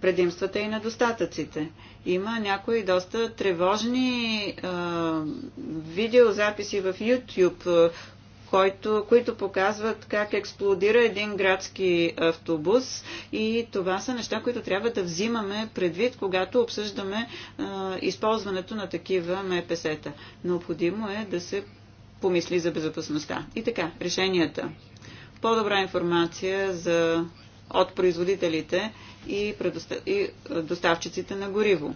Speaker 2: предимствата и недостатъците. Има някои доста тревожни а, видеозаписи в YouTube, който, които показват как експлодира един градски автобус и това са неща, които трябва да взимаме предвид, когато обсъждаме а, използването на такива МПС-та. Необходимо е да се помисли за безопасността. И така, решенията. По-добра информация за, от производителите и, предостав... и доставчиците на гориво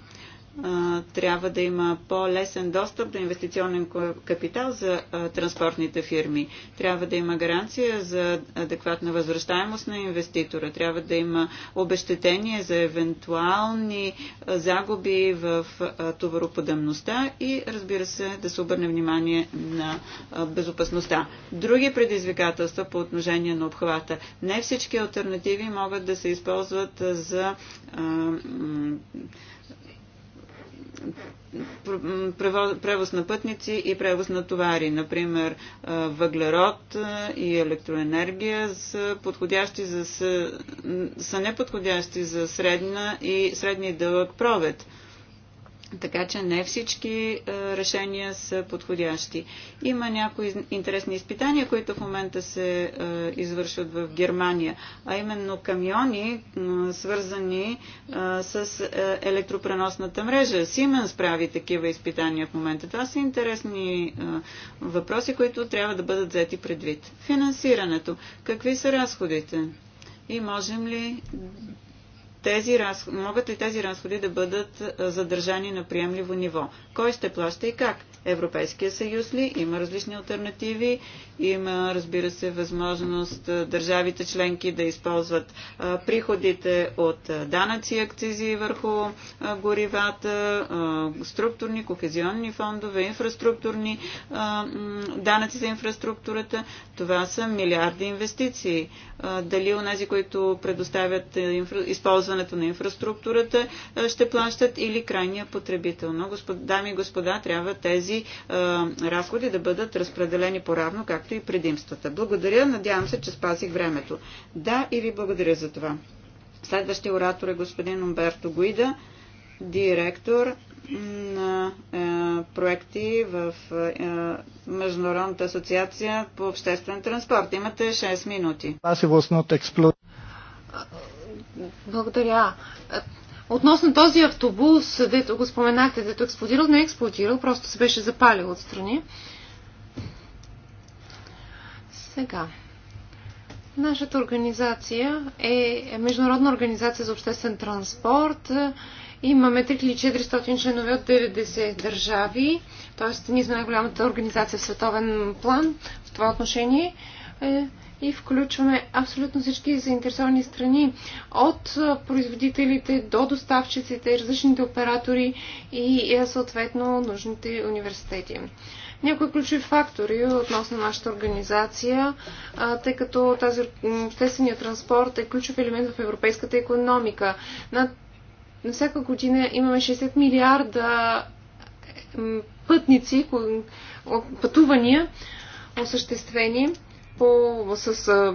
Speaker 2: трябва да има по-лесен достъп до инвестиционен капитал за транспортните фирми. Трябва да има гаранция за адекватна възвръщаемост на инвеститора. Трябва да има обещетение за евентуални загуби в товароподъмността и разбира се да се обърне внимание на безопасността. Други предизвикателства по отношение на обхвата. Не всички альтернативи могат да се използват за превоз на пътници и превоз на товари. Например, въглерод и електроенергия са, подходящи за, са неподходящи за средна и средния дълъг провед. Така че не всички е, решения са подходящи. Има някои интересни изпитания, които в момента се е, извършват в Германия, а именно камиони, свързани е, с електропреносната мрежа. Симен прави такива изпитания в момента. Това са интересни въпроси, които трябва да бъдат взети предвид. Финансирането. Какви са разходите? И можем ли тези разходи, могат ли тези разходи да бъдат задържани на приемливо ниво? Кой ще плаща и как? Европейския съюз ли? Има различни альтернативи. Има, разбира се, възможност държавите членки да използват приходите от данъци и акцизи върху горивата, структурни, кохезионни фондове, инфраструктурни данъци за инфраструктурата. Това са милиарди инвестиции. Дали нези, които предоставят използването на инфраструктурата, ще плащат или крайния потребител. Но, дами и господа, трябва тези а, е, разходи да бъдат разпределени по-равно, както и предимствата. Благодаря, надявам се, че спазих времето. Да, и ви благодаря за това. Следващия оратор е господин Умберто Гуида, директор на е, проекти в е, Международната асоциация по обществен транспорт. Имате 6 минути. Благодаря. Относно
Speaker 3: този автобус, дето го споменахте, дето експлодирал, не е експлодирал, просто се беше запалил отстрани. Сега. Нашата организация е Международна организация за обществен транспорт. Имаме 3400 членове от 90 държави, т.е. ние сме най-голямата организация в световен план в това отношение. Е, и включваме абсолютно всички заинтересовани страни, от производителите до доставчиците, различните оператори и е, съответно нужните университети. Някои ключови фактори относно нашата организация, тъй като тази обществения транспорт е ключов елемент в европейската економика. На, на всяка година имаме 60 милиарда пътници, пътувания осъществени по, с а,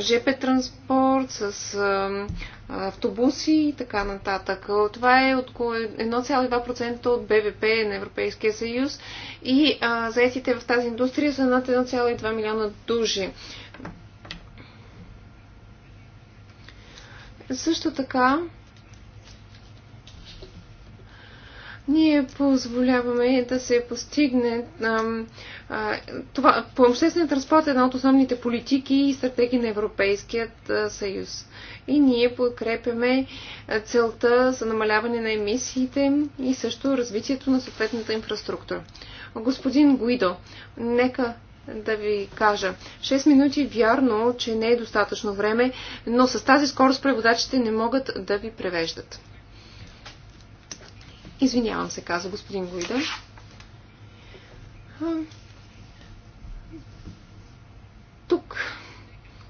Speaker 3: ЖП транспорт, с а, автобуси и така нататък. Това е от 1,2% от БВП на Европейския съюз и а, заетите в тази индустрия са над 1,2 милиона души. Също така, ние позволяваме да се постигне а, а, това. По обществения транспорт е една от основните политики и стратегии на Европейският а, съюз. И ние подкрепяме целта за намаляване на емисиите и също развитието на съответната инфраструктура. Господин Гуидо, нека да ви кажа. 6 минути вярно, че не е достатъчно време, но с тази скорост преводачите не могат да ви превеждат. Извинявам се, каза господин Гуида. Тук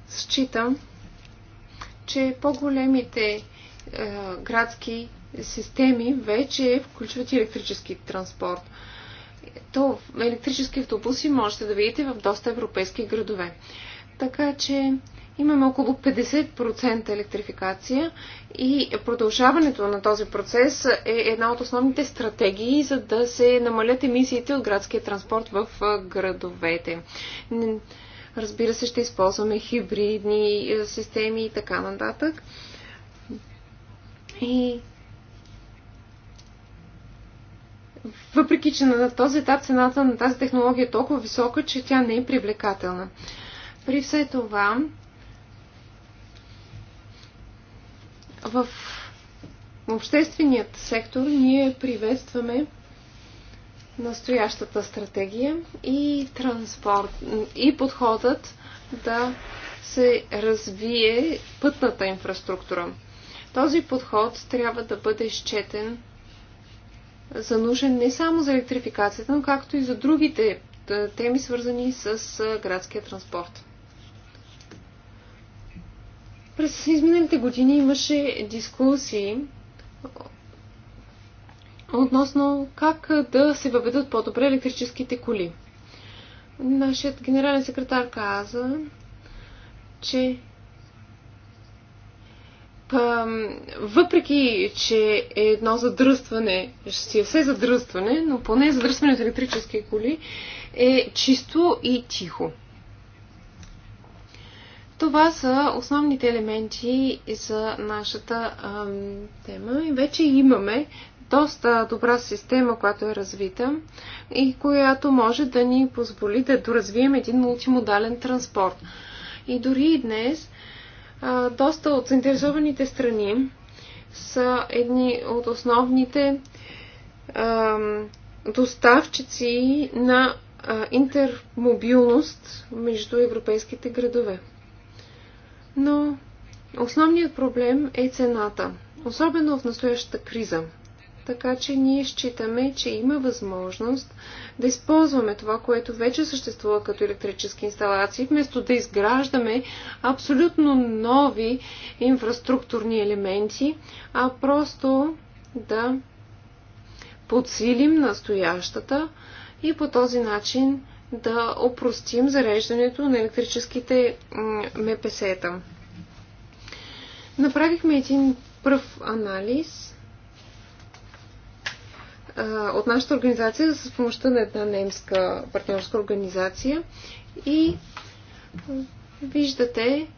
Speaker 3: считам, че по-големите е, градски системи вече включват и електрически транспорт. То електрически автобуси можете да видите в доста европейски градове. Така че имаме около 50% електрификация и продължаването на този процес е една от основните стратегии, за да се намалят емисиите от градския транспорт в градовете. Разбира се, ще използваме хибридни системи и така нататък. И въпреки, че на този етап цената на тази технология е толкова висока, че тя не е привлекателна. При все това, В общественият сектор ние приветстваме настоящата стратегия и транспорт и подходът да се развие пътната инфраструктура. Този подход трябва да бъде изчетен за нужен не само за електрификацията, но както и за другите е, теми, свързани с е, градския транспорт. През изминалите години имаше дискусии относно как да се въведат по-добре електрическите коли. Нашият генерален секретар каза, че въпреки, че е едно задръстване, си е все задръстване, но поне задръстването електрически коли е чисто и тихо. Това са основните елементи за нашата ам, тема. И вече имаме доста добра система, която е развита и която може да ни позволи да доразвием един мултимодален транспорт. И дори и днес а, доста от заинтересованите страни са едни от основните а, доставчици на а, интермобилност между европейските градове. Но основният проблем е цената, особено в настоящата криза. Така че ние считаме, че има възможност да използваме това, което вече съществува като електрически инсталации, вместо да изграждаме абсолютно нови инфраструктурни елементи, а просто да подсилим настоящата и по този начин да опростим зареждането на електрическите МПС-та. Направихме един пръв анализ от нашата организация с помощта на една немска партньорска организация и виждате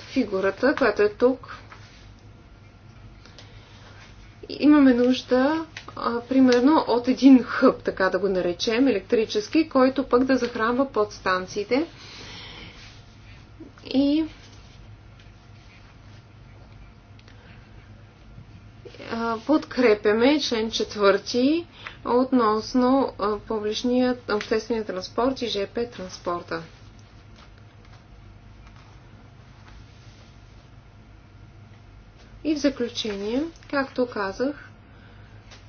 Speaker 3: фигурата, която е тук. Имаме нужда а, примерно от един хъб, така да го наречем, електрически, който пък да захранва подстанциите. И подкрепяме член четвърти относно публичния обществения транспорт и ЖП транспорта. И в заключение, както казах,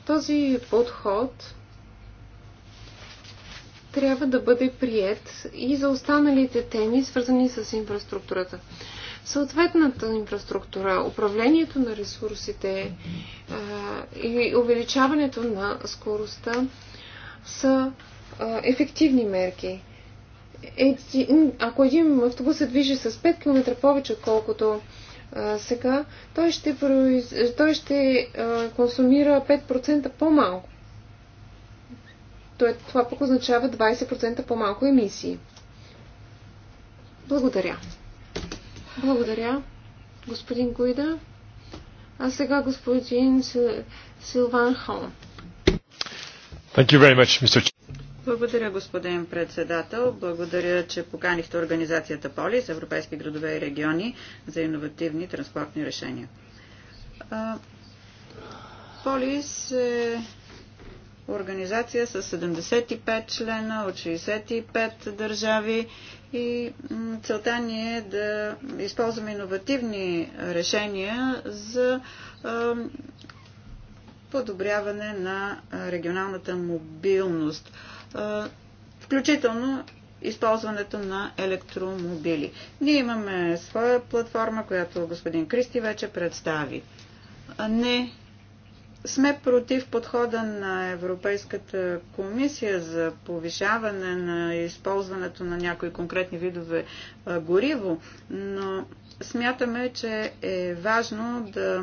Speaker 3: този подход трябва да бъде прият и за останалите теми, свързани с инфраструктурата. Съответната инфраструктура, управлението на ресурсите е, и увеличаването на скоростта са е, ефективни мерки. ако един автобус се движи с 5 км повече, колкото сега, той ще, произ... той ще а, консумира 5% по-малко. Това пък означава 20% по-малко емисии. Благодаря. Благодаря, господин Гуида. А сега господин
Speaker 2: Силван Хон.
Speaker 1: Thank you very much, Mr.
Speaker 2: Благодаря, господин председател. Благодаря, че поканихте организацията Полис, Европейски градове и региони за иновативни транспортни решения. Полис е организация с 75 члена от 65 държави и целта ни е да използваме иновативни решения за подобряване на регионалната мобилност включително използването на електромобили. Ние имаме своя платформа, която господин Кристи вече представи. Не сме против подхода на Европейската комисия за повишаване на използването на някои конкретни видове гориво, но смятаме, че е важно да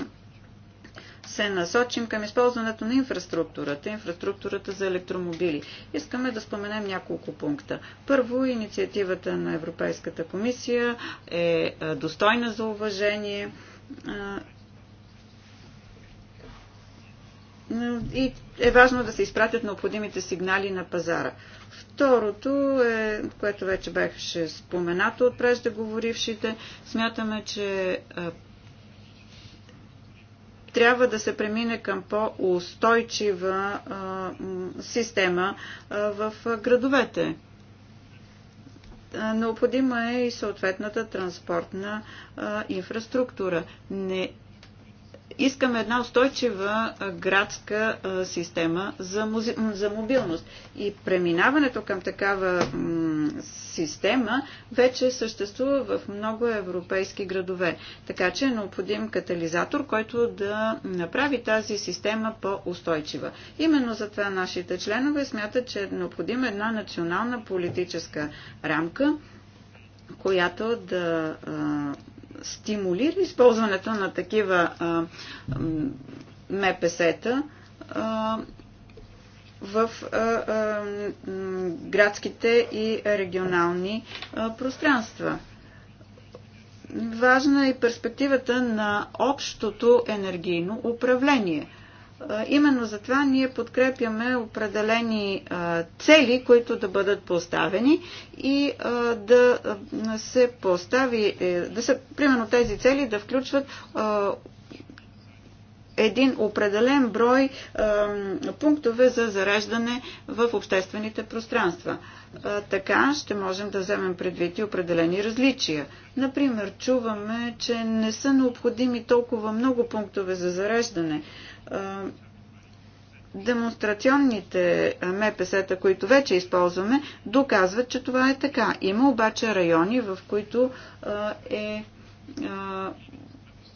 Speaker 2: се насочим към използването на инфраструктурата, инфраструктурата за електромобили. Искаме да споменем няколко пункта. Първо, инициативата на Европейската комисия е достойна за уважение и е важно да се изпратят необходимите сигнали на пазара. Второто е, което вече беше споменато от преждеговорившите, смятаме, че трябва да се премине към по-устойчива система в градовете. Необходима е и съответната транспортна инфраструктура. Не Искаме една устойчива градска система за, музи... за мобилност. И преминаването към такава система вече съществува в много европейски градове. Така че е необходим катализатор, който да направи тази система по-устойчива. Именно за това нашите членове смятат, че е необходима една национална политическа рамка, която да стимулира използването на такива МПС-та в градските и регионални пространства. Важна е и перспективата на общото енергийно управление – Именно затова ние подкрепяме определени цели, които да бъдат поставени и да се постави, е, да се, примерно тези цели да включват един определен брой пунктове за зареждане в обществените пространства. Така ще можем да вземем предвид и определени различия. Например, чуваме, че не са необходими толкова много пунктове за зареждане демонстрационните МПС-та, които вече използваме, доказват, че това е така. Има обаче райони, в които е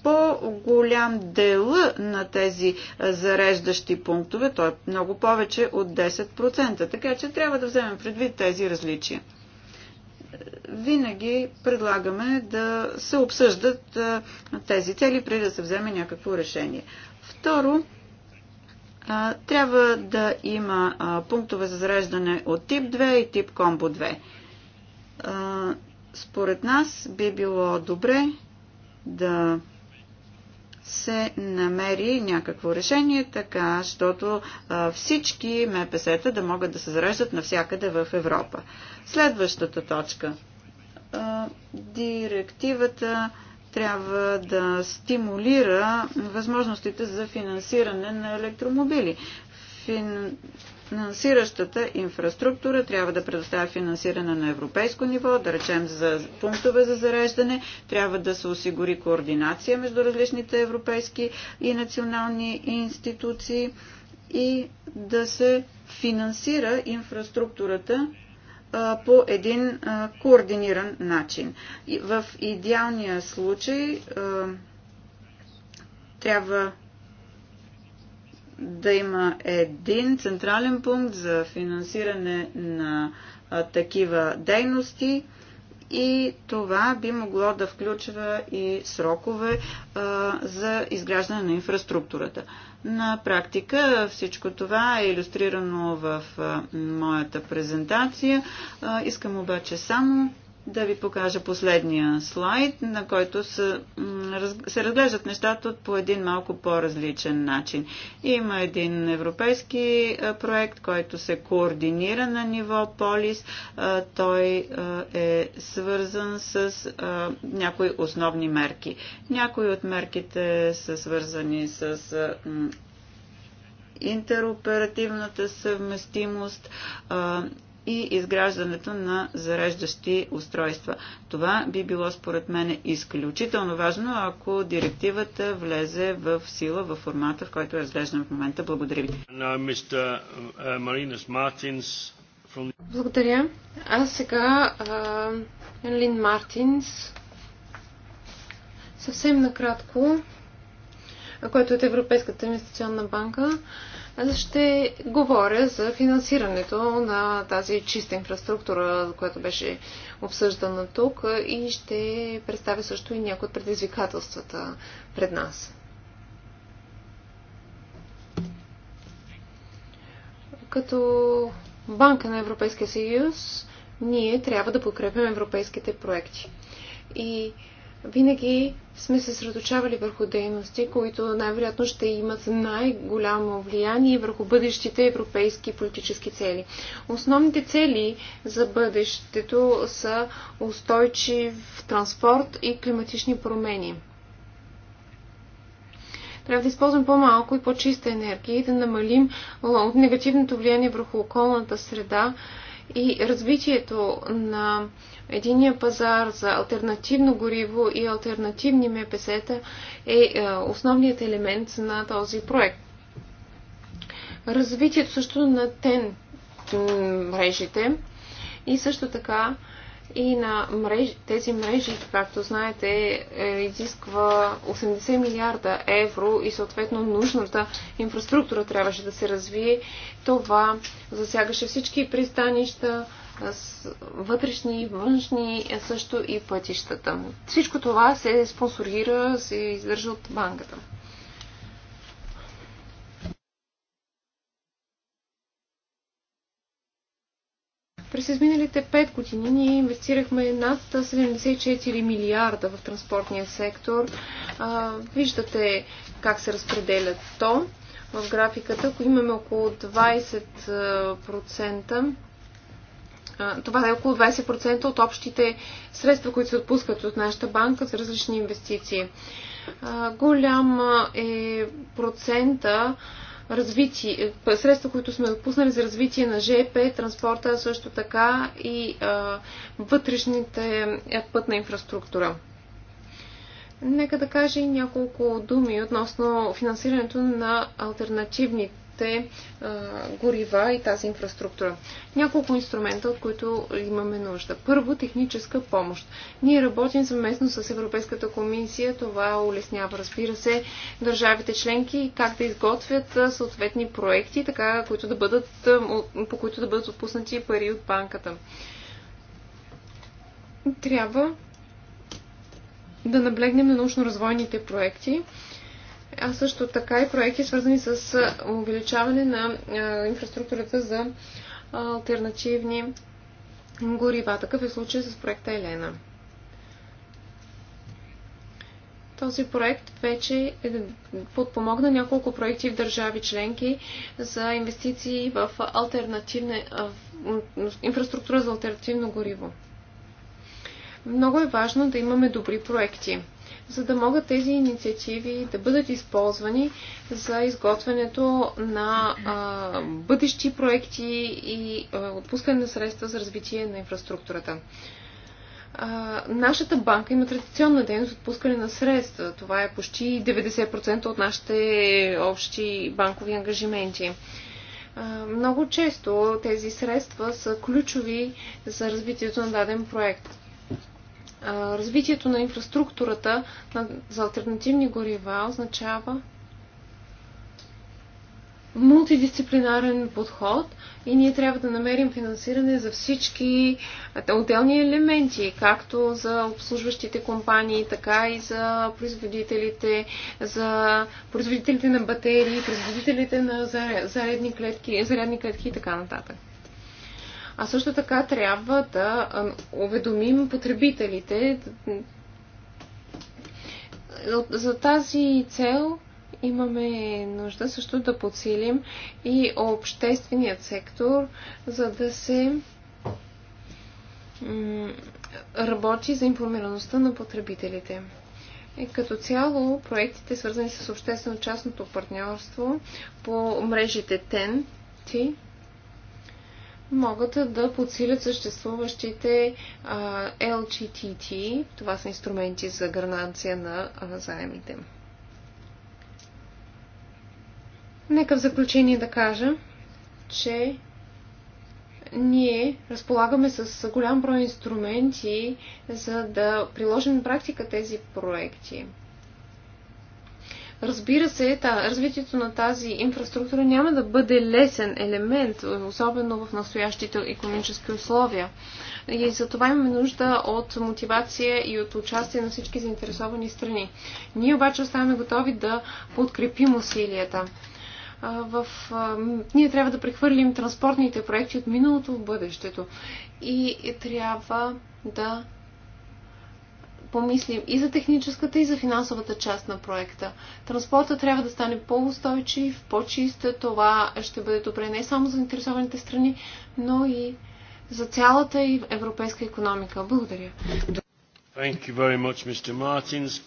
Speaker 2: по-голям дел на тези зареждащи пунктове, то е много повече от 10%. Така че трябва да вземем предвид тези различия. Винаги предлагаме да се обсъждат тези цели, преди да се вземе някакво решение. Второ, трябва да има пунктове за зареждане от тип 2 и тип комбо 2. Според нас би било добре да се намери някакво решение, така, защото всички МПС-та да могат да се зареждат навсякъде в Европа. Следващата точка. Директивата трябва да стимулира възможностите за финансиране на електромобили. Фин... Финансиращата инфраструктура трябва да предоставя финансиране на европейско ниво, да речем за пунктове за зареждане, трябва да се осигури координация между различните европейски и национални институции и да се финансира инфраструктурата по един координиран начин. В идеалния случай трябва да има един централен пункт за финансиране на такива дейности и това би могло да включва и срокове а, за изграждане на инфраструктурата. На практика всичко това е иллюстрирано в моята презентация. Искам обаче само да ви покажа последния слайд, на който се разглеждат нещата по един малко по-различен начин. Има един европейски проект, който се координира на ниво полис. Той е свързан с някои основни мерки. Някои от мерките са свързани с интероперативната съвместимост и изграждането на зареждащи устройства. Това би било според мен изключително важно, ако директивата влезе в сила в формата, в който разглеждам в момента. Благодаря ви.
Speaker 1: Uh, uh,
Speaker 3: Благодаря. А сега uh, Енлин Мартинс. Съвсем накратко, който е от Европейската инвестиционна банка ще говоря за финансирането на тази чиста инфраструктура, която беше обсъждана тук и ще представя също и някои от предизвикателствата пред нас. Като банка на Европейския съюз, ние трябва да подкрепим европейските проекти. И винаги сме се средочавали върху дейности, които най-вероятно ще имат най-голямо влияние върху бъдещите европейски политически цели. Основните цели за бъдещето са устойчив транспорт и климатични промени. Трябва да използваме по-малко и по-чиста енергия и да намалим негативното влияние върху околната среда и развитието на единия пазар за альтернативно гориво и альтернативни МПС-та е, е основният елемент на този проект. Развитието също на ТЕН мрежите и също така и на мреж... тези мрежи, както знаете, е, изисква 80 милиарда евро и съответно нужната инфраструктура трябваше да се развие. Това засягаше всички пристанища, вътрешни, външни, също и пътищата. Всичко това се спонсорира, се издържа от банката. През изминалите 5 години ние инвестирахме над 74 милиарда в транспортния сектор. Виждате как се разпределят то в графиката. Ако имаме около 20%, това е около 20% от общите средства, които се отпускат от нашата банка за различни инвестиции. Голям е процента развитие, е, средства, които сме допуснали, за развитие на ЖП, транспорта, също така и а, вътрешните е, пътна инфраструктура. Нека да кажа и няколко думи относно финансирането на альтернативни новите а, горива и тази инфраструктура. Няколко инструмента, от които имаме нужда. Първо, техническа помощ. Ние работим съвместно с Европейската комисия. Това улеснява, разбира се, държавите членки как да изготвят съответни проекти, така, които да бъдат, по които да бъдат отпуснати пари от банката. Трябва да наблегнем на научно-развойните проекти а също така и проекти свързани с увеличаване на инфраструктурата за альтернативни горива. Такъв е случай с проекта Елена. Този проект вече е подпомогна няколко проекти в държави членки за инвестиции в альтернативна инфраструктура за альтернативно гориво. Много е важно да имаме добри проекти за да могат тези инициативи да бъдат използвани за изготвянето на а, бъдещи проекти и а, отпускане на средства за развитие на инфраструктурата. А, нашата банка има традиционна дейност отпускане на средства. Това е почти 90% от нашите общи банкови ангажименти. Много често тези средства са ключови за развитието на даден проект развитието на инфраструктурата за альтернативни горива означава мултидисциплинарен подход и ние трябва да намерим финансиране за всички отделни елементи, както за обслужващите компании, така и за производителите, за производителите на батерии,
Speaker 4: производителите
Speaker 3: на зарядни клетки, зарядни клетки и така нататък. А също така трябва да уведомим потребителите. За тази цел имаме нужда също да подсилим и общественият сектор, за да се работи за информираността на потребителите. И като цяло, проектите, свързани с обществено-частното партньорство по мрежите TEN, могат да подсилят съществуващите а, LGTT. Това са инструменти за гаранция на а, заемите. Нека в заключение да кажа, че ние разполагаме с голям брой инструменти, за да приложим на практика тези проекти. Разбира се, та, развитието на тази инфраструктура няма да бъде лесен елемент, особено в настоящите економически условия. И за това имаме нужда от мотивация и от участие на всички заинтересовани страни. Ние обаче оставаме готови да подкрепим усилията. В, ние трябва да прехвърлим транспортните проекти от миналото в бъдещето и трябва да помислим и за техническата, и за финансовата част на проекта. Транспорта трябва да стане по-устойчив, по-чист. Това ще бъде добре не само за заинтересованите страни, но и
Speaker 2: за цялата и европейска економика. Благодаря.
Speaker 1: Thank you very much, Mr. Martins.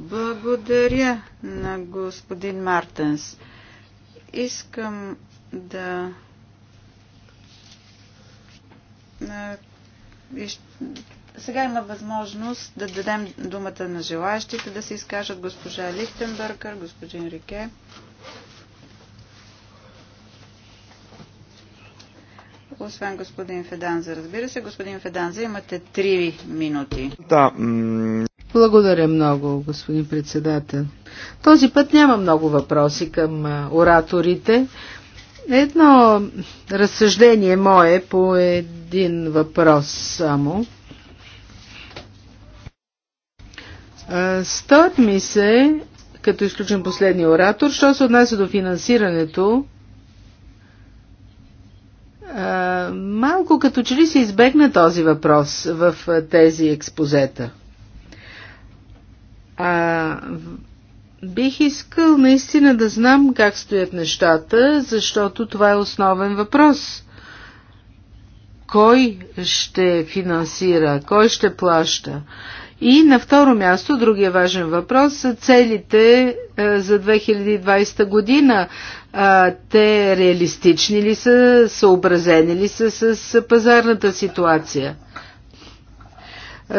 Speaker 2: Благодаря на господин Мартенс. Искам да сега има възможност да дадем думата на желаящите да се изкажат госпожа Лихтенбъркър, господин Рике. Освен господин Феданза, разбира се, господин Феданза, имате три минути.
Speaker 4: Да. Благодаря много, господин председател. Този път няма много въпроси към ораторите. Едно разсъждение мое по един въпрос само – Е, стоят ми се, като изключим последния оратор, що се отнася до финансирането, е, малко като че ли се избегна този въпрос в е, тези експозета. А, бих искал наистина да знам как стоят нещата, защото това е основен въпрос. Кой ще финансира? Кой ще плаща? И на второ място, другия важен въпрос, са целите е, за 2020 година. Те реалистични ли са, съобразени ли са с пазарната ситуация?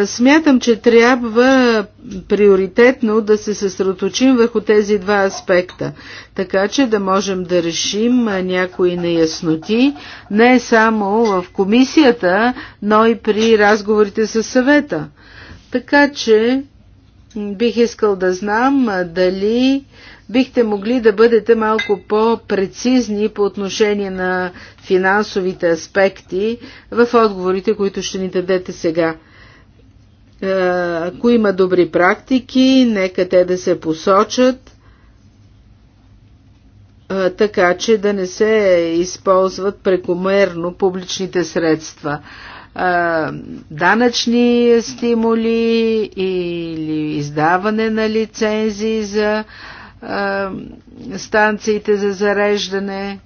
Speaker 4: Смятам, че трябва приоритетно да се съсредоточим върху тези два аспекта, така че да можем да решим някои неясноти не само в комисията, но и при разговорите с съвета. Така че бих искал да знам дали бихте могли да бъдете малко по-прецизни по отношение на финансовите аспекти в отговорите, които ще ни дадете сега. Ако има добри практики, нека те да се посочат, така че да не се използват прекомерно публичните средства данъчни стимули или издаване на лицензии за станциите за зареждане.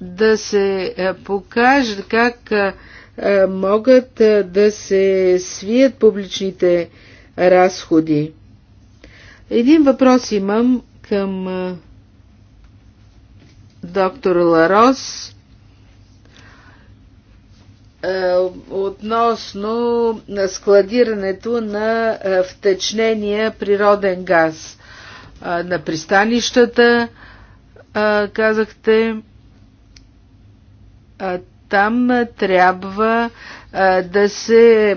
Speaker 4: Да се покаже как могат да се свият публичните разходи. Един въпрос имам към доктор Ларос е, относно на складирането на е, втечнения природен газ е, на пристанищата, казахте, там трябва да се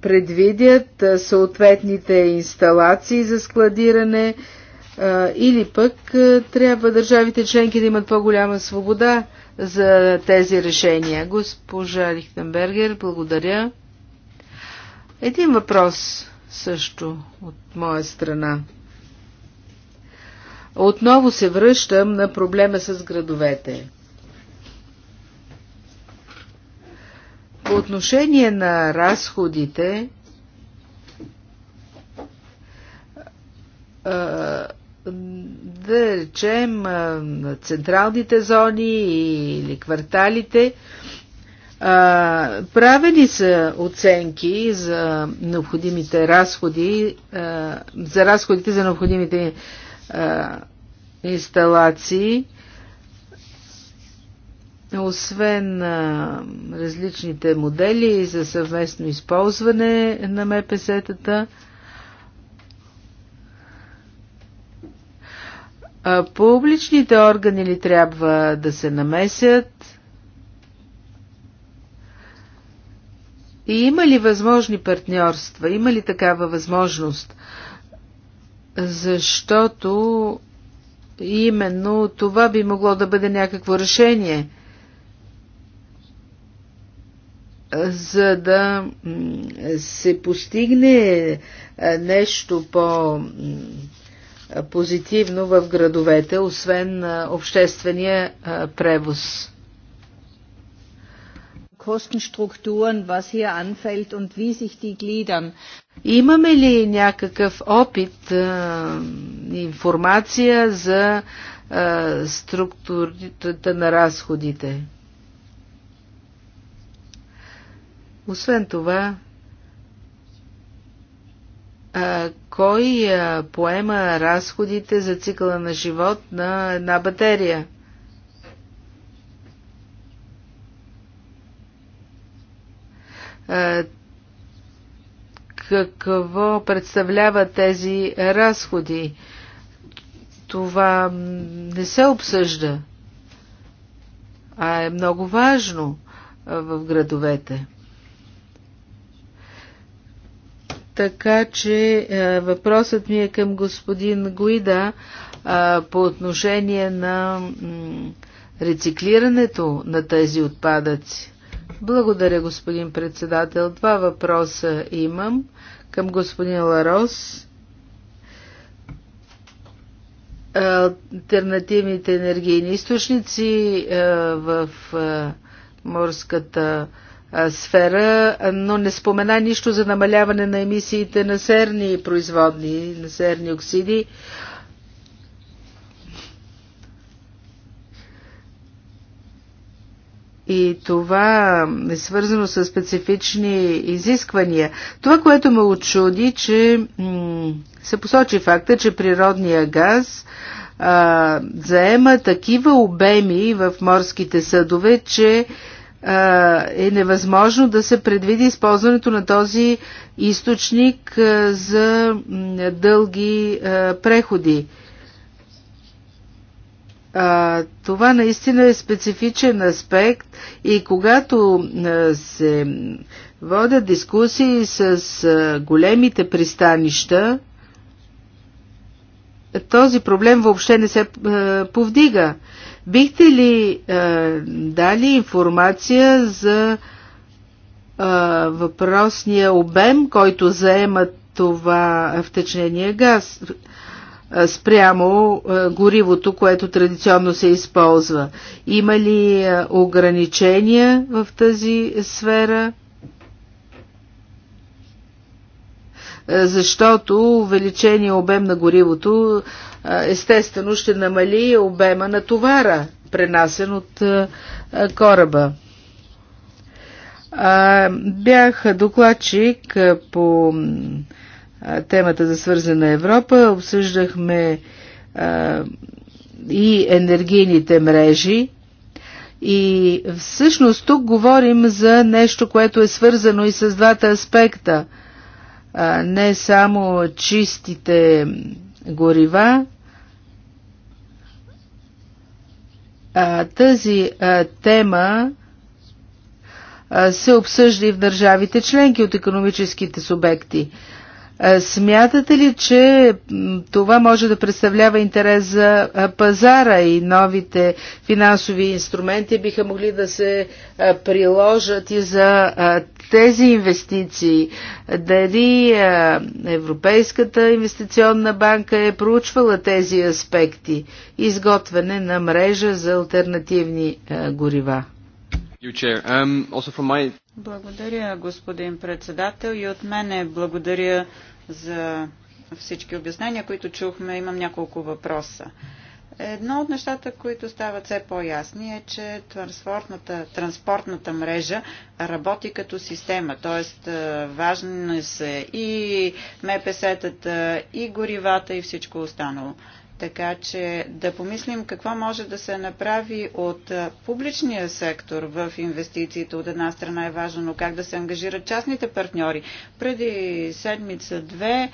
Speaker 4: предвидят съответните инсталации за складиране или пък трябва държавите членки да имат по-голяма свобода за тези решения. Госпожа Лихтенбергер, благодаря. Един въпрос също от моя страна. Отново се връщам на проблема с градовете. По отношение на разходите, да речем централните зони или кварталите. правени са оценки за необходимите разходи, за разходите за необходимите инсталации, освен а, различните модели за съвместно използване на МПС-тата. А, Публичните органи ли трябва да се намесят? И има ли възможни партньорства? Има ли такава възможност? Защото именно това би могло да бъде някакво решение, за да се постигне нещо по позитивно в градовете, освен обществения превоз. Имаме ли някакъв опит, информация за структурата на разходите? Освен това, кой поема разходите за цикъла на живот на една батерия? Какво представлява тези разходи? Това не се обсъжда, а е много важно в градовете. Така че е, въпросът ми е към господин Гуида е, по отношение на рециклирането на тези отпадъци. Благодаря, господин председател. Два въпроса имам към господин Ларос. Альтернативните енергийни източници е, в е, морската сфера, но не спомена нищо за намаляване на емисиите на серни производни, на серни оксиди. И това е свързано с специфични изисквания. Това, което ме очуди, че се посочи факта, че природния газ а, заема такива обеми в морските съдове, че а, е невъзможно да се предвиди използването на този източник за дълги преходи. Това наистина е специфичен аспект и когато се водят дискусии с големите пристанища, този проблем въобще не се повдига. Бихте ли е, дали информация за е, въпросния обем, който заема това втечнение газ е, спрямо е, горивото, което традиционно се използва? Има ли е, ограничения в тази сфера? Е, защото увеличение обем на горивото е, естествено ще намали обема на товара, пренасен от е, кораба. Бях докладчик по темата за свързана Европа, обсъждахме и енергийните мрежи. И всъщност тук говорим за нещо, което е свързано и с двата аспекта – не само чистите горива, а тази тема се обсъжда и в държавите членки от економическите субекти. Е, смятате ли, че това може да представлява интерес за е, пазара и новите финансови инструменти биха могли да се е, приложат и за тези инвестиции? Дали Европейската инвестиционна банка е проучвала тези
Speaker 2: аспекти? Изготвяне
Speaker 4: на мрежа за альтернативни горива.
Speaker 2: Благодаря, господин председател. И от мене благодаря за всички обяснения, които чухме. Имам няколко въпроса. Едно от нещата, които стават все по-ясни е, че транспортната, транспортната мрежа работи като система, т.е. важни са и МПС-тата, и горивата, и всичко останало. Така че да помислим какво може да се направи от публичния сектор в инвестициите от една страна е важно, но как да се ангажират частните партньори. Преди седмица-две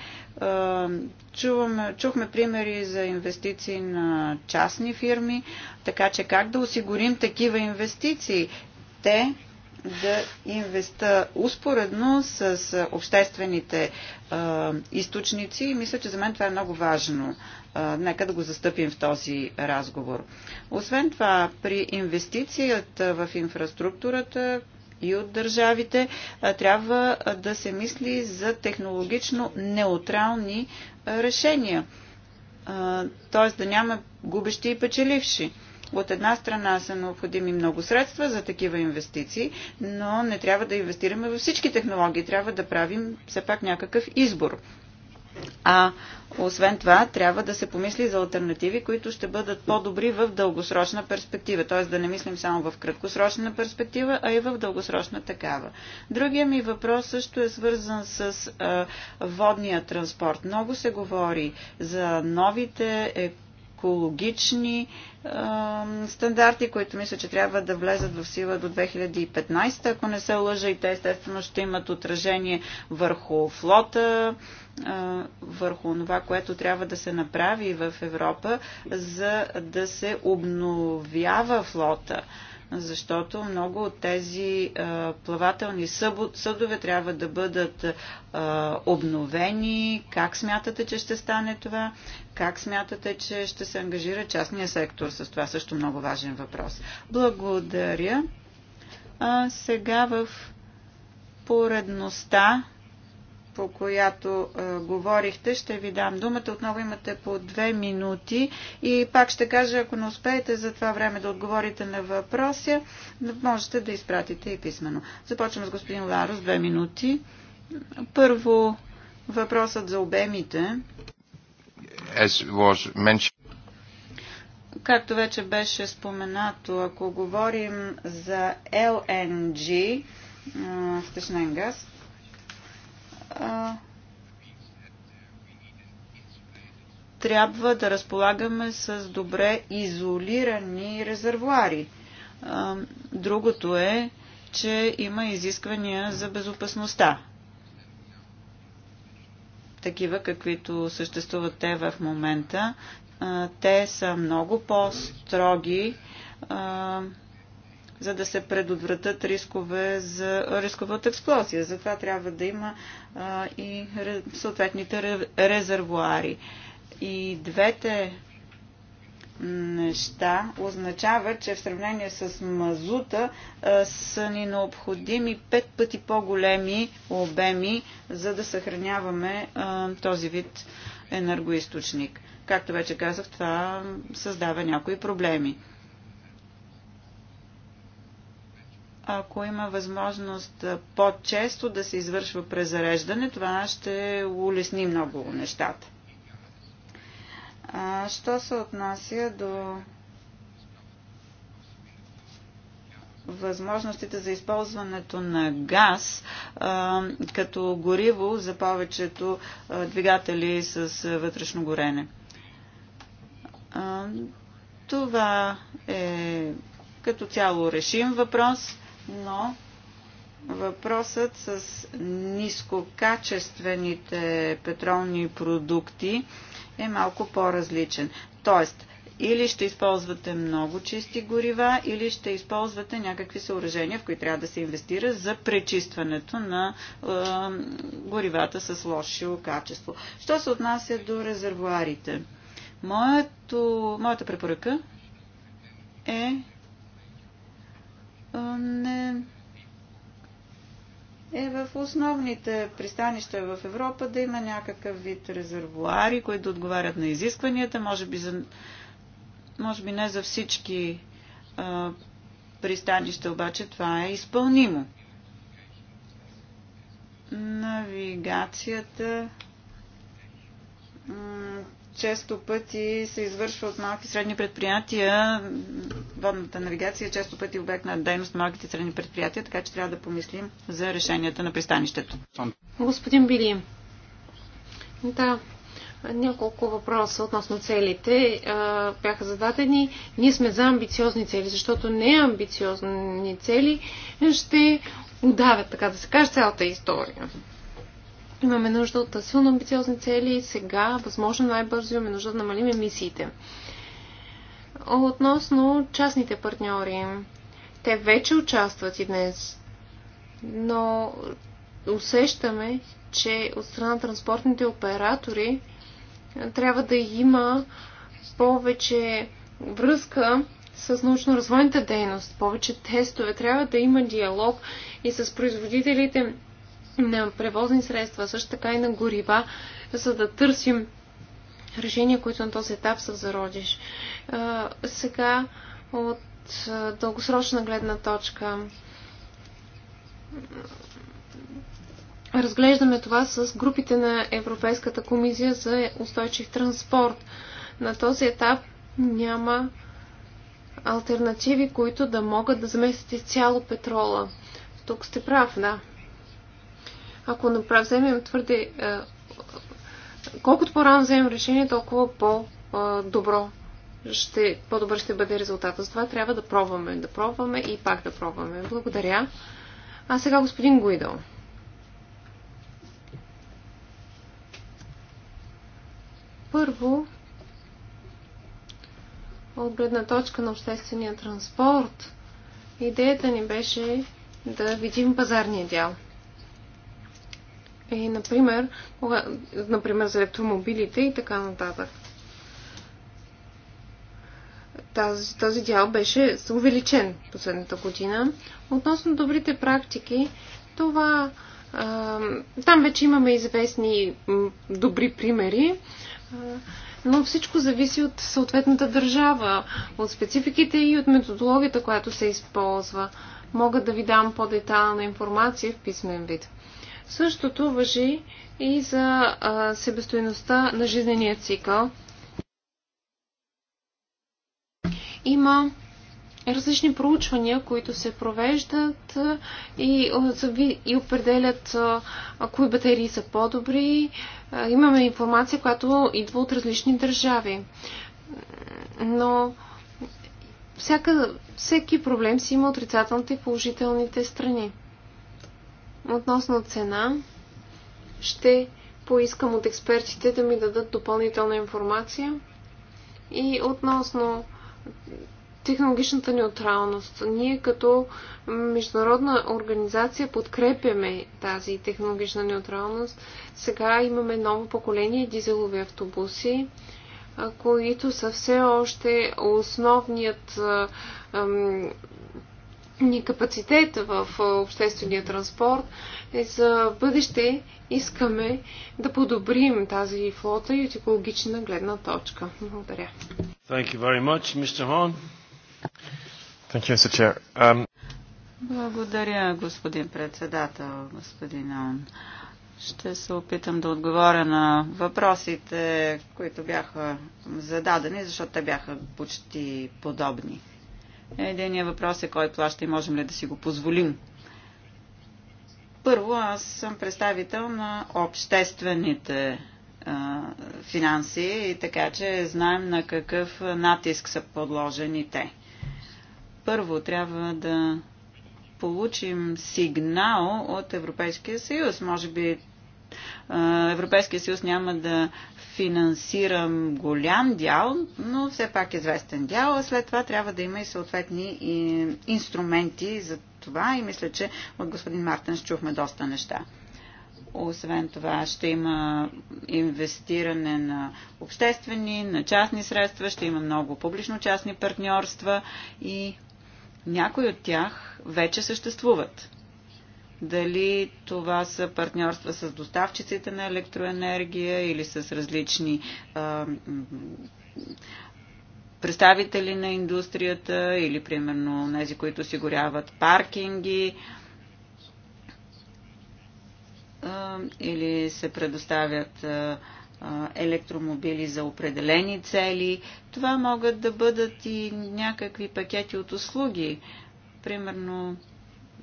Speaker 2: чухме примери за инвестиции на частни фирми, така че как да осигурим такива инвестиции. Те да инвеста успоредно с обществените а, източници и мисля, че за мен това е много важно. А, нека да го застъпим в този разговор. Освен това, при инвестицията в инфраструктурата и от държавите а, трябва да се мисли за технологично неутрални решения. Т.е. да няма губещи и печеливши от една страна са необходими много средства за такива инвестиции, но не трябва да инвестираме във всички технологии. Трябва да правим все пак някакъв избор. А освен това, трябва да се помисли за альтернативи, които ще бъдат по-добри в дългосрочна перспектива. Т.е. да не мислим само в краткосрочна перспектива, а и в дългосрочна такава. Другия ми въпрос също е свързан с а, водния транспорт. Много се говори за новите екологични стандарти, които мисля, че трябва да влезат в сила до 2015. Ако не се лъжа и те естествено ще имат отражение върху флота, върху това, което трябва да се направи в Европа, за да се обновява флота защото много от тези плавателни съдове трябва да бъдат обновени. Как смятате, че ще стане това? Как смятате, че ще се ангажира частния сектор с това? Също много важен въпрос. Благодаря. А сега в поредността по която а, е, говорихте. Ще ви дам думата. Отново имате по две минути. И пак ще кажа, ако не успеете за това време да отговорите на въпроса, можете да изпратите и писменно. Започваме с господин Ларос. Две минути. Първо, въпросът за обемите.
Speaker 1: As was mentioned...
Speaker 2: Както вече беше споменато, ако говорим за LNG, втъчнен газ, трябва да разполагаме с добре изолирани резервуари. другото е, че има изисквания за безопасността. Такива, каквито съществуват те в момента, те са много по-строги за да се предотвратят рискове, за, рискове от експлозия. Затова трябва да има а, и съответните резервуари. И двете неща означава, че в сравнение с мазута а, са ни необходими пет пъти по-големи обеми, за да съхраняваме а, този вид енергоисточник. Както вече казах, това създава някои проблеми. ако има възможност по-често да се извършва презареждане, това ще улесни много нещата. А, що се отнася до възможностите за използването на газ а, като гориво за повечето а, двигатели с а, вътрешно горене. А, това е като цяло решим въпрос но въпросът с нискокачествените петролни продукти е малко по-различен. Тоест, или ще използвате много чисти горива, или ще използвате някакви съоръжения, в които трябва да се инвестира за пречистването на е, горивата с лошо качество. Що се отнася до резервуарите? Моето, моята препоръка е не е в основните пристанища в Европа да има някакъв вид резервуари, които да отговарят на изискванията, може би, за, може би не за всички а, пристанища, обаче това е изпълнимо. Навигацията често пъти се извършва от малки и средни предприятия. Водната навигация е често пъти обект на дейност на малките и средни предприятия, така че трябва да помислим за решенията на пристанището.
Speaker 3: Господин Били, да, няколко въпроса относно целите а, бяха зададени. Ние сме за амбициозни цели, защото не амбициозни цели ще удавят, така да се каже, цялата история. Имаме нужда от силно амбициозни цели и сега, възможно най-бързо, имаме нужда да намалим емисиите. Относно частните партньори, те вече участват и днес, но усещаме, че от страна на транспортните оператори трябва да има повече връзка с научно-развойната дейност, повече тестове, трябва да има диалог и с производителите на превозни средства, също така и на горива, за да търсим решения, които на този етап са зародиш. Сега от дългосрочна гледна точка разглеждаме това с групите на Европейската комисия за устойчив транспорт. На този етап няма альтернативи, които да могат да заместят цяло петрола. Тук сте прав, да ако направим, вземем твърде. Е, колкото по-рано вземем решение, толкова по-добро е, ще, по-добър ще бъде резултата. Затова трябва да пробваме, да пробваме и пак да пробваме. Благодаря. А сега господин Гуидо. Първо, от гледна точка на обществения транспорт, идеята ни беше да видим пазарния дял е, например, кога, например за електромобилите и така нататък. Тази, този дял беше увеличен последната година. Относно добрите практики, това Е, там вече имаме известни добри примери, е, но всичко зависи от съответната държава, от спецификите и от методологията, която се използва. Мога да ви дам по-детална информация в писмен вид. Същото въжи и за себестойността на жизнения цикъл. Има различни проучвания, които се провеждат и, и определят кои батерии са по-добри. Имаме информация, която идва от различни държави. Но всяка, всеки проблем си има отрицателните и положителните страни. Относно цена, ще поискам от експертите да ми дадат допълнителна информация. И относно технологичната неутралност. Ние като международна организация подкрепяме тази технологична неутралност. Сега имаме ново поколение дизелови автобуси, които са все още основният ни капацитет в обществения транспорт е за бъдеще искаме да подобрим тази флота и от екологична гледна точка. Благодаря.
Speaker 1: Thank you very much, Mr. Thank you, Mr. Chair. Um...
Speaker 2: Благодаря, господин председател, господин Он. Ще се опитам да отговоря на въпросите, които бяха зададени, защото те бяха почти подобни. Единият въпрос е кой плаща и можем ли да си го позволим. Първо, аз съм представител на обществените а, финанси и така, че знаем на какъв натиск са подложени те. Първо, трябва да получим сигнал от Европейския съюз. Може би Европейския съюз няма да финансирам голям дял, но все пак известен дял, а след това трябва да има и съответни инструменти за това и мисля, че от господин Мартин чухме доста неща. Освен това ще има инвестиране на обществени, на частни средства, ще има много публично-частни партньорства и някои от тях вече съществуват дали това са партньорства с доставчиците на електроенергия или с различни а, представители на индустрията или примерно тези, които осигуряват паркинги а, или се предоставят а, електромобили за определени цели. Това могат да бъдат и някакви пакети от услуги. Примерно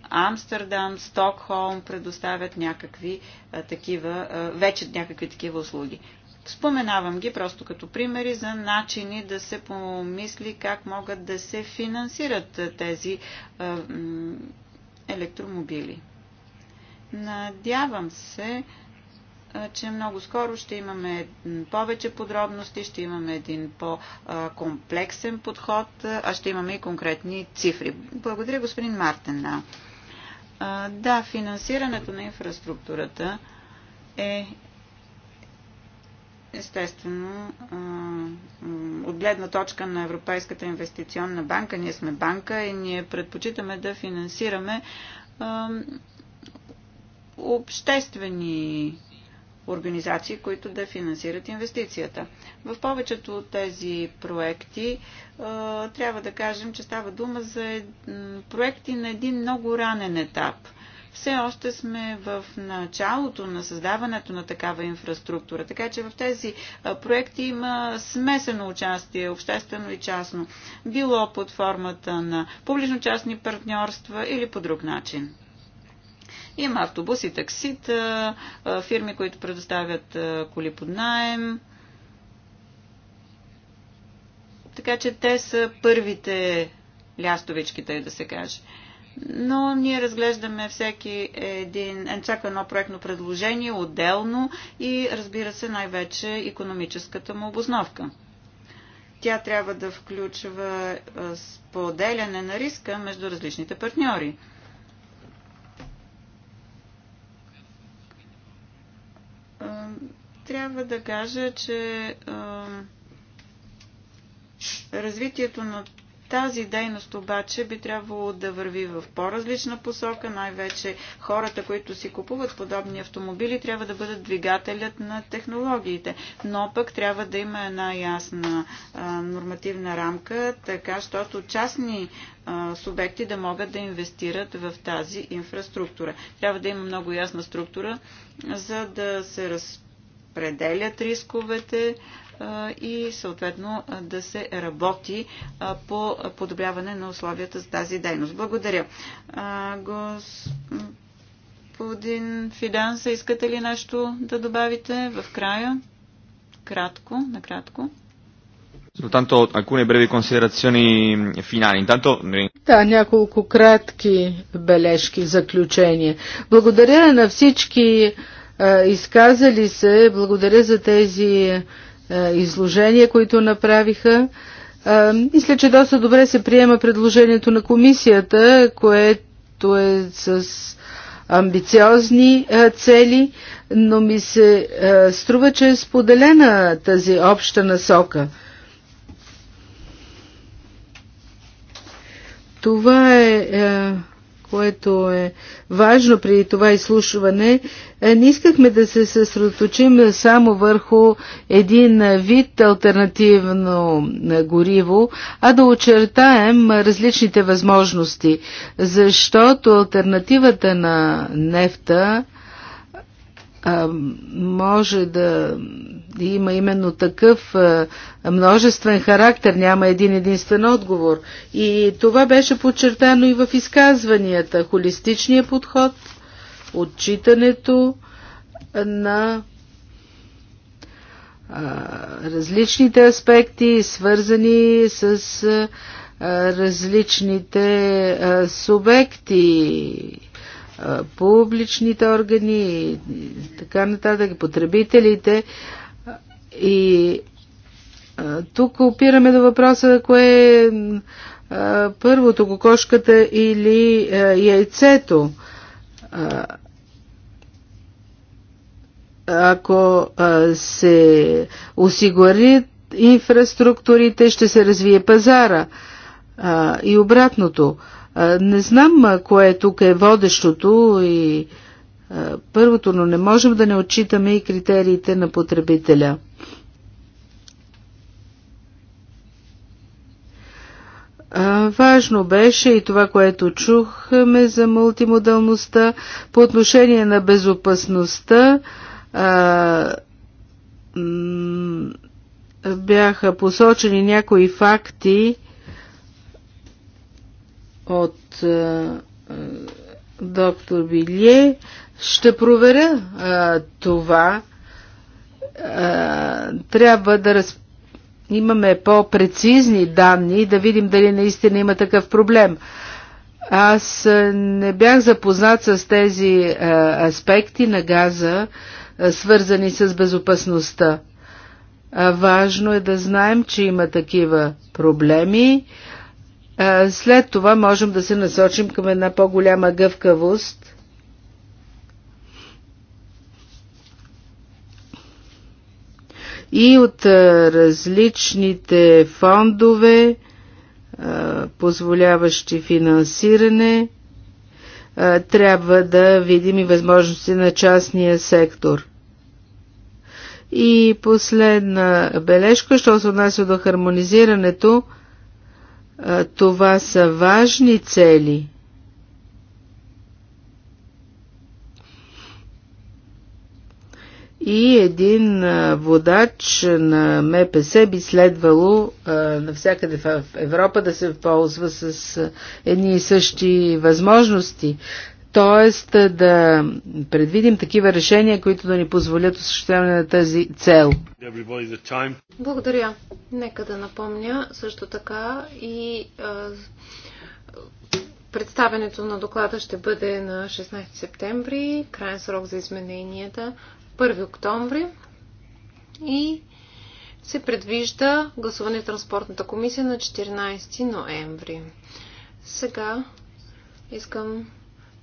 Speaker 2: Амстердам, Стокхолм предоставят някакви а, е, такива, а, е, вече някакви такива услуги. Споменавам ги просто като примери за начини да се помисли как могат да се финансират е, тези а, електромобили. Надявам се, че много скоро ще имаме повече подробности, ще имаме един по-комплексен подход, а ще имаме и конкретни цифри. Благодаря господин Мартен да, финансирането на инфраструктурата е естествено от гледна точка на Европейската инвестиционна банка. Ние сме банка и ние предпочитаме да финансираме обществени организации, които да финансират инвестицията. В повечето от тези проекти трябва да кажем, че става дума за проекти на един много ранен етап. Все още сме в началото на създаването на такава инфраструктура, така че в тези проекти има смесено участие, обществено и частно, било под формата на публично-частни партньорства или по друг начин. Има автобуси, таксита, фирми, които предоставят коли под найем. Така че те са първите лястовички, тъй да се каже. Но ние разглеждаме всеки един, е, всяко едно проектно предложение отделно и разбира се най-вече економическата му обосновка. Тя трябва да включва споделяне на риска между различните партньори. трябва да кажа, че а, развитието на тази дейност обаче би трябвало да върви в по-различна посока. Най-вече хората, които си купуват подобни автомобили, трябва да бъдат двигателят на технологиите. Но пък трябва да има една ясна а, нормативна рамка, така, щото частни а, субекти да могат да инвестират в тази инфраструктура. Трябва да има много ясна структура, за да се разпочва Пределят рисковете и съответно да се работи по подобряване на условията за тази дейност. Благодаря. Господин Фиданса, искате ли нещо да добавите в края? Кратко, накратко. Soltanto alcune brevi considerazioni finali. Intanto...
Speaker 4: Да, няколко кратки бележки, заключения. Благодаря на всички е, изказали се. Благодаря за тези е, изложения, които направиха. Е, мисля, че доста добре се приема предложението на комисията, което е с амбициозни цели, но ми се струва, че е споделена тази обща насока. Това е което е важно при това изслушване, е, не искахме да се съсредоточим само върху един вид альтернативно е, гориво, а да очертаем различните възможности, защото альтернативата на нефта е, може да има именно такъв е, множествен характер, няма един единствен отговор. И това беше подчертано и в изказванията. Холистичният подход, отчитането е, на е, различните аспекти, свързани с различните субекти, публичните органи и така нататък, потребителите, и а, тук опираме до въпроса, кое е а, първото, кокошката или а, яйцето. А, ако а, се осигурят инфраструктурите, ще се развие пазара. А, и обратното. А, не знам а, кое тук е водещото и а, първото, но не можем да не отчитаме и критериите на потребителя. Важно беше и това, което чухме за мултимодалността по отношение на безопасността. Бяха посочени някои факти от доктор Вилие. Ще проверя това. Трябва да разпределя имаме по-прецизни данни и да видим дали наистина има такъв проблем. Аз е, не бях запознат с тези е, аспекти на газа, е, свързани с безопасността. Важно е да знаем, че има такива проблеми. След това можем да се насочим към една по-голяма гъвкавост и от различните фондове, позволяващи финансиране, трябва да видим и възможности на частния сектор. И последна бележка, що се отнася до хармонизирането, това са важни цели – и един водач на МПС би следвало навсякъде в Европа да се ползва с едни и същи възможности. Тоест да предвидим такива решения, които да ни позволят осъществяване на тази цел.
Speaker 3: Благодаря. Нека да напомня също така и а, представенето на доклада ще бъде на 16 септември, крайен срок за измененията. 1 октомври и се предвижда гласуване в Транспортната комисия на 14 ноември. Сега искам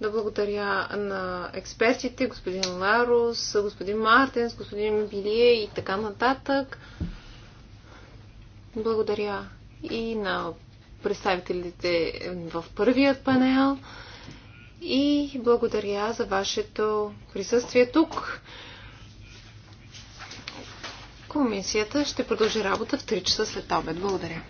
Speaker 3: да благодаря на експертите, господин Ларус, господин Мартенс, господин Билие и така нататък. Благодаря и на представителите в първият панел и благодаря за вашето присъствие тук. Комисията ще продължи работа в 3 часа след обед. Благодаря.